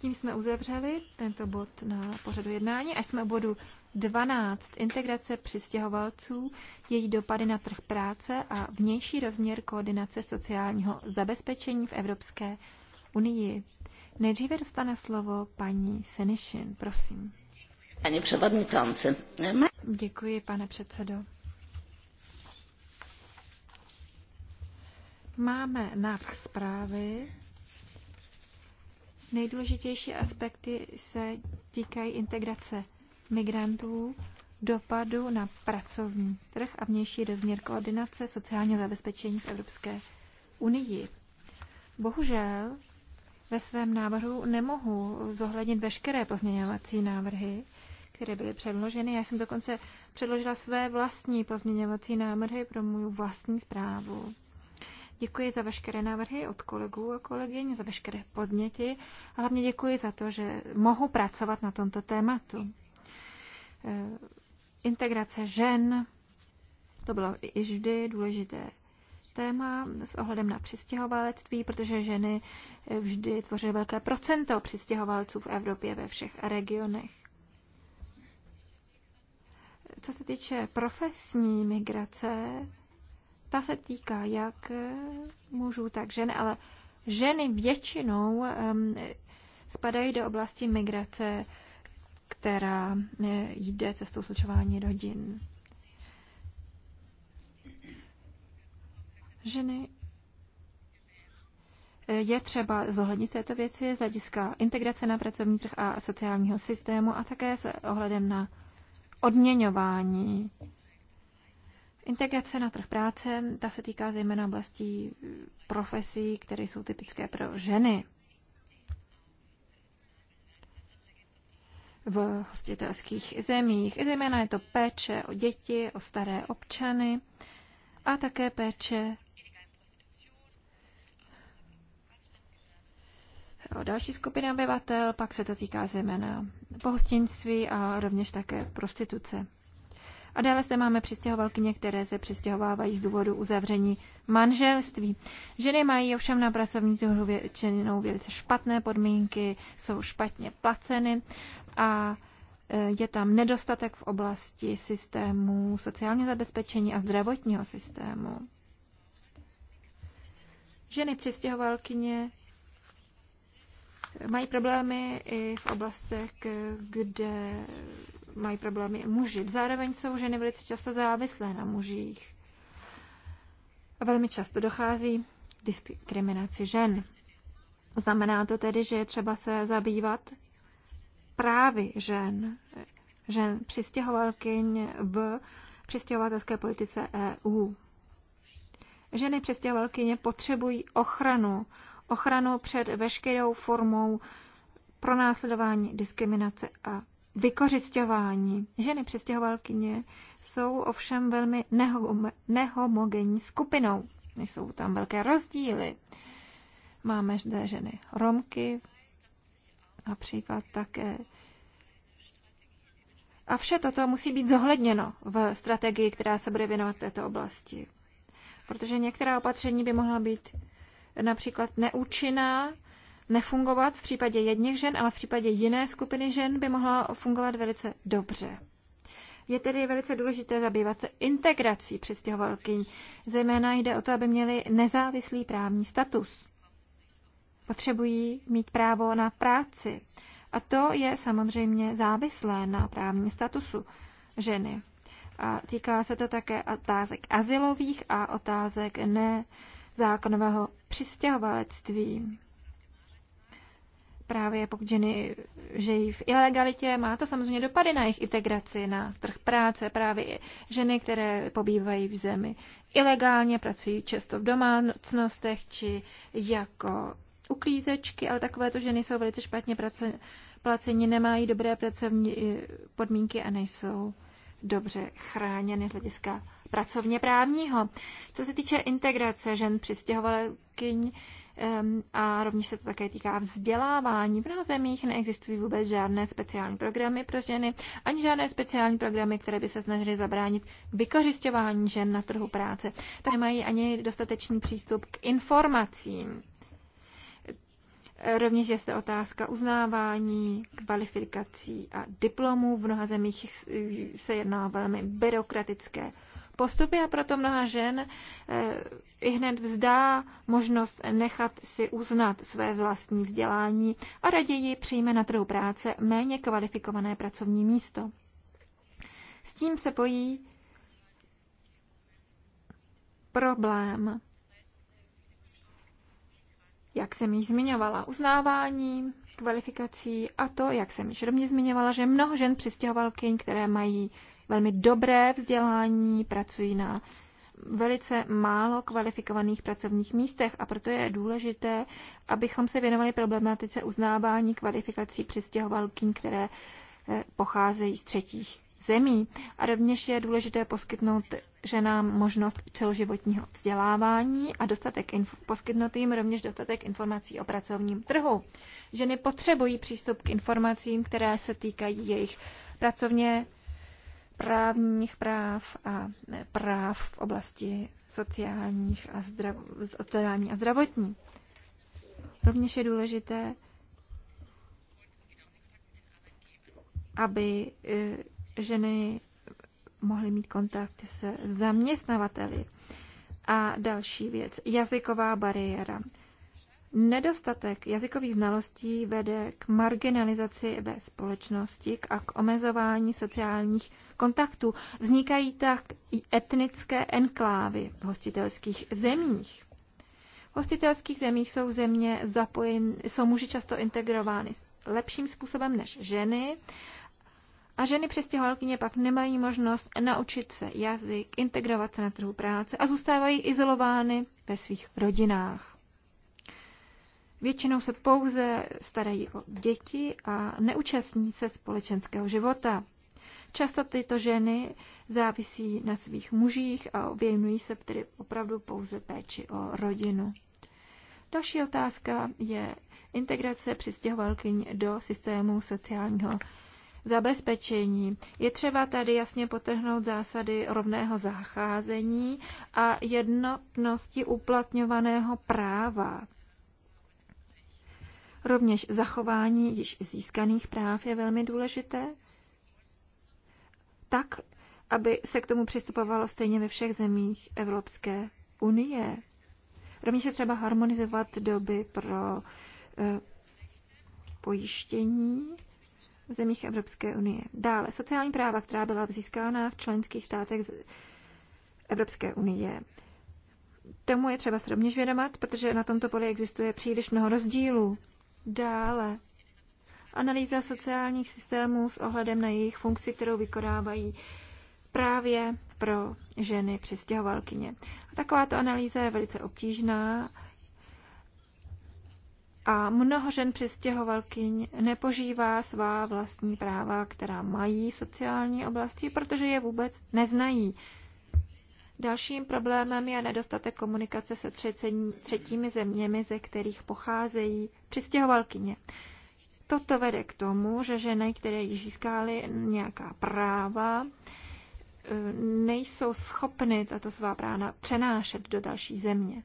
Speaker 2: Tím jsme uzavřeli tento bod na pořadu jednání a jsme u bodu 12. Integrace přistěhovalců, její dopady na trh práce a vnější rozměr koordinace sociálního zabezpečení v Evropské unii. Nejdříve dostane slovo paní Senišin, prosím.
Speaker 5: Paní převodničanci.
Speaker 2: Děkuji, pane předsedo. Máme návrh zprávy. Nejdůležitější aspekty se týkají integrace migrantů, dopadu na pracovní trh a vnější rozměr koordinace sociálního zabezpečení v Evropské unii. Bohužel ve svém návrhu nemohu zohlednit veškeré pozměňovací návrhy, které byly předloženy. Já jsem dokonce předložila své vlastní pozměňovací návrhy pro můj vlastní zprávu. Děkuji za veškeré návrhy od kolegů a kolegyň, za veškeré podněty a hlavně děkuji za to, že mohu pracovat na tomto tématu. Eh, integrace žen, to bylo i vždy důležité téma s ohledem na přistěhovalectví, protože ženy eh, vždy tvořily velké procento přistěhovalců v Evropě ve všech regionech. Co se týče profesní migrace, ta se týká jak eh, mužů, tak žen, ale ženy většinou um, spadají do oblasti migrace která eh, jde cestou slučování rodin. Ženy eh, je třeba zohlednit této věci z hlediska integrace na pracovní trh a sociálního systému a také s ohledem na odměňování. Integrace na trh práce, ta se týká zejména oblastí eh, profesí, které jsou typické pro ženy. v hostitelských zemích. Zejména je to péče o děti, o staré občany a také péče o další skupiny obyvatel, pak se to týká zejména pohostinství a rovněž také prostituce. A dále se máme přistěhovalky, které se přistěhovávají z důvodu uzavření manželství. Ženy mají ovšem na pracovní trhu většinou velice špatné podmínky, jsou špatně placeny a e, je tam nedostatek v oblasti systému sociálního zabezpečení a zdravotního systému. Ženy přistěhovalkyně Mají problémy i v oblastech, kde mají problémy muži. Zároveň jsou ženy velice často závislé na mužích. A velmi často dochází k diskriminaci žen. Znamená to tedy, že je třeba se zabývat právy žen, žen přistěhovalkyň v přistěhovatelské politice EU. Ženy přistěhovalkyně potřebují ochranu, ochranu před veškerou formou pronásledování, diskriminace a vykořišťování. Ženy přestěhovalkyně jsou ovšem velmi nehom- nehomogenní skupinou. Jsou tam velké rozdíly. Máme zde ženy Romky, například také. A vše toto musí být zohledněno v strategii, která se bude věnovat této oblasti. Protože některá opatření by mohla být například neúčinná, nefungovat v případě jedních žen, ale v případě jiné skupiny žen by mohla fungovat velice dobře. Je tedy velice důležité zabývat se integrací přistěhovalkyň. Zejména jde o to, aby měli nezávislý právní status. Potřebují mít právo na práci. A to je samozřejmě závislé na právním statusu ženy. A týká se to také otázek asilových a otázek ne, zákonového přistěhovalectví. Právě pokud ženy žijí v ilegalitě, má to samozřejmě dopady na jejich integraci, na trh práce. Právě ženy, které pobývají v zemi ilegálně, pracují často v domácnostech či jako uklízečky, ale takovéto ženy jsou velice špatně prace, placeni, nemají dobré pracovní eh, podmínky a nejsou dobře chráněny z hlediska pracovně právního. Co se týče integrace žen přistěhovalkyň, a rovněž se to také týká vzdělávání. V mnoha zemích neexistují vůbec žádné speciální programy pro ženy, ani žádné speciální programy, které by se snažily zabránit vykořišťování žen na trhu práce. Tak nemají ani dostatečný přístup k informacím. Rovněž je zde otázka uznávání, kvalifikací a diplomů. V mnoha zemích se jedná o velmi byrokratické postupy a proto mnoha žen eh, i hned vzdá možnost nechat si uznat své vlastní vzdělání a raději přijme na trhu práce méně kvalifikované pracovní místo. S tím se pojí problém, jak jsem již zmiňovala, uznávání kvalifikací a to, jak jsem již rovně zmiňovala, že mnoho žen přistěhovalkyň, které mají velmi dobré vzdělání, pracují na velice málo kvalifikovaných pracovních místech a proto je důležité, abychom se věnovali problematice uznávání kvalifikací přistěhovalkyn, které eh, pocházejí z třetích zemí. A rovněž je důležité poskytnout ženám možnost celoživotního vzdělávání a dostatek poskytnout jim rovněž dostatek informací o pracovním trhu. Ženy potřebují přístup k informacím, které se týkají jejich pracovně právních práv a práv v oblasti sociálních a, zdrav, sociální a zdravotní. Rovněž je důležité, aby e, ženy mohly mít kontakt se zaměstnavateli. A další věc, jazyková bariéra. Nedostatek jazykových znalostí vede k marginalizaci ve společnosti a k omezování sociálních Kontaktu Vznikají tak i etnické enklávy v hostitelských zemích. V hostitelských zemích jsou země zapojen, jsou muži často integrovány lepším způsobem než ženy a ženy přestěhovalkyně pak nemají možnost naučit se jazyk, integrovat se na trhu práce a zůstávají izolovány ve svých rodinách. Většinou se pouze starají o děti a neúčastní se společenského života. Často tyto ženy závisí na svých mužích a věnují se tedy opravdu pouze péči o rodinu. Další otázka je integrace přistěhovalkyň do systému sociálního zabezpečení. Je třeba tady jasně potrhnout zásady rovného zacházení a jednotnosti uplatňovaného práva. Rovněž zachování již získaných práv je velmi důležité tak, aby se k tomu přistupovalo stejně ve všech zemích Evropské unie. Rovněž je třeba harmonizovat doby pro eh, pojištění v zemích Evropské unie. Dále sociální práva, která byla získána v členských státech Evropské unie. Tomu je třeba se rovněž vědomat, protože na tomto poli existuje příliš mnoho rozdílů. Dále analýza sociálních systémů s ohledem na jejich funkci, kterou vykonávají právě pro ženy přistěhovalkyně. A takováto analýza je velice obtížná a mnoho žen přistěhovalkyň nepožívá svá vlastní práva, která mají v sociální oblasti, protože je vůbec neznají. Dalším problémem je nedostatek komunikace se třetími zeměmi, ze kterých pocházejí přistěhovalkyně. Toto vede k tomu, že ženy, které již získaly nějaká práva, eh, nejsou schopny tato svá práva přenášet do další země.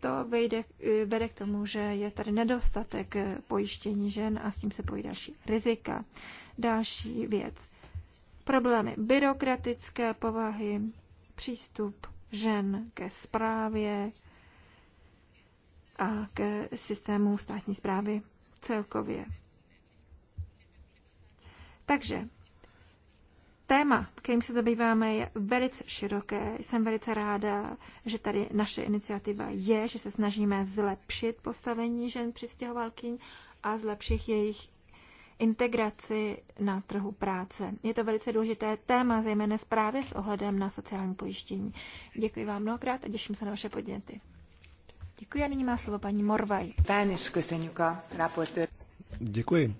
Speaker 2: To vejde, eh, vede k tomu, že je tady nedostatek eh, pojištění žen a s tím se pojí další rizika. Další věc. Problémy byrokratické povahy, přístup žen ke správě a k systému státní zprávy celkově. Takže téma, kterým se zabýváme, je velice široké. Jsem velice ráda, že tady naše iniciativa je, že se snažíme zlepšit postavení žen přistěhovalkyň a zlepšit jejich integraci na trhu práce. Je to velice důležité téma, zejména právě s ohledem na sociální pojištění. Děkuji vám mnohokrát a těším se na vaše podněty. Děkuji a nyní má slovo paní Morvaj.
Speaker 3: Děkuji,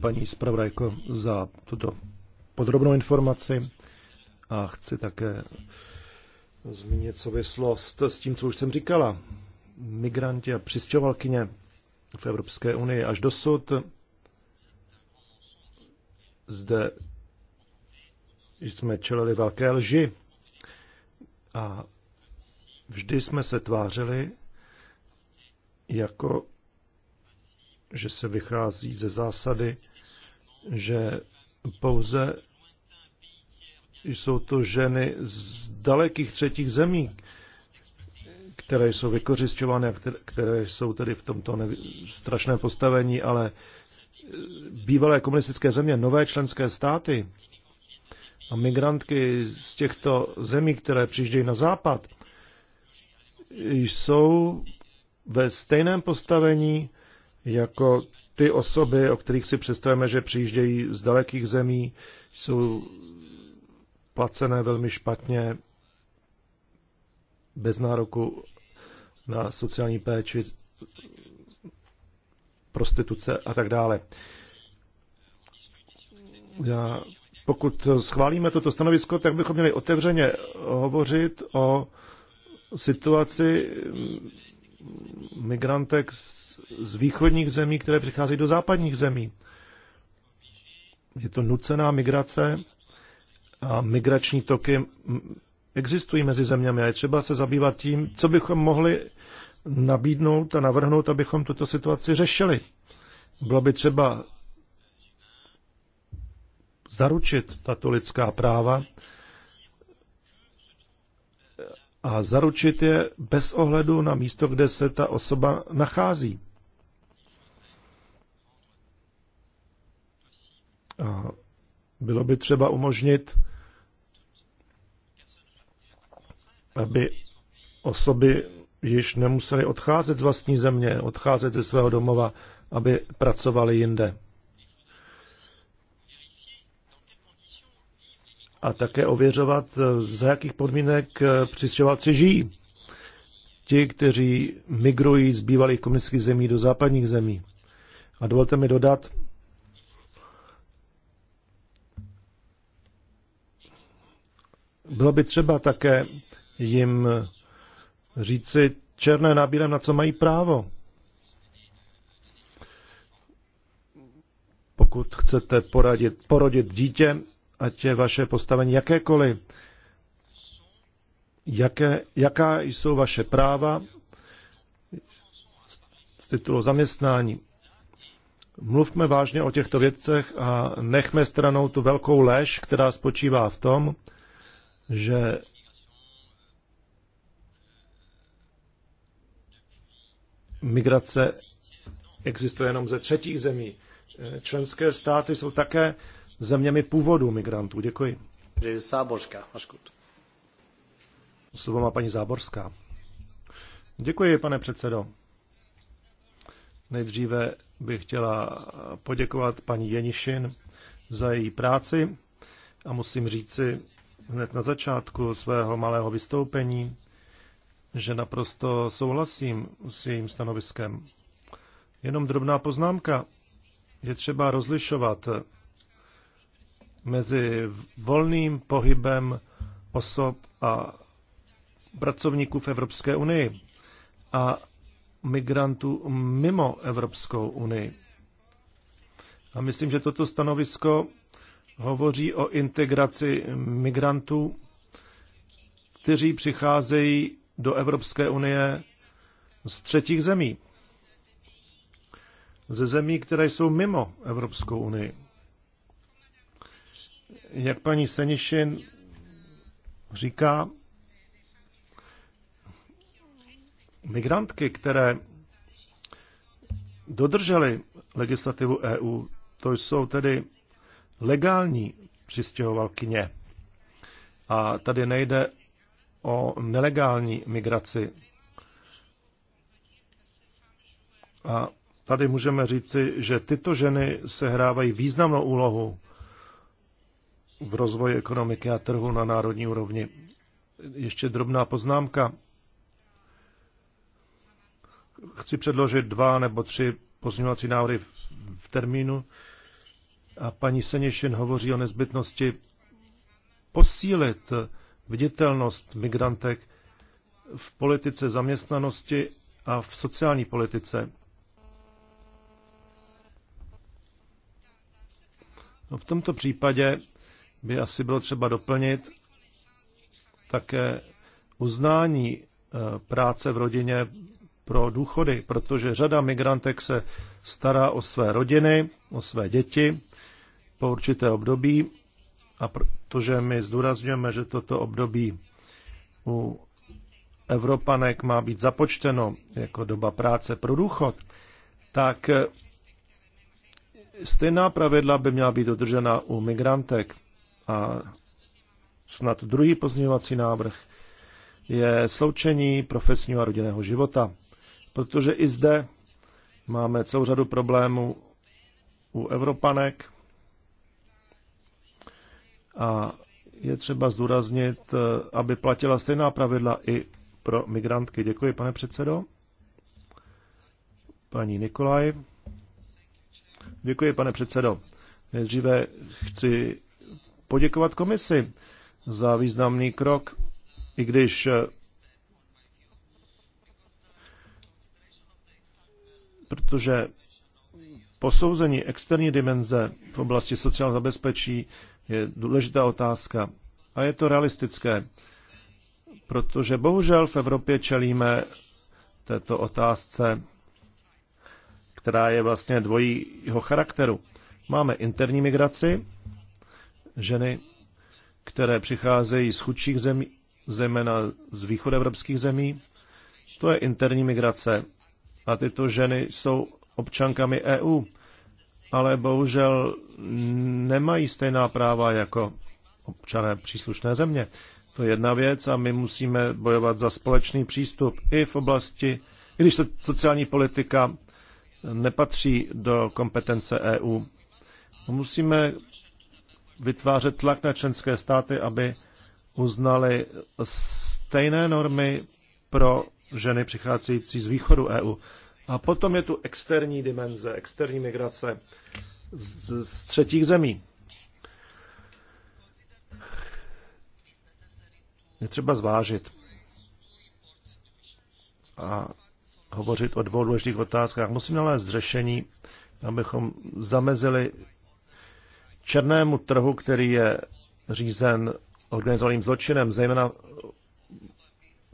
Speaker 3: paní zpravodajko, za tuto podrobnou informaci a chci také zmínit souvislost s tím, co už jsem říkala. Migranti a přistěhovalkyně v Evropské unii až dosud zde jsme čelili velké lži a Vždy jsme se tvářili jako, že se vychází ze zásady, že pouze jsou to ženy z dalekých třetích zemí, které jsou vykořišťovány a které jsou tedy v tomto nev... strašném postavení, ale e, bývalé komunistické země, nové členské státy a migrantky z těchto zemí, které přijíždějí na západ, jsou ve stejném postavení jako ty osoby, o kterých si představujeme, že přijíždějí z dalekých zemí, jsou placené velmi špatně, bez nároku na sociální péči, prostituce a tak dále. Já, pokud schválíme toto stanovisko, tak bychom měli otevřeně hovořit o situaci mm, migrantek z východních zemí, které přicházejí do západních zemí. Je to nucená migrace a migrační toky mm, existují mezi zeměmi a je třeba se zabývat tím, co bychom mohli nabídnout a navrhnout, abychom tuto situaci řešili. Bylo by třeba zaručit tato lidská práva a zaručit je bez ohledu na místo, kde se ta osoba nachází. A bylo by třeba umožnit, aby osoby již nemuseli odcházet z vlastní země, odcházet ze svého domova, aby pracovali jinde. a také ověřovat, eh, za jakých podmínek eh, přistěhovalci žijí. Ti, kteří migrují z bývalých komunistických zemí do západních zemí. A dovolte mi dodat, bylo by třeba také jim říci černé na bílém, na co mají právo. Pokud chcete poradit, porodit dítě, ať je vaše postavení jakékoliv, jaké, jaká jsou vaše práva z titulu zaměstnání. Mluvme vážně o těchto věcech a nechme stranou tu velkou lež, která spočívá v tom, že migrace existuje jenom ze třetích zemí. Členské státy jsou také zeměmi původu migrantů. Děkuji.
Speaker 1: Záborská,
Speaker 3: Slovo má paní Záborská. Děkuji, pane předsedo. Nejdříve bych chtěla poděkovat paní Jenišin za její práci a musím říci hned na začátku svého malého vystoupení, že naprosto souhlasím s jejím stanoviskem. Jenom drobná poznámka. Je třeba rozlišovat mezi volným pohybem osob a pracovníků v Evropské unii a migrantů mimo Evropskou unii. A myslím, že toto stanovisko hovoří o integraci migrantů, kteří přicházejí do Evropské unie z třetích zemí. Ze zemí, které jsou mimo Evropskou unii. Jak paní Senišin říká, migrantky, které dodržely legislativu EU, to jsou tedy legální přistěhovalkyně. A tady nejde o nelegální migraci. A tady můžeme říci, že tyto ženy sehrávají významnou úlohu v rozvoji ekonomiky a trhu na národní úrovni. Ještě drobná poznámka. Chci předložit dva nebo tři pozměňovací návrhy v termínu a paní Seněšin hovoří o nezbytnosti posílit viditelnost migrantek v politice zaměstnanosti a v sociální politice. No, v tomto případě by asi bylo třeba doplnit také uznání e, práce v rodině pro důchody, protože řada migrantek se stará o své rodiny, o své děti po určité období a protože my zdůrazňujeme, že toto období u Evropanek má být započteno jako doba práce pro důchod, tak stejná pravidla by měla být dodržena u migrantek. A snad druhý pozměňovací návrh je sloučení profesního a rodinného života. Protože i zde máme celou řadu problémů u Evropanek a je třeba zdůraznit, aby platila stejná pravidla i pro migrantky. Děkuji, pane předsedo. Paní Nikolaj. Děkuji, pane předsedo. Nejdříve chci poděkovat komisi za významný krok, i když eh, protože posouzení externí dimenze v oblasti sociálního zabezpečí je důležitá otázka a je to realistické, protože bohužel v Evropě čelíme této otázce, která je vlastně dvojího charakteru. Máme interní migraci ženy, které přicházejí z chudších zemí, zejména z východevropských zemí. To je interní migrace. A tyto ženy jsou občankami EU, ale bohužel nemají stejná práva jako občané příslušné země. To je jedna věc a my musíme bojovat za společný přístup i v oblasti, i když to sociální politika nepatří do kompetence EU. Musíme vytvářet tlak na členské státy, aby uznali stejné normy pro ženy přicházející z východu EU. A potom je tu externí dimenze, externí migrace z, z třetích zemí. Je třeba zvážit a hovořit o dvou důležitých otázkách. Musím nalézt řešení, abychom zamezili černému trhu, který je řízen organizovaným zločinem, zejména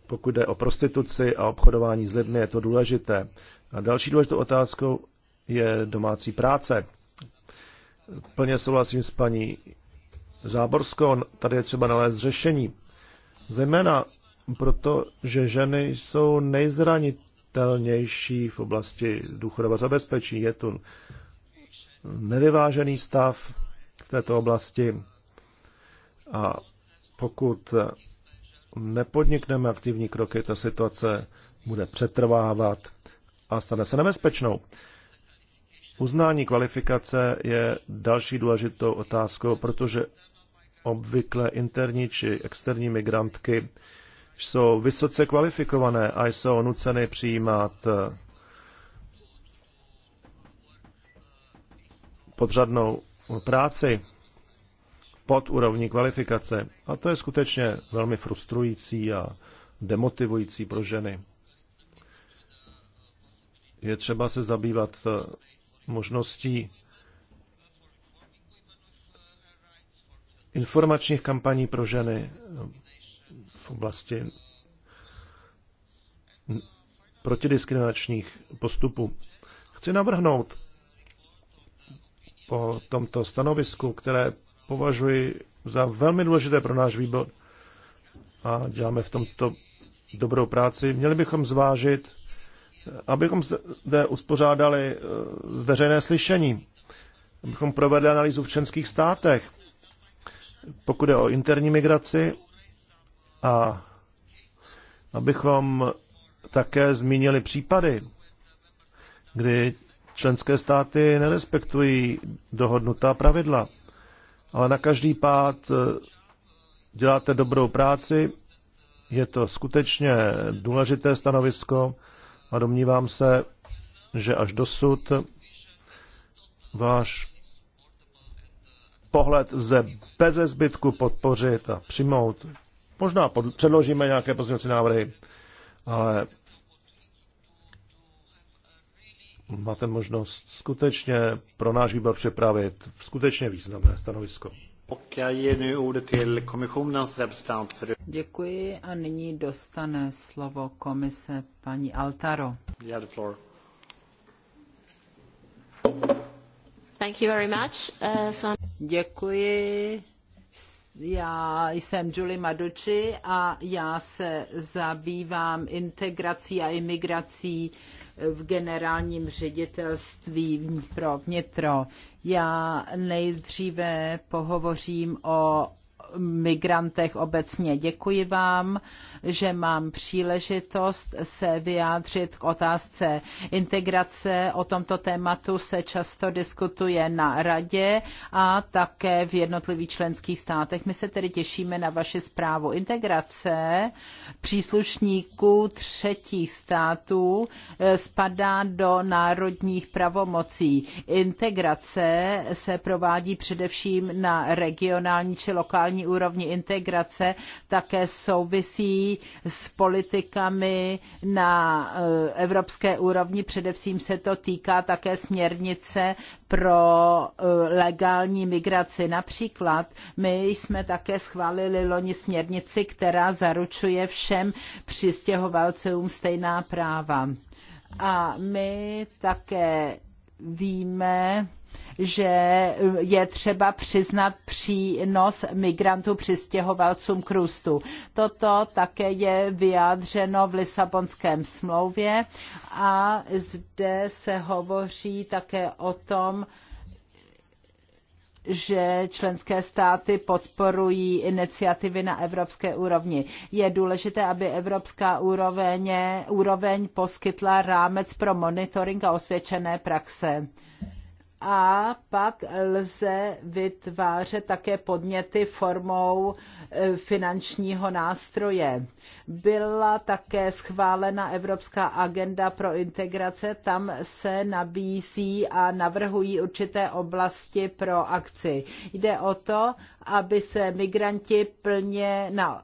Speaker 3: pokud jde o prostituci a obchodování s lidmi, je to důležité. A další důležitou otázkou je domácí práce. Plně souhlasím s paní Záborskou, tady je třeba nalézt řešení. Zejména proto, že ženy jsou nejzranitelnější v oblasti důchodového zabezpečení. Je tu nevyvážený stav, v této oblasti. A pokud nepodnikneme aktivní kroky, ta situace bude přetrvávat a stane se nebezpečnou. Uznání kvalifikace je další důležitou otázkou, protože obvykle interní či externí migrantky jsou vysoce kvalifikované a jsou nuceny přijímat eh, podřadnou práci pod úrovní kvalifikace. A to je skutečně velmi frustrující a demotivující pro ženy. Je třeba se zabývat eh, možností informačních kampaní pro ženy eh, v oblasti protidiskriminačních postupů. Chci navrhnout po tomto stanovisku, které považuji za velmi důležité pro náš výbor a děláme v tomto dobrou práci. Měli bychom zvážit, abychom zde uspořádali eh, veřejné slyšení, abychom provedli analýzu v členských státech, pokud je o interní migraci a abychom také zmínili případy, kdy Členské státy nerespektují dohodnutá pravidla, ale na každý pád eh, děláte dobrou práci, je to skutečně důležité stanovisko a domnívám se, že až dosud váš pohled lze bez zbytku podpořit a přijmout. Možná pod, předložíme nějaké pozměňovací návrhy, ale máte možnost skutečně pro náš výbor připravit skutečně významné stanovisko.
Speaker 4: Děkuji a nyní dostane slovo komise paní Altaro. Thank you very much. Uh, so... Děkuji. Já jsem Julie Maduči a já se zabývám integrací a imigrací uh, v generálním ředitelství pro vnitro. Já nejdříve pohovořím o migrantech obecně. Děkuji vám, že mám příležitost se vyjádřit k otázce integrace. O tomto tématu se často diskutuje na radě a také v jednotlivých členských státech. My se tedy těšíme na vaši zprávu integrace příslušníků třetích států eh, spadá do národních pravomocí. Integrace se provádí především na regionální či lokální sociální úrovni integrace také souvisí s politikami na eh, evropské úrovni. Především se to týká také směrnice pro eh, legální migraci. Například my jsme také schválili loni směrnici, která zaručuje všem přistěhovalcům stejná práva. A my také víme, že je třeba přiznat přínos migrantů přistěhovalcům k růstu. Toto také je vyjádřeno v Lisabonském smlouvě a zde se hovoří také o tom, že členské státy podporují iniciativy na evropské úrovni. Je důležité, aby evropská úroveň, úroveň poskytla rámec pro monitoring a osvědčené praxe a pak lze vytvářet také podněty formou e, finančního nástroje. Byla také schválena Evropská agenda pro integrace, tam se nabízí a navrhují určité oblasti pro akci. Jde o to, aby se migranti plně na,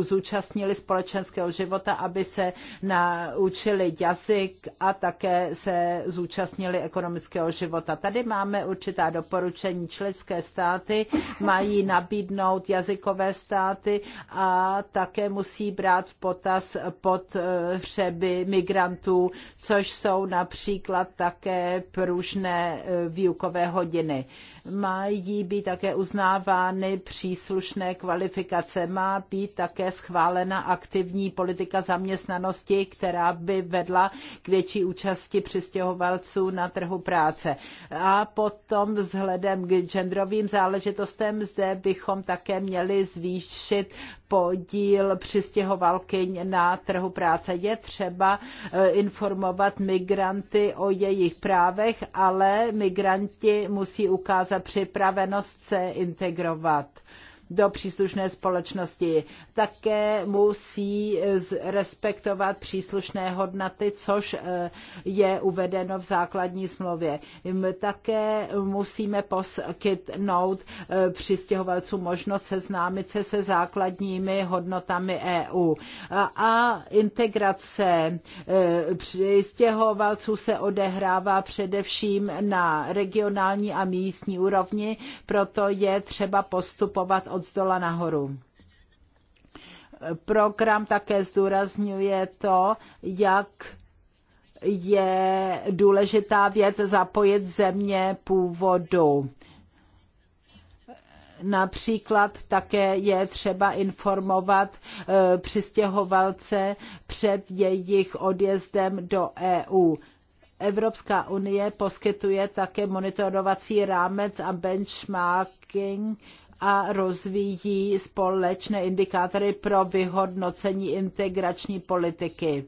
Speaker 4: zúčastnili společenského života, aby se naučili jazyk a také se zúčastnili ekonomického života. Tady máme určitá doporučení. Členské státy mají nabídnout jazykové státy a také musí brát v potaz potřeby migrantů, což jsou například také pružné eh, výukové hodiny. Mají být také uznávány příslušné kvalifikace. Má být také schválena aktivní politika zaměstnanosti, která by vedla k větší účasti přistěhovalců na trhu práce. A potom vzhledem k genderovým záležitostem zde bychom také měli zvýšit podíl přistěhovalkyň na trhu práce. Je třeba eh, informovat migranty o jejich právech, ale migranti musí ukázat připravenost se integrovat do příslušné společnosti. Také musí respektovat příslušné hodnoty, což eh, je uvedeno v základní smlouvě. Také musíme poskytnout eh, přistěhovalcům možnost seznámit se se základními hodnotami EU. A integrace eh, přistěhovalců se odehrává především na regionální a místní úrovni, proto je třeba postupovat od zdola nahoru program také zdůrazňuje to, jak je důležitá věc zapojit země původu. Například také je třeba informovat e, přistěhovalce před jejich odjezdem do EU. Evropská unie poskytuje také monitorovací rámec a benchmarking e, a rozvíjí společné indikátory pro vyhodnocení integrační politiky.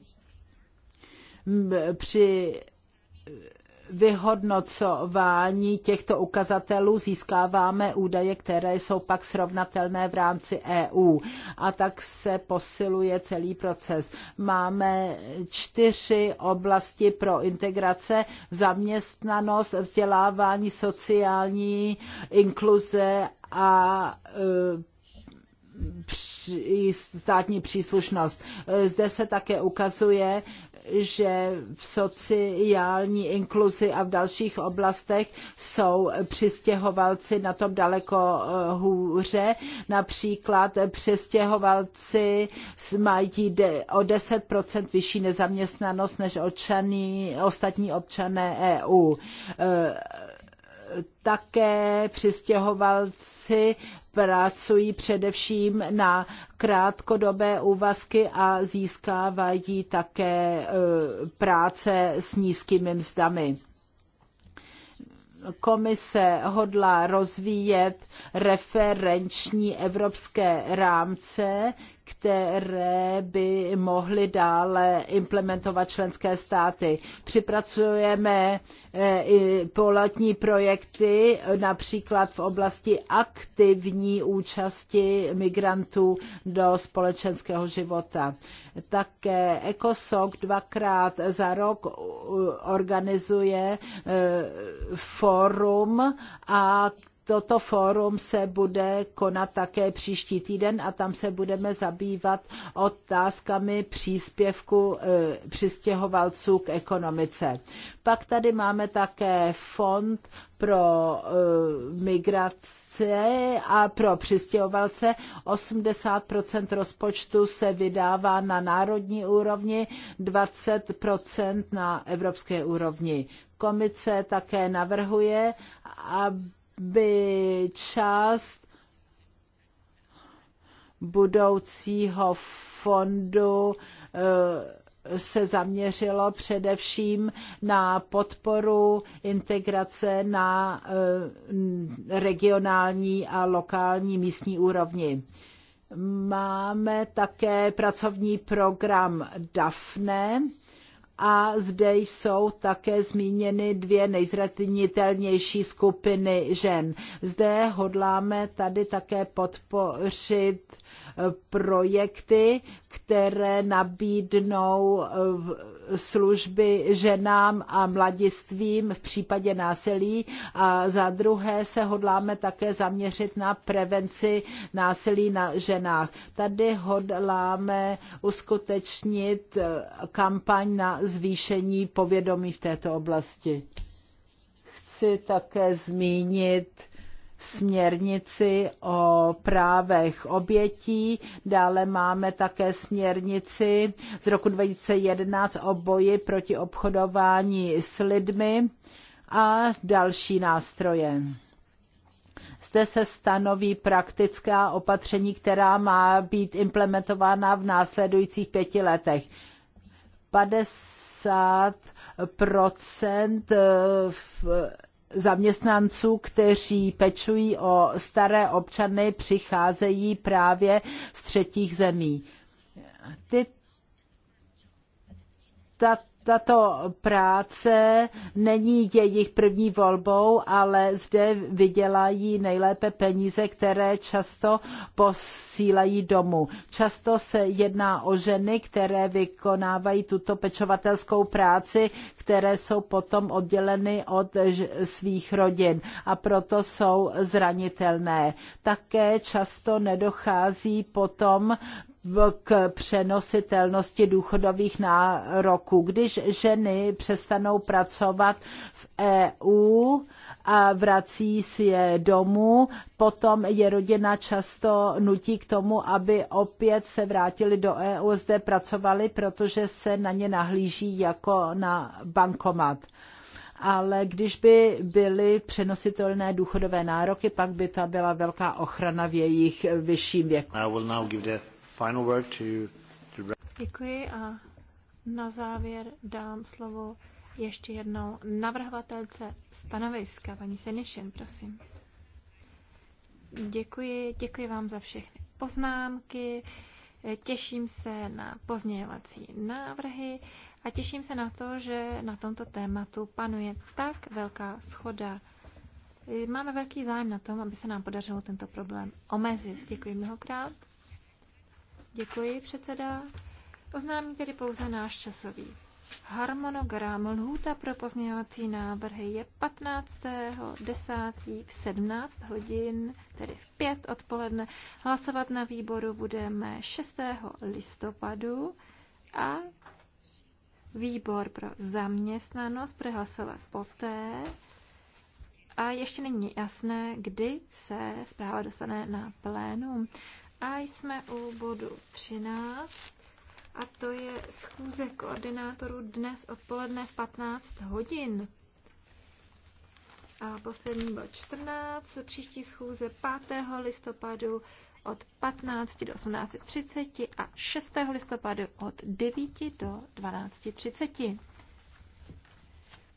Speaker 4: Při vyhodnocování těchto ukazatelů získáváme údaje, které jsou pak srovnatelné v rámci EU. A tak se posiluje celý proces. Máme čtyři oblasti pro integrace. Zaměstnanost, vzdělávání, sociální inkluze a e, státní příslušnost. Zde se také ukazuje, že v sociální inkluzi a v dalších oblastech jsou přistěhovalci na tom daleko e, hůře. Například přistěhovalci mají o 10% vyšší nezaměstnanost než občaní, ostatní občané EU. E, také přistěhovalci pracují především na krátkodobé úvazky a získávají také eh, práce s nízkými mzdami komise hodlá rozvíjet referenční evropské rámce, které by mohly dále implementovat členské státy. Připracujeme eh, pilotní projekty například v oblasti aktivní účasti migrantů do společenského života. Také ECOSOC dvakrát za rok eh, organizuje eh, forum a Toto fórum se bude konat také příští týden a tam se budeme zabývat otázkami příspěvku e, přistěhovalců k ekonomice. Pak tady máme také fond pro e, migrace a pro přistěhovalce. 80 rozpočtu se vydává na národní úrovni, 20 na evropské úrovni. Komice také navrhuje, aby by část budoucího fondu eh, se zaměřilo především na podporu integrace na eh, regionální a lokální místní úrovni. Máme také pracovní program DAFNE, a zde jsou také zmíněny dvě nejzranitelnější skupiny žen. Zde hodláme tady také podpořit eh, projekty, které nabídnou eh, služby ženám a mladistvím v případě násilí a za druhé se hodláme také zaměřit na prevenci násilí na ženách. Tady hodláme uskutečnit eh, kampaň na zvýšení povědomí v této oblasti. Chci také zmínit směrnici o právech obětí, dále máme také směrnici z roku 2011 o boji proti obchodování s lidmi a další nástroje. Zde se stanoví praktická opatření, která má být implementována v následujících pěti letech. 50 procent zaměstnanců, kteří pečují o staré občany, přicházejí právě z třetích zemí. Ty, tato tato práce není jejich první volbou, ale zde vydělají nejlépe peníze, které často posílají domů. Často se jedná o ženy, které vykonávají tuto pečovatelskou práci, které jsou potom odděleny od svých rodin a proto jsou zranitelné. Také často nedochází potom k přenositelnosti důchodových nároků. Když ženy přestanou pracovat v EU a vrací si je domů, potom je rodina často nutí k tomu, aby opět se vrátili do EU, zde pracovali, protože se na ně nahlíží jako na bankomat ale když by byly přenositelné důchodové nároky, pak by to byla velká ochrana v jejich vyšším věku
Speaker 1: final word to, to...
Speaker 2: Děkuji a na závěr dám slovo ještě jednou navrhovatelce stanoviska, paní Senišin, prosím. Děkuji, děkuji vám za všechny poznámky, těším se na pozměňovací návrhy a těším se na to, že na tomto tématu panuje tak velká schoda. Máme velký zájem na tom, aby se nám podařilo tento problém omezit. Děkuji mnohokrát. Děkuji, předseda. Oznámí tedy pouze náš časový harmonogram. Lhůta pro pozměňovací návrhy je 15.10. v 17 hodin, tedy v 5 odpoledne. Hlasovat na výboru budeme 6. listopadu a výbor pro zaměstnanost bude hlasovat poté. A ještě není jasné, kdy se zpráva dostane na plénum. A jsme u bodu 13 a to je schůze koordinátorů dnes odpoledne v 15 hodin. A poslední bod 14, příští schůze 5. listopadu od 15 do 18.30 a 6. listopadu od 9 do 12.30.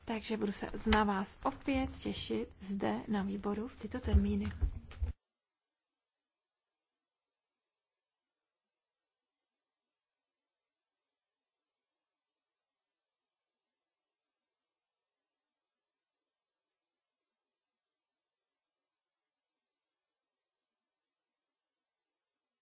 Speaker 2: Takže budu se na vás opět těšit zde na výboru v tyto termíny.